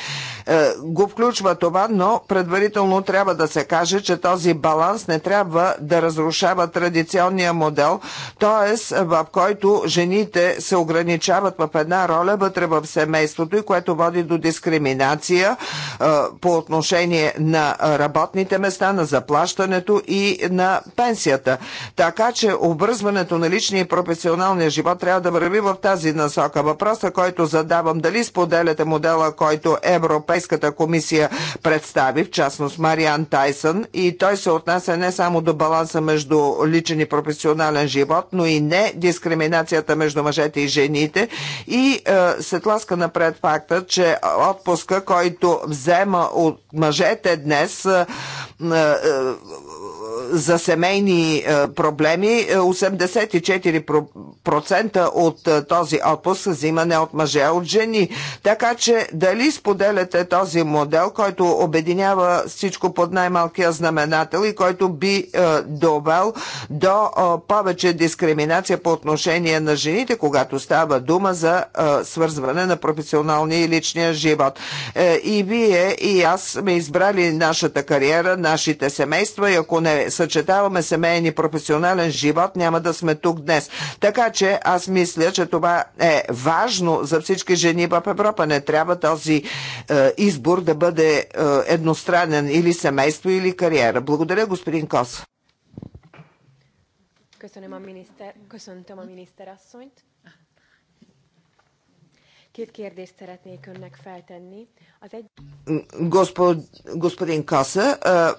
е, го включва това, но предварително трябва да се каже, че този баланс не трябва да разрушава традиционния модел, т.е. в който жените се ограничават в една роля вътре в семейството и което води до дискриминация е, по отношение на работните места, на заплащането и на пенсията. Така че обвързването на личния и професионалния живот трябва да върви в тази насока. Въпроса, който задавам, дали споделяте модела, който Европа Европейската комисия представи, в частност Мариан Тайсън, и той се отнася не само до баланса между личен и професионален живот, но и не дискриминацията между мъжете и жените и е, се тласка напред факта, че отпуска, който взема от мъжете днес, е, е, за семейни е, проблеми, 84% е, от е, този отпуск взимане от мъже от жени. Така че дали споделяте този модел, който обединява всичко под най-малкия знаменател и който би довел до повече дискриминация по отношение на жените, когато става дума за свързване на професионалния и личния живот. И вие, и аз сме избрали нашата кариера, нашите семейства и ако не съчетаваме семейен и професионален живот, няма да сме тук днес. Така че аз мисля, че това е важно за всички жени в Европа. Не трябва този е, избор да бъде е, едностранен или семейство, или кариера. Благодаря, господин Кос. Köszönöm a miniszter, köszöntöm Két kérdést szeretnék önnek feltenni. Az egy... Господ, господин Коса,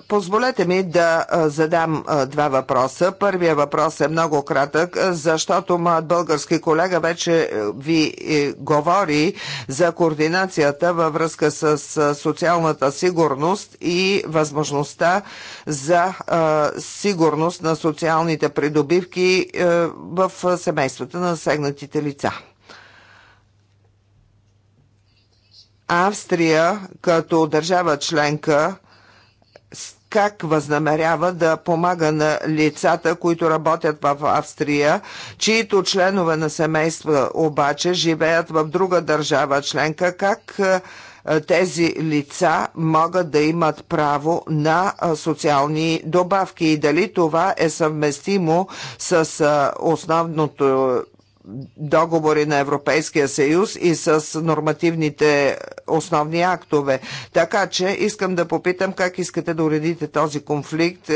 позволете ми да задам два въпроса. Първият въпрос е много кратък, защото моят български колега вече ви е, говори за координацията във връзка с социалната сигурност и възможността за сигурност на социалните придобивки в семействата на сегнатите лица. Австрия като държава членка как възнамерява да помага на лицата, които работят в Австрия, чието членове на семейства обаче живеят в друга държава членка, как е, е, тези лица могат да имат право на е, социални добавки и дали това е съвместимо с основното договори на Европейския съюз и с нормативните основни актове. Така че искам да попитам как искате да уредите този конфликт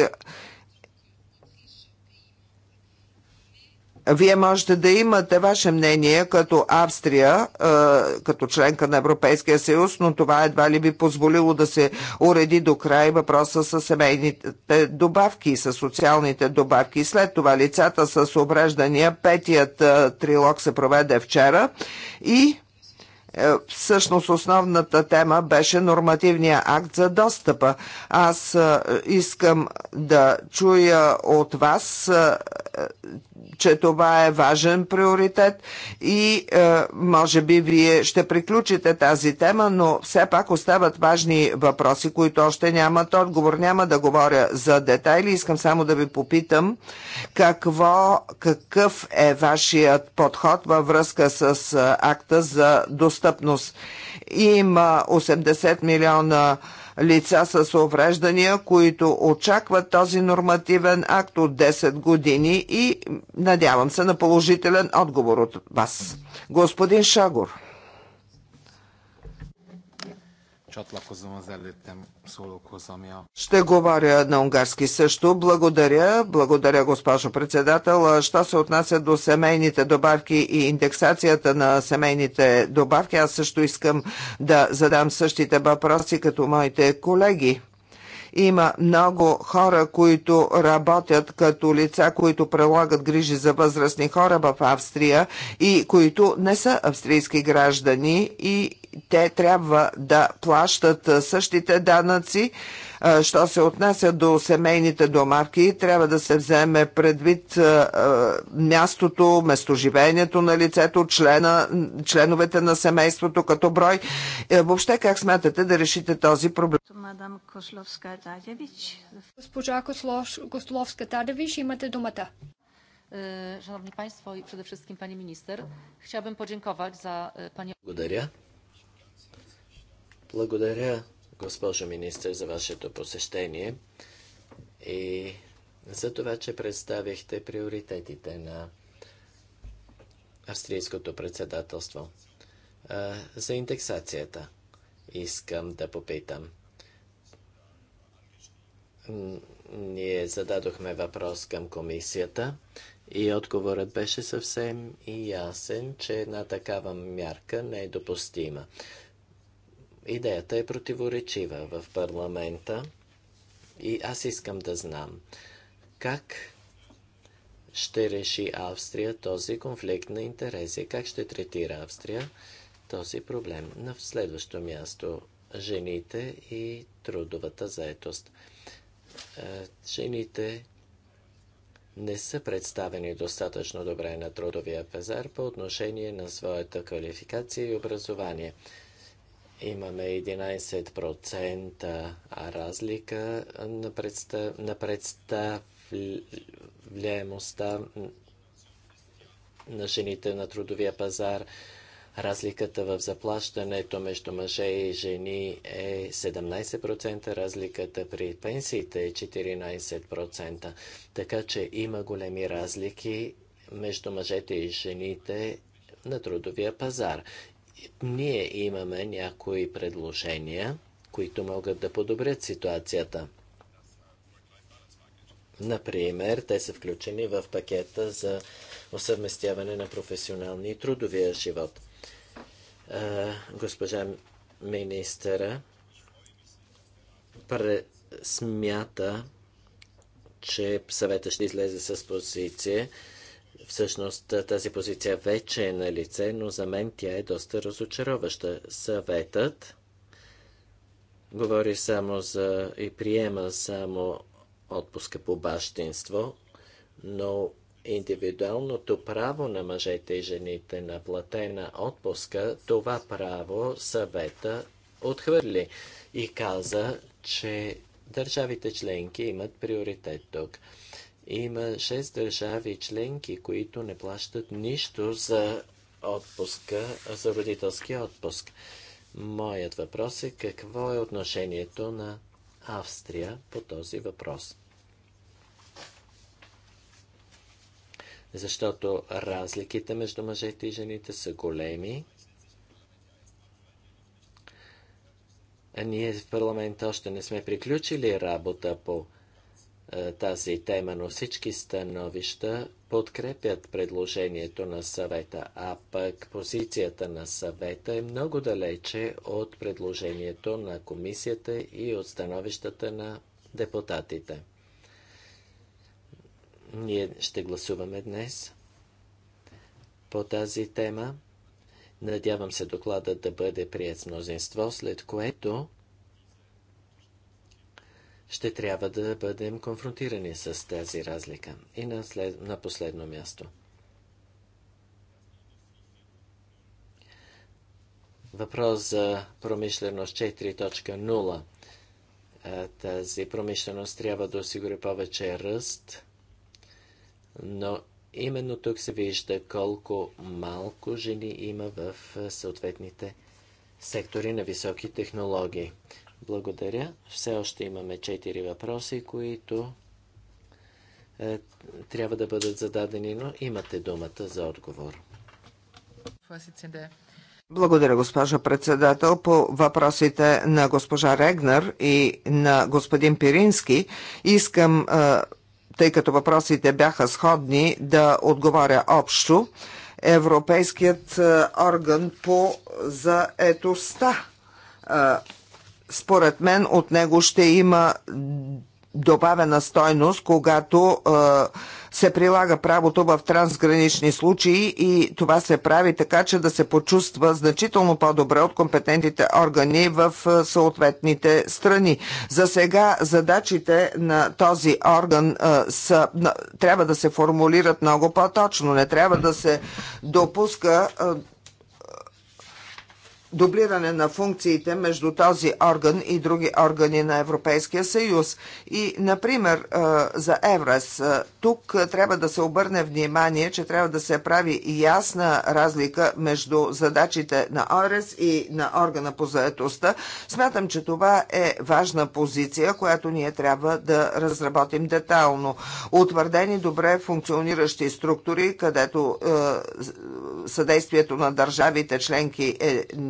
Вие можете да имате ваше мнение като Австрия, е, като членка на Европейския съюз, но това едва ли би позволило да се уреди до край въпроса с семейните добавки, с социалните добавки. След това лицата с обреждания, петият е, трилог се проведе вчера и е, всъщност основната тема беше нормативния акт за достъпа. Аз е, искам да чуя от вас, е, че това е важен приоритет и може би вие ще приключите тази тема, но все пак остават важни въпроси, които още нямат отговор. Няма да говоря за детайли, искам само да ви попитам какво, какъв е вашият подход във връзка с акта за достъп достъпност. Има 80 милиона лица с увреждания, които очакват този нормативен акт от 10 години и надявам се на положителен отговор от вас. Господин Шагор. Ще говоря на унгарски също. Благодаря. Благодаря, госпожо председател. Що се отнася до семейните добавки и индексацията на семейните добавки, аз също искам да задам същите въпроси като моите колеги. Има много хора, които работят като лица, които прилагат грижи за възрастни хора в Австрия и които не са австрийски граждани и те трябва да плащат същите данъци Що се отнася до семейните домарки, трябва да се вземе предвид мястото, местоживението на лицето, члена, членовете на семейството като брой. Е, въобще как смятате да решите този проблем? Госпожа Кословска-Тадевич, имате думата. Е, e, Благодаря. Благодаря госпожо министър, за вашето посещение и за това, че представихте приоритетите на австрийското председателство. За индексацията искам да попитам. Ние зададохме въпрос към комисията и отговорът беше съвсем ясен, че една такава мярка не е допустима. Идеята е противоречива в парламента и аз искам да знам как ще реши Австрия този конфликт на интереси, как ще третира Австрия този проблем. На следващо място жените и трудовата заетост. Е, жените не са представени достатъчно добре на трудовия пазар по отношение на своята квалификация и образование. Имаме 11% разлика на, представ... на представляемостта на жените на трудовия пазар. Разликата в заплащането между мъже и жени е 17%, разликата при пенсиите е 14%. Така че има големи разлики между мъжете и жените на трудовия пазар. Ние имаме някои предложения, които могат да подобрят ситуацията. Например, те са включени в пакета за усъвместяване на професионалния и трудовия живот. Госпожа министъра смята, че съвета ще излезе с позиция Всъщност тази позиция вече е на лице, но за мен тя е доста разочароваща. Съветът говори само за и приема само отпуска по бащинство, но индивидуалното право на мъжете и жените на платена отпуска, това право съвета отхвърли и каза, че държавите членки имат приоритет тук. Има 6 държави членки, които не плащат нищо за отпуска, за родителски отпуск. Моят въпрос е какво е отношението на Австрия по този въпрос? Защото разликите между мъжете и жените са големи. А ние в парламента още не сме приключили работа по е, тази тема, но всички становища подкрепят предложението на съвета, а пък позицията на съвета е много далече от предложението на комисията и от становищата на депутатите. Ние ще гласуваме днес по тази тема. Надявам се докладът да бъде прият с мнозинство, след което ще трябва да бъдем конфронтирани с тази разлика. И на, след... на последно място. Въпрос за промишленост 4.0. Е, тази промишленост трябва да осигури повече ръст, но именно тук се вижда колко малко жени има в е, съответните сектори на високи технологии. Благодаря. Все още имаме четири въпроси, които е, трябва да бъдат зададени, но имате думата за отговор. Благодаря, госпожа председател. По въпросите на госпожа Регнер и на господин Пирински искам, е, тъй като въпросите бяха сходни, да отговоря общо. Европейският е, орган по заетостта е, според мен от него ще има добавена стойност, когато се прилага правото в трансгранични случаи и това се прави така, че да се почувства значително по-добре от компетентните органи в съответните страни. За сега задачите на този орган са, на, трябва да се формулират много по-точно. Не трябва да се допуска дублиране на функциите между този орган и други органи на Европейския съюз. И, например, за Еврес, тук трябва да се обърне внимание, че трябва да се прави ясна разлика между задачите на Орес и на органа по заетостта. Смятам, че това е важна позиция, която ние трябва да разработим детайлно. Утвърдени добре функциониращи структури, където съдействието на държавите членки е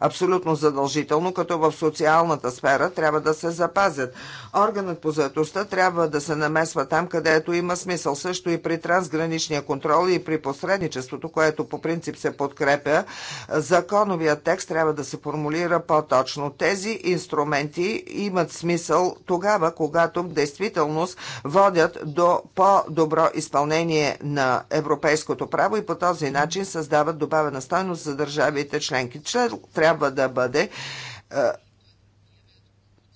абсолютно задължително, като в социалната сфера трябва да се запазят. Органът по заедостта трябва да се намесва там, където има смисъл. Също и при трансграничния контрол и при посредничеството, което по принцип се подкрепя, законовия текст трябва да се формулира по-точно. Тези инструменти имат смисъл тогава, когато в действителност водят до по-добро изпълнение на европейското право и по този начин създават добавена стойност за държавите членки. Член трябва да бъде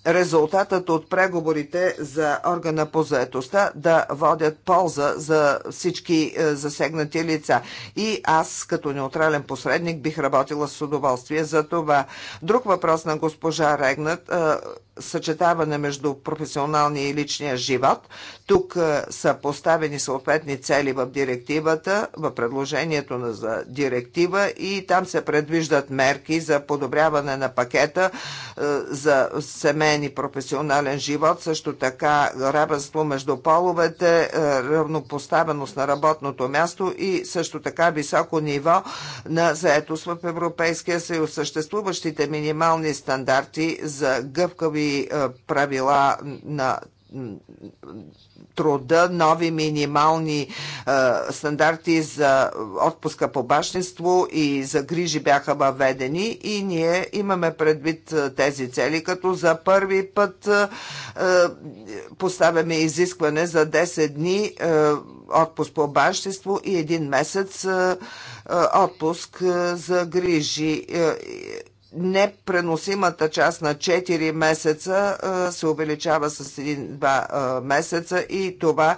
резултатът от преговорите за органа по заетостта да водят полза за всички е, засегнати лица. И аз, като неутрален посредник, бих работила с удоволствие за това. Друг въпрос на госпожа Регнат е, съчетаване между професионалния и личния живот. Тук е, са поставени съответни цели в директивата, в предложението на за директива и там се предвиждат мерки за подобряване на пакета за семейството семейен и професионален живот, също така равенство между половете, е, равнопоставеност на работното място и също така високо ниво на заетост в Европейския съюз. Съществуващите минимални стандарти за гъвкави е, правила на труда, нови минимални а, стандарти за отпуска по бащинство и за грижи бяха въведени и ние имаме предвид тези цели, като за първи път а, поставяме изискване за 10 дни а, отпуск по бащинство и един месец а, отпуск за грижи непреносимата част на 4 месеца се увеличава с 1-2 месеца и това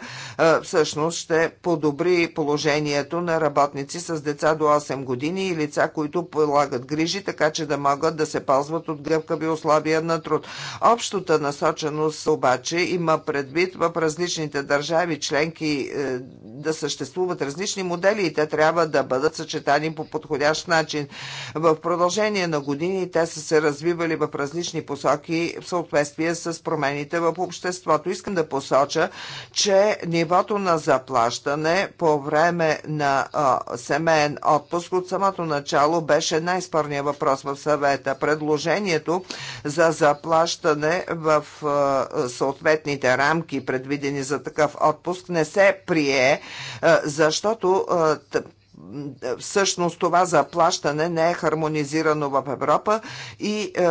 всъщност ще подобри положението на работници с деца до 8 години и лица, които полагат грижи, така че да могат да се ползват от гъвкави условия на труд. Общата насоченост обаче има предвид в различните държави членки е, да съществуват различни модели и те трябва да бъдат съчетани по подходящ начин. В продължение на години години те са се развивали в различни посоки в съответствие с промените в обществото. Искам да посоча, че нивото на заплащане по време на а, семейен отпуск от самото начало беше най-спорния въпрос в съвета. Предложението за заплащане в а, съответните рамки, предвидени за такъв отпуск, не се прие, а, защото а, всъщност това заплащане не е хармонизирано в Европа и е,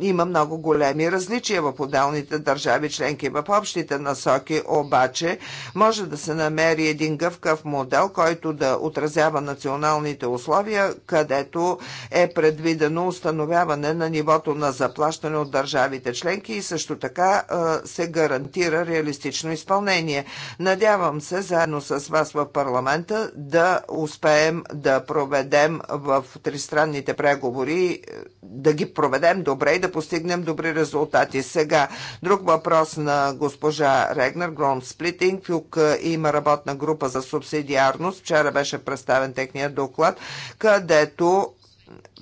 има много големи различия в отделните държави членки. В общите насоки обаче може да се намери един гъвкав модел, който да отразява националните условия, където е предвидено установяване на нивото на заплащане от държавите членки и също така е, се гарантира реалистично изпълнение. Надявам се заедно с вас в парламента да успеем да проведем в тристранните преговори, да ги проведем добре и да постигнем добри резултати. Сега, друг въпрос на госпожа Регнер, Гронт Сплитинг, Тук има работна група за субсидиарност. Вчера беше представен техния доклад, където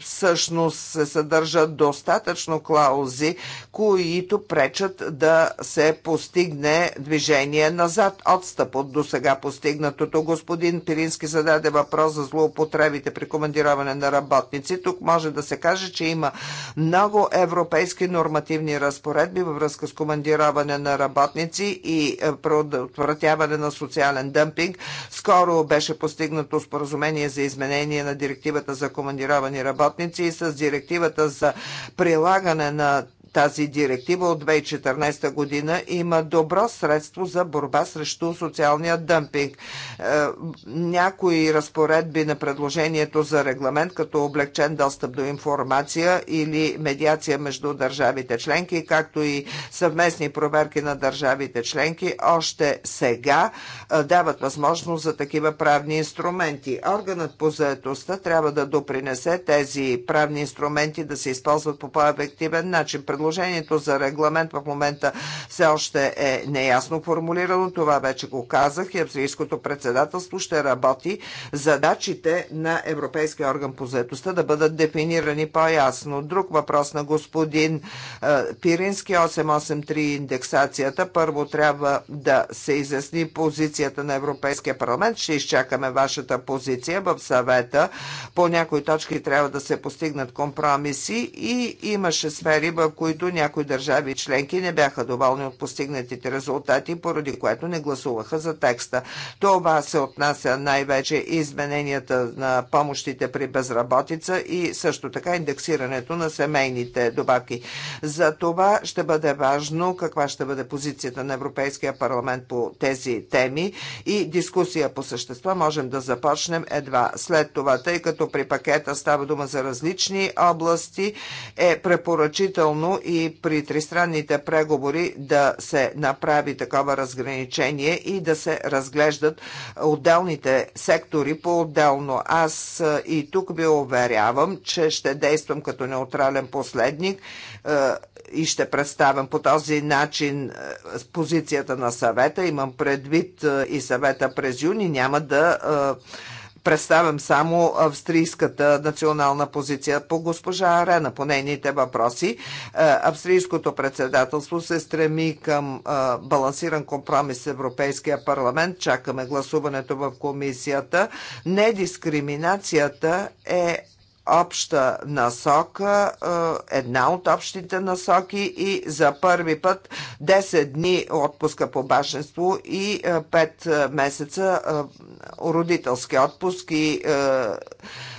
всъщност се съдържат достатъчно клаузи, които пречат да се постигне движение назад, отстъп от до сега постигнатото. Господин Пирински зададе въпрос за злоупотребите при командироване на работници. Тук може да се каже, че има много европейски нормативни разпоредби във връзка с командироване на работници и е, предотвратяване на социален дъмпинг. Скоро беше постигнато споразумение за изменение на директивата за командировани работници работници и с директивата за прилагане на тази директива от 2014 година има добро средство за борба срещу социалния дъмпинг. Е, някои разпоредби на предложението за регламент, като облегчен достъп до информация или медиация между държавите членки, както и съвместни проверки на държавите членки, още сега е, дават възможност за такива правни инструменти. Органът по заедостта трябва да допринесе тези правни инструменти да се използват по по-ефективен начин предложението за регламент в момента все още е неясно формулирано. Това вече го казах и австрийското председателство ще работи задачите на Европейския орган по заедостта да бъдат дефинирани по-ясно. Друг въпрос на господин е, Пирински 883 индексацията. Първо трябва да се изясни позицията на Европейския парламент. Ще изчакаме вашата позиция в съвета. По някои точки трябва да се постигнат компромиси и имаше сфери, в които които някои държави членки не бяха доволни от постигнатите резултати, поради което не гласуваха за текста. Това се отнася най-вече измененията на помощите при безработица и също така индексирането на семейните добавки. За това ще бъде важно каква ще бъде позицията на Европейския парламент по тези теми и дискусия по същество можем да започнем едва след това, тъй като при пакета става дума за различни области, е препоръчително и при тристранните преговори да се направи такова разграничение и да се разглеждат отделните сектори по-отделно. Аз и тук ви уверявам, че ще действам като неутрален последник и ще представям по този начин позицията на съвета. Имам предвид и съвета през юни. Няма да представям само австрийската национална позиция. По госпожа Арена, по нейните въпроси, е, австрийското председателство се стреми към е, балансиран компромис с Европейския парламент. Чакаме гласуването в комисията. Недискриминацията е обща насока, една от общите насоки и за първи път 10 дни отпуска по башенство и 5 месеца родителски отпуск и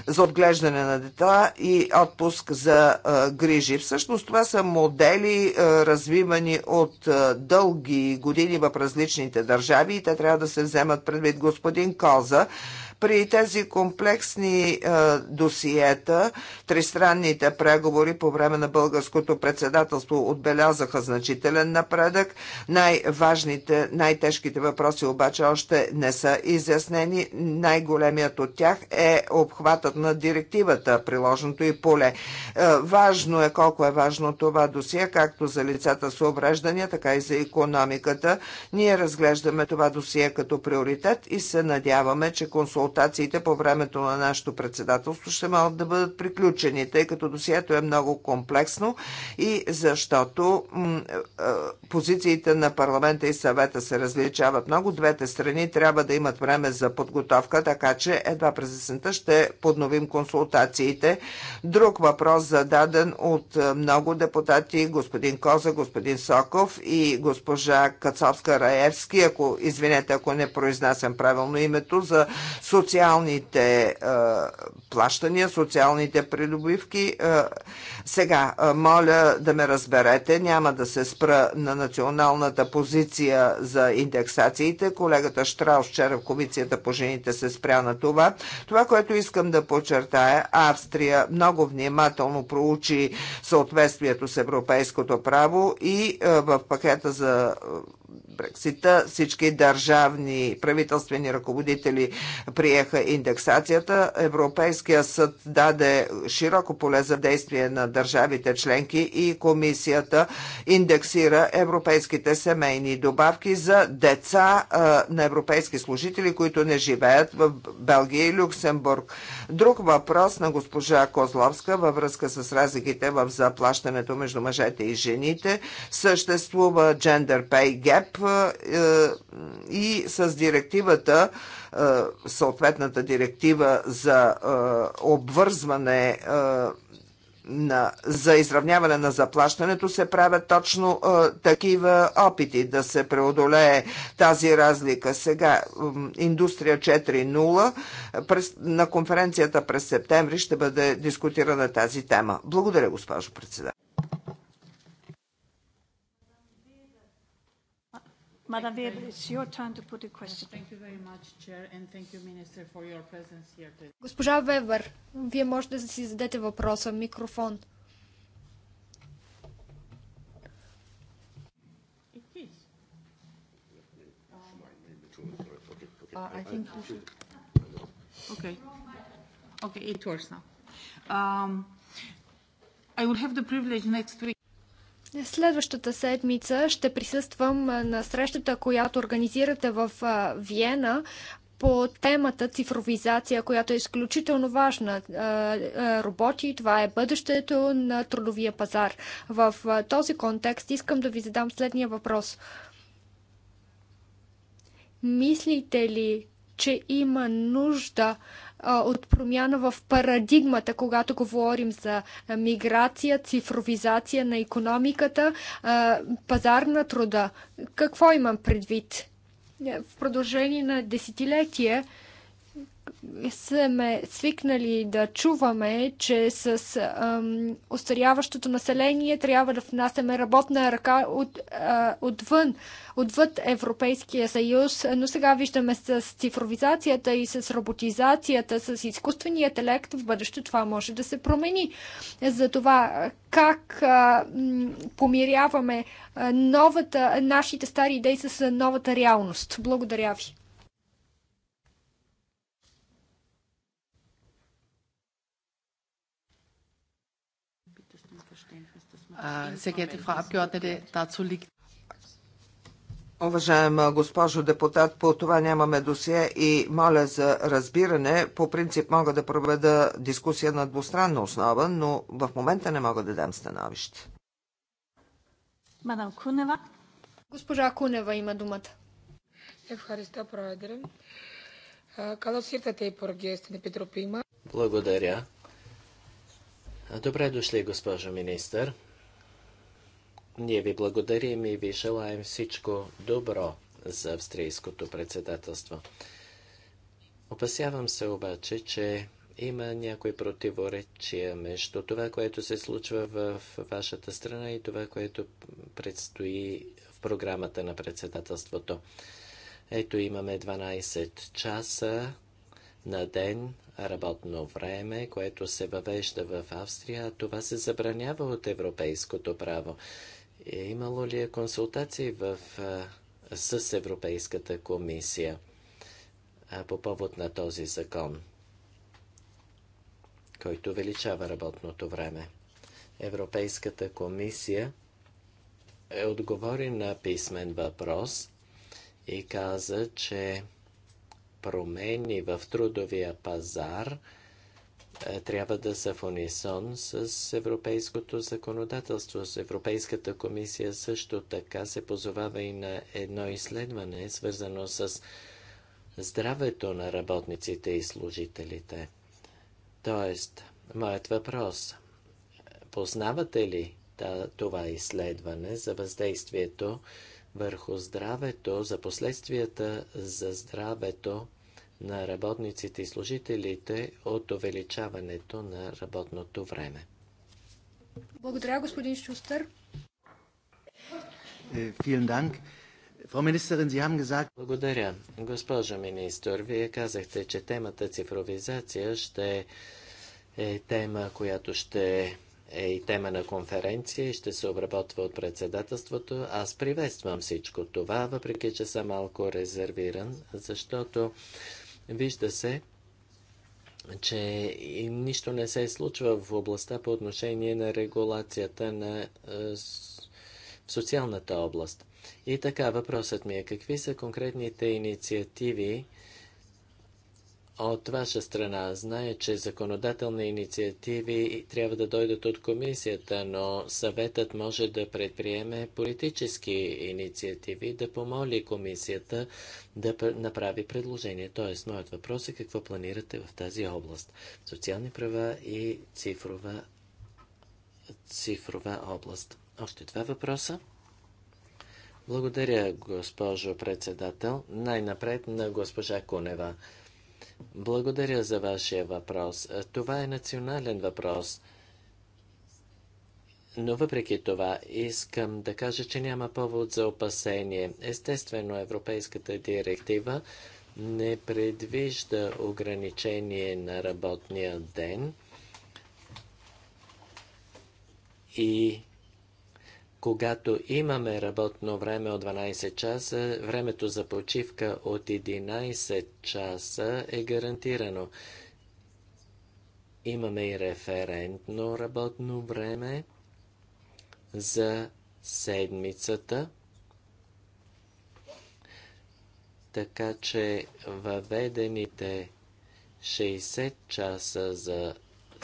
за отглеждане на дета и отпуск за грижи. Всъщност това са модели, развивани от дълги години в различните държави и те трябва да се вземат предвид. Господин Коза, при тези комплексни а, е, досиета, тристранните преговори по време на българското председателство отбелязаха значителен напредък. Най-важните, най-тежките въпроси обаче още не са изяснени. Най-големият от тях е обхватът на директивата, приложното и поле. А, е, важно е колко е важно това досие, както за лицата с увреждания, така и за економиката. Ние разглеждаме това досие като приоритет и се надяваме, че консултацията консултациите по времето на нашето председателство ще могат да бъдат приключени, тъй като досието е много комплексно и защото е, е, позициите на парламента и съвета се различават много. Двете страни трябва да имат време за подготовка, така че едва през есента ще подновим консултациите. Друг въпрос зададен от е, много депутати, господин Коза, господин Соков и госпожа Кацовска-Раевски, ако извинете, ако не произнасям правилно името, за социалните плащания, социалните придобивки. Сега, моля да ме разберете, няма да се спра на националната позиция за индексациите. Колегата Штраус вчера в Комисията по жените се спря на това. Това, което искам да подчертая, Австрия много внимателно проучи съответствието с европейското право и в пакета за Брексита. Всички държавни правителствени ръководители приеха индексацията. Европейския съд даде широко поле за действие на държавите членки и комисията индексира европейските семейни добавки за деца на европейски служители, които не живеят в Белгия и Люксембург. Друг въпрос на госпожа Козловска във връзка с разликите в заплащането между мъжете и жените. Съществува gender pay gap, е, и с директивата, е, съответната директива за е, обвързване на, за изравняване на заплащането се правят точно а, такива опити да се преодолее тази разлика. Сега индустрия 4.0 през, на конференцията през септември ще бъде дискутирана тази тема. Благодаря, госпожо председател. Madam Weber, it's your time to put a question. Thank you very much, Chair, and thank you, Minister, for your presence here today. Госпожа Вебер, вие можете да си зададете въпроса. Микрофон. I think you should. Okay. Okay, it works now. Um, I will have the privilege next week. Следващата седмица ще присъствам на срещата, която организирате в Виена по темата цифровизация, която е изключително важна. Роботи, това е бъдещето на трудовия пазар. В този контекст искам да ви задам следния въпрос. Мислите ли, че има нужда от промяна в парадигмата, когато говорим за миграция, цифровизация на економиката, пазар на труда. Какво имам предвид? Е, в продължение на десетилетие сме свикнали да чуваме, че с ам, устаряващото население трябва да внасяме работна ръка от, а, отвън, отвъд Европейския съюз, но сега виждаме с цифровизацията и с роботизацията, с изкуственият интелект, в бъдеще това може да се промени. За това как а, помиряваме новата, нашите стари идеи с новата реалност. Благодаря ви. Äh, sehr geehrte Frau Abgeordnete, dazu liegt Уважаема госпожо депутат, по това нямаме досие и моля за разбиране. По принцип мога да проведа дискусия на двустранна основа, но в момента не мога да дам становище. Мадам Кунева. Госпожа Кунева има думата. Евхариста Проведерен. Καλώς и Υπουργέ, στην петропима. Благодаря. Добре дошли, госпожо министър. Ние ви благодарим и ви желаем всичко добро за австрийското председателство. Опасявам се обаче, че има някои противоречия между това, което се случва в вашата страна и това, което предстои в програмата на председателството. Ето имаме 12 часа на ден работно време, което се въвежда в Австрия, а това се забранява от европейското право. Е, имало ли е консултации в, с Европейската комисия по повод на този закон, който увеличава работното време? Европейската комисия е отговори на писмен въпрос и каза, че промени в трудовия пазар – е, трябва да са в унисон с европейското законодателство. С Европейската комисия също така се позовава и на едно изследване, свързано с здравето на работниците и служителите. Тоест, моят въпрос. Познавате ли това изследване за въздействието върху здравето, за последствията за здравето на работниците и служителите от увеличаването на работното време. Благодаря, господин Шустър. Е, Благодаря. Госпожо министр, вие казахте, че темата цифровизация ще е тема, която ще е и тема на конференция и ще се обработва от председателството. Аз приветствам всичко това, въпреки че съм малко резервиран, защото Вижда се, че нищо не се случва в областта по отношение на регулацията на е, социалната област. И така, въпросът ми е какви са конкретните инициативи, от ваша страна. Знае, че законодателни инициативи трябва да дойдат от комисията, но съветът може да предприеме политически инициативи, да помоли комисията да направи предложение. Тоест, моят въпрос е какво планирате в тази област? Социални права и цифрова, цифрова област. Още два въпроса. Благодаря, госпожо председател. Най-напред на госпожа Кунева. Благодаря за вашия въпрос. Това е национален въпрос. Но въпреки това, искам да кажа, че няма повод за опасение. Естествено, Европейската директива не предвижда ограничение на работния ден и когато имаме работно време от 12 часа, времето за почивка от 11 часа е гарантирано. Имаме и референтно работно време за седмицата. Така че въведените 60 часа за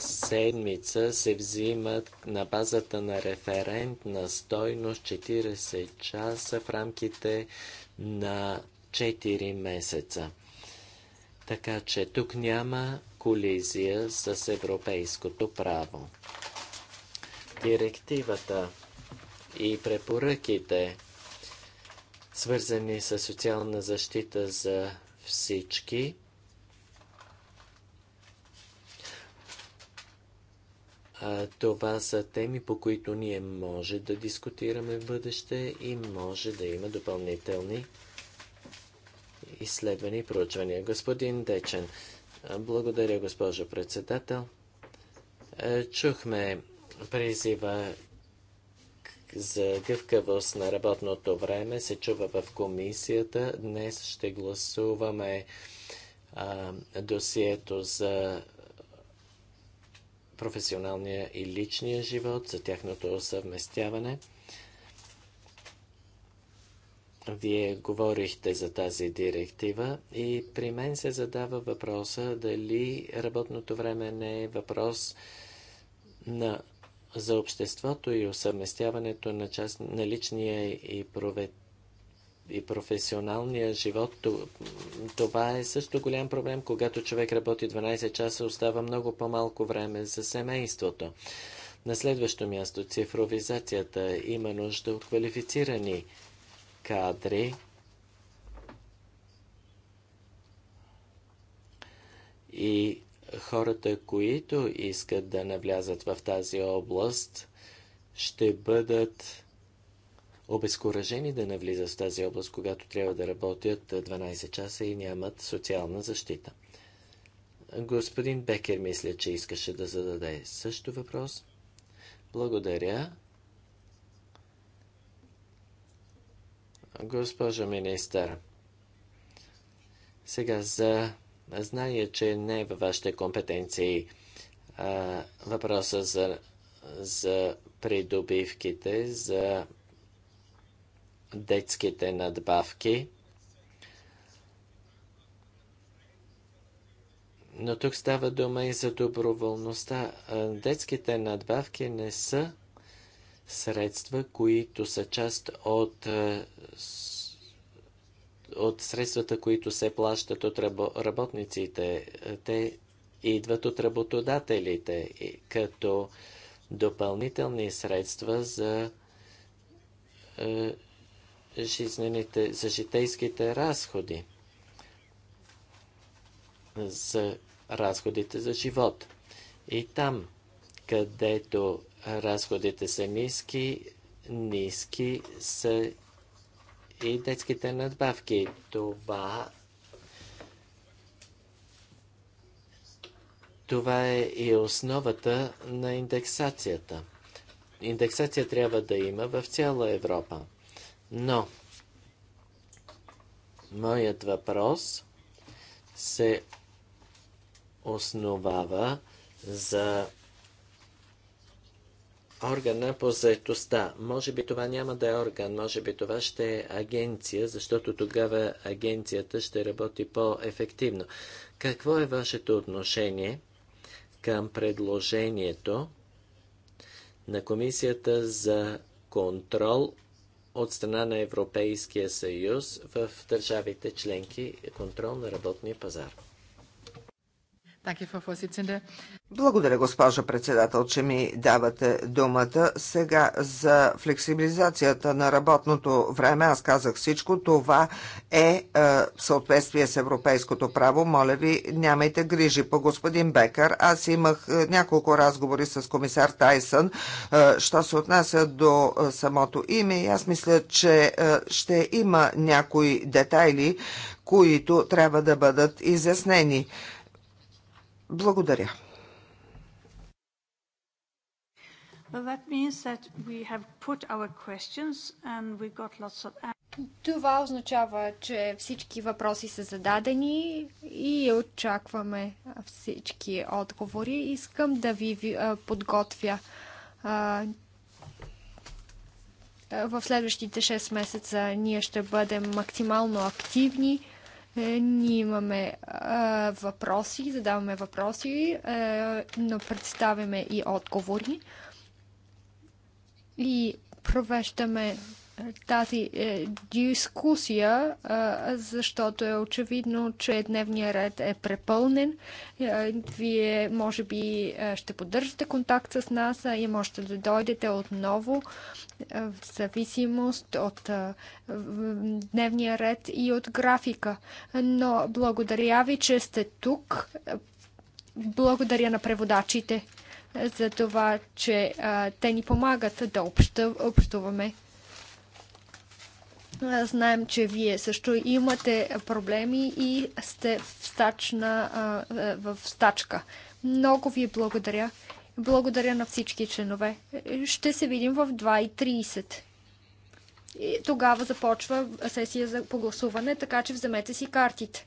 седмица се взимат на базата на референтна стойност 40 часа в рамките на 4 месеца. Така че тук няма колизия с европейското право. Директивата и препоръките, свързани с социална защита за всички, Това са теми, по които ние може да дискутираме в бъдеще и може да има допълнителни изследвания и проучвания. Господин Дечен, благодаря, госпожо председател. Чухме призива за гъвкавост на работното време, се чува в комисията. Днес ще гласуваме а, досието за професионалния и личния живот, за тяхното съвместяване. Вие говорихте за тази директива и при мен се задава въпроса дали работното време не е въпрос на, за обществото и усъвместяването на, част, на личния и провед, и професионалния живот, това е също голям проблем. Когато човек работи 12 часа, остава много по-малко време за семейството. На следващо място, цифровизацията има нужда от квалифицирани кадри. И хората, които искат да навлязат в тази област, ще бъдат обезкуражени да навлизат в тази област, когато трябва да работят 12 часа и нямат социална защита. Господин Бекер мисля, че искаше да зададе също въпрос. Благодаря. Госпожо министър, сега за знание, че не е във вашите компетенции а, въпроса за, за придобивките, за детските надбавки. Но тук става дума и за доброволността. Детските надбавки не са средства, които са част от, от средствата, които се плащат от работниците. Те идват от работодателите като допълнителни средства за жизнените, за житейските разходи, за разходите за живот. И там, където разходите са ниски, ниски са и детските надбавки. Това Това е и основата на индексацията. Индексация трябва да има в цяла Европа. Но, моят въпрос се основава за органа по заетостта. Може би това няма да е орган, може би това ще е агенция, защото тогава агенцията ще работи по-ефективно. Какво е вашето отношение към предложението на Комисията за контрол от страна на Европейския съюз в държавите членки контрол на работния пазар. Благодаря, госпожа председател, че ми давате думата. Сега за флексибилизацията на работното време, аз казах всичко, това е, е в съответствие с европейското право. Моля ви, нямайте грижи по господин Бекър. Аз имах е, няколко разговори с комисар Тайсън, е, що се отнася до самото име. Аз мисля, че ще има някои детайли, които трябва да бъдат изяснени. Благодаря. Това означава, че всички въпроси са зададени и очакваме всички отговори. Искам да ви подготвя в следващите 6 месеца ние ще бъдем максимално активни е, ние имаме а, въпроси, задаваме въпроси, а, е, но представяме и отговори. И провеждаме тази е, дискусия, е, защото е очевидно, че дневният ред е препълнен. Е, вие, може би, е, ще поддържате контакт с нас и можете да дойдете отново е, в зависимост от е, дневния ред и от графика. Но благодаря ви, че сте тук. Благодаря на преводачите за това, че те ни помагат да общуваме. Знаем, че вие също имате проблеми и сте в, стачна, е, в стачка. Много ви благодаря. Благодаря на всички членове. Ще се видим в 2.30. тогава започва сесия за погласуване, така че вземете си картите.